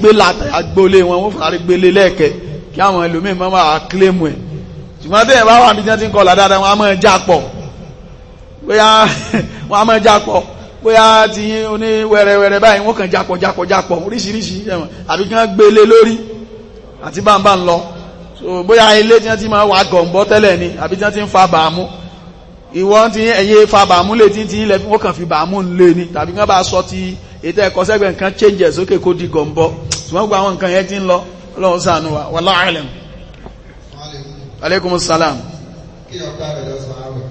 Speaker 2: gbé bóyá wọn a máa jápọ̀ bóyá ti oní wẹ̀rẹ̀wẹ̀rẹ̀ báyìí wọ́n kàn jápọ̀ jápọ̀ jápọ̀ oríṣiríṣi ẹ̀wọ̀n àbí kí wọ́n gbélé lórí àti báńbá ń lọ bóyá ilé tí wọ́n ti máa wà gọ̀m̀bọ́ tẹ́lẹ̀ ni àbí tí wọ́n ti ń fa bàámú ìwọ́n ti ẹ̀yẹ fa bàámú lè ti ń ti ilẹ̀ wọ́n kàn fi bàámú ń lé ni tàbí wọ́n bá sọ ti ètò ẹ̀kọ́ sẹ́gbẹ̀ changes sókè kó di gọ̀m̀bọ́ ṣùgbọ́n gbogbo àwọn nǹkan yẹn ti ń wa wallahu alam. aleykum kí ọ̀gá rẹ̀ lọ sọ àwọn.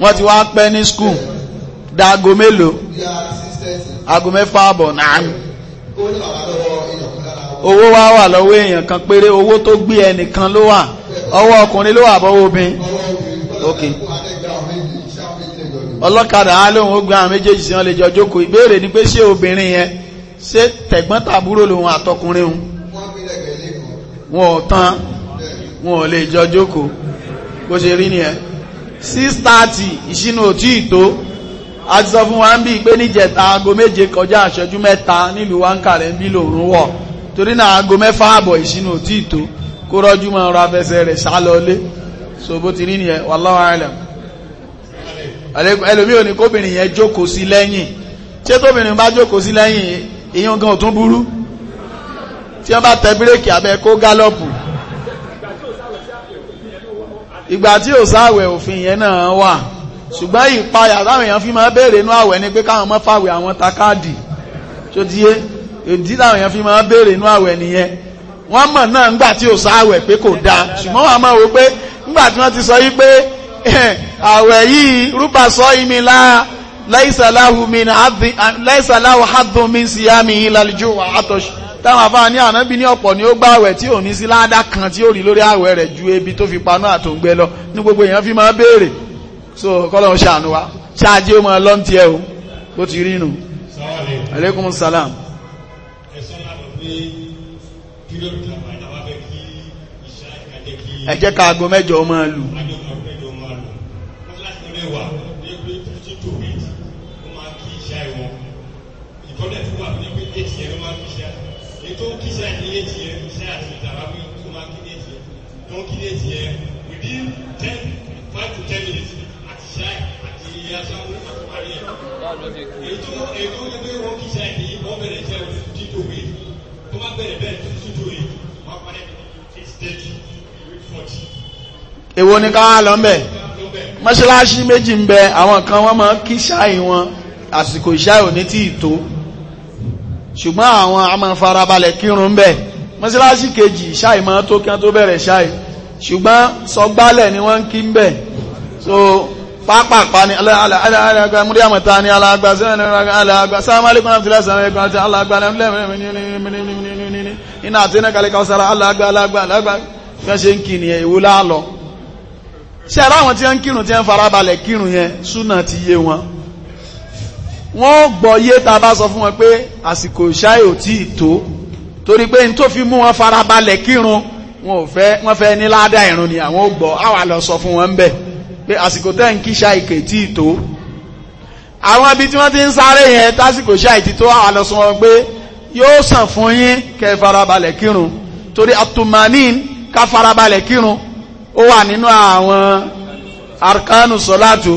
Speaker 2: wọ́n ti wá pẹ́ ní skul dago mélòó ago mẹ́fà àbọ̀ náà owó wá wà lọ́wọ́ èèyàn kan péré owó tó gbé ẹnìkan ló wà ọwọ́ ọkùnrin ló wà bọ́wọ́ obìnrin ok ọlọ́kadà á lóun ó gbé àwọn méjèèjì sí wọn lè jọ jókòó ìbéèrè ni pé ṣé obìnrin yẹn ṣé tẹ̀gbọ́ntàbúrò tàbúrò lòun àtọkùnrin òun wọn ò tán wọn ò lè jọ jókòó bó ṣe rí nìyẹn. 6:30 thirty ìṣínú ò tí ì nijeta sọ fún wa ń bí pé níjẹta aago méje kọjá àṣẹjú mẹ́ta nílùú wankàrẹ́ ń bí lòrùn wọ̀ torí náà aago mẹfà àbọ̀ ìṣínú ò tí kó rọ́jú so bó ti rí nìyẹn wallahu alam ẹlòmí kóbìnrin yẹn bá jókòó sí ò tún bá tẹ bírèkì kó ìgbà tí ò sáwẹ̀ òfin yẹn náà wà ṣùgbọ́n ìpayà táwọn èèyàn fi máa béèrè inú àwẹ̀ ni pé káwọn mọ́ fàwẹ̀ àwọn takáàdì tó díye èdí táwọn èèyàn fi máa béèrè inú àwẹ̀ nìyẹn wọ́n mọ̀ náà ńgbà tí ò sáwẹ̀ pé kò dáa ṣùgbọ́n wọ́n máa wò pé ńgbà tí wọ́n ti sọ yí pé àwẹ̀ yìí rúbà sọ imi lá láìsàláhù hadùn mi síyá mi ìlàlùjọ́ àtọ̀ṣù táwọn afáàní ànábì ní ọ̀pọ̀ ni ó gbá àwẹ̀ tí ò ní sí ládá kan tí ó rí lórí àwẹ̀ rẹ̀ ju ebi tó fi paná àtòǹgbẹ lọ ní gbogbo èèyàn fi máa béèrè so kọ́lọ̀ ń ṣàánú wa ṣáájú ó máa lọ́n tiẹ̀ o bó ti rí nù. aleykum salam. ẹ jẹ́ ká aago mẹ́jọ máa lù.
Speaker 1: ètò ètò gbogbo wọn kì í ṣe àìní
Speaker 2: wọn bẹ̀rẹ̀ jẹ́ dídò wí tó bá bẹ̀rẹ̀ bẹ́ẹ̀ tó tún dò yìí wọn parí eight èwo ni ká lọ ń bẹ̀ mọ́ṣáláṣí méjì ń bẹ àwọn kan wọ́n máa kí ṣáì wọn àsìkò ìṣáì ò tí ì tó ṣùgbọ́n àwọn a máa farabalẹ̀ kírun ń bẹ mọ́ṣáláṣí kejì ṣáì máa tó kí wọ́n tó bẹ̀rẹ̀ ṣáì ṣùgbọ́n sọgbálẹ̀ ni wọ́n ń kí ń bẹ so pápápá ni alágbà múrí àmọ̀ta ni alágbà alágbà sáàmàlẹ́kùn àti lẹ́sànlẹ́kùn àti alágbà iná àti ẹnẹ́kàlẹ́kà ọ̀sára alágbà alágbà alágbà fẹ́ ṣe ń kì ní ìwú láàlọ́ ṣe ara àwọn tí ó ń kírun tí ó ń farabalẹ̀ kírun yẹn súnà ti yé wọn wọ́n gbọ́ yé ta bá sọ fún wọn pé àsìkò ṣáì ò tí ì tó torí pé n tó fi mú wọn farabalẹ̀ kírun wọn ò fẹ́ wọ́n fẹ́ ní ládàá ìrun ni àwọn ò gbọ́ àwa lọ sọ fún wọn ń bẹ́ẹ̀ pé àsìkò tẹ́ ń kí ṣáìkè tí ì tó àwọn ibi tí wọ́n ti ń sáré yẹn tásìkò ṣáìtì tó àwọn àlọ́sùn wọn pé yóò sàn fún yín kẹ́ farabalẹ̀ kírun torí atumanin ká farabalẹ̀ kírun ó wà nínú àwọn arkanu sọláàtù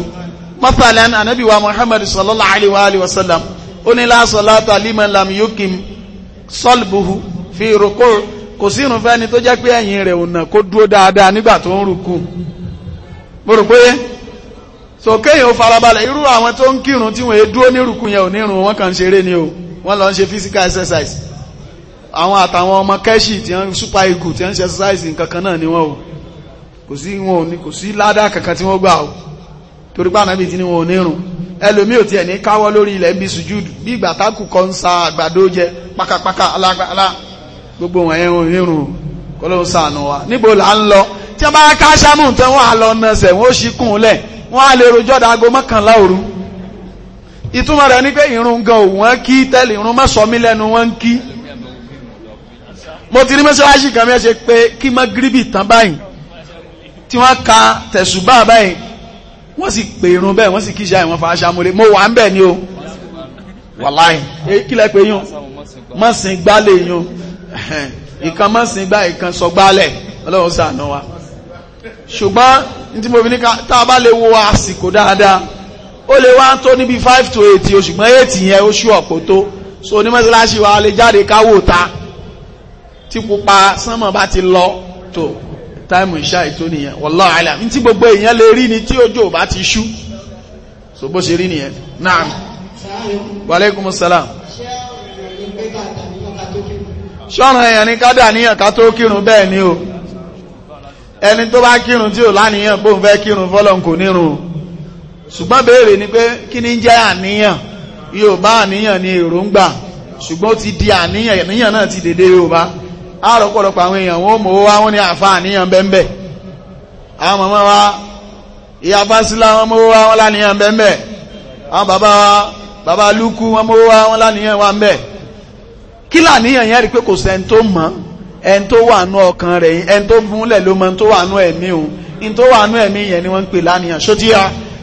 Speaker 2: mathalan anabi Muhammadu sallallahu alayhi wa alihi wa sallam ó ní la salata lam yukim salbuhu fi ruku kò sí irun fẹ́ni tó jẹ́ pé ẹ̀yìn rẹ̀ ò mo pé so kéèyàn ó farabalẹ̀ irú àwọn tó ń kírun tí wọ́n dúró nírùkú yẹn ò ka wọ́n kàn ni o wọ́n lọ ń ṣe physical exercise àwọn àtàwọn ọmọ kẹ́ṣì tí wọ́n súpa ikù tí wọ́n ṣe exercise nǹkan náà ni wọ́n o kò sí wọn ò ní kò sí kankan tí wọ́n gbà o torí pé ànábì ni wọn ò nírun ẹlòmíì ò tiẹ̀ ní káwọ́ lórí ilẹ̀ bí sùjúdù bí ń sa àgbàdo tí wọ́n bá ká sámù tán wọ́n á lọ nà sẹ̀ wọ́n ó ṣí kùn lẹ̀ wọ́n á lè rojọ́ dago mọ́kànlá òru ìtumọ̀ rẹ̀ ni pé irun gan ò wọ́n kí tẹ́lẹ̀ irun mọ́sọ̀mí lẹ́nu wọ́n ń kí mo ti rí mọ́sálásí kan bí pé kí mágíríbì tán báyìí tí wọ́n ka tẹ̀sùbá báyìí wọ́n sì pè irun bẹ́ẹ̀ wọ́n sì kí ṣáà ìwọ̀n fa aṣámúlé mo wà ń bẹ̀ ni o wàláì kílẹ̀ pé yún mọ́sìn gbálẹ̀ yún ìkan mọ́sìn gbá ìkan sọ gbálẹ̀ ọlọ́run ṣàánú wa ṣùgbọ́n tí mo fi ní tá a bá lè wo àsìkò dáadáa ó lè wá tó níbi five to eight o ṣùgbọ́n eight yẹn oṣù ọ̀pọ̀ tó so onímọ̀síláṣí wa lè jáde káwò ta tí pupa sánmọ̀ bá ti lọ tó táìmù ìṣá ètò nìyẹn wallahu alam ní tí gbogbo èèyàn lè rí ni tí òjò bá ti ṣú so bó ṣe rí nìyẹn naam wa alaikum salam ṣọ́ràn èèyàn ká dà níyàn ká tó kírun bẹ́ẹ̀ ni o ẹni tó bá kírun tí ò láníyàn bóun fẹ́ kírun fọ́lọ́n kò nírun ṣùgbọ́n béèrè ni pé kí ni jẹ́ àníyàn yorùbá àníyàn ni èròǹgbà ṣùgbọ́n ó ti di àníyàn àníyàn náà ti dédé yorùbá á rọ̀pọ̀lọpọ̀ àwọn èèyàn wọn ò mọ̀ wá wọn ní àfa àníyàn bẹ́ẹ̀ àwọn màmá wa ìyá fásílà wọn mọ̀ wá wọn láníyàn bẹ́ẹ̀ àwọn bàbá wa bàbá lúkú wọn mọ̀ wá wọn láníyàn wà bẹ́ẹ̀ kí làníyàn yẹn rí pé kò sẹ́ni tó mọ̀ ọ́ ẹni tó wà nú ọkàn rẹ̀ yìí ẹni tó gúnlẹ̀ ló mọ tó wà nú ẹ̀mí òun ní tó wà nú ẹ̀mí yẹn ni wọ́n ń pè lánìyàn ṣótíyà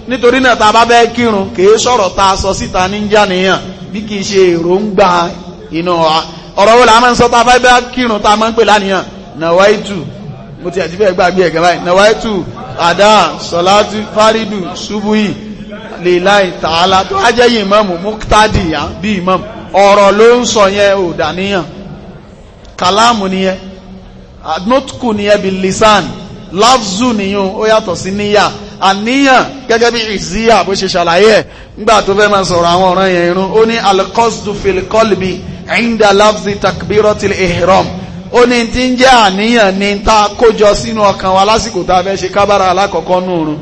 Speaker 2: nítorí náà ta bá bẹ́ẹ̀ kírun kìí sọ̀rọ̀ ta sọ síta ní jàníyàn bí kìí ṣe èròǹgbà inú wa ọ̀rọ̀ wo la máa ń sọ ta bá kírun ta máa ń pè lánìyàn nàwáìtù mo ti àjíbẹ̀ gbàgbé ẹ̀gẹ̀ báyìí nàwáìtù àdá sọ̀látù fáridù ṣubúyì lèláì tààlà tó ajẹ́yìn mọ́mù múktádìyà bí mọ́mù kàlámù nìyẹn nótkù nìyẹn bí lisan láfzù nìyẹn ó yàtọ̀ sí níyà àníyàn gẹ́gẹ́ bí ìzíyà bó ṣe ṣàlàyé ẹ̀ nígbà tó fẹ́ máa sọ̀rọ̀ àwọn ọ̀ràn yẹn irun ó ní alqasdu fil qalbi inda láfzì takbiratil ihram ó ní tí ń jẹ́ àníyàn ní tá kójọ sínú ọkàn wa lásìkò tá a fẹ́ ṣe kábàrà alákọ̀ọ́kọ́ nùrùn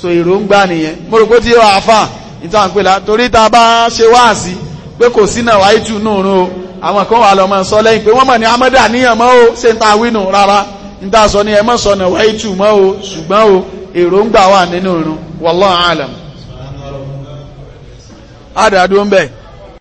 Speaker 2: so èròǹgbà nìyẹn mo rò pé tí ìtàn àpèlà torí bá ṣe wáàsí pé kò sínà wáyé tù nùrùn o àwọn kan wà lọ́mọ sọ lẹ́yìn pé wọ́n mọ̀ ní amọ́dà níyàn mọ́ o ṣe ń ta wínú rárá ń ta sọ ní ẹ mọ́ sọ nà wáyé mọ́ o ṣùgbọ́n o èròǹgbà wà nínú irun wallahu alam. adàdúró ń bẹ̀.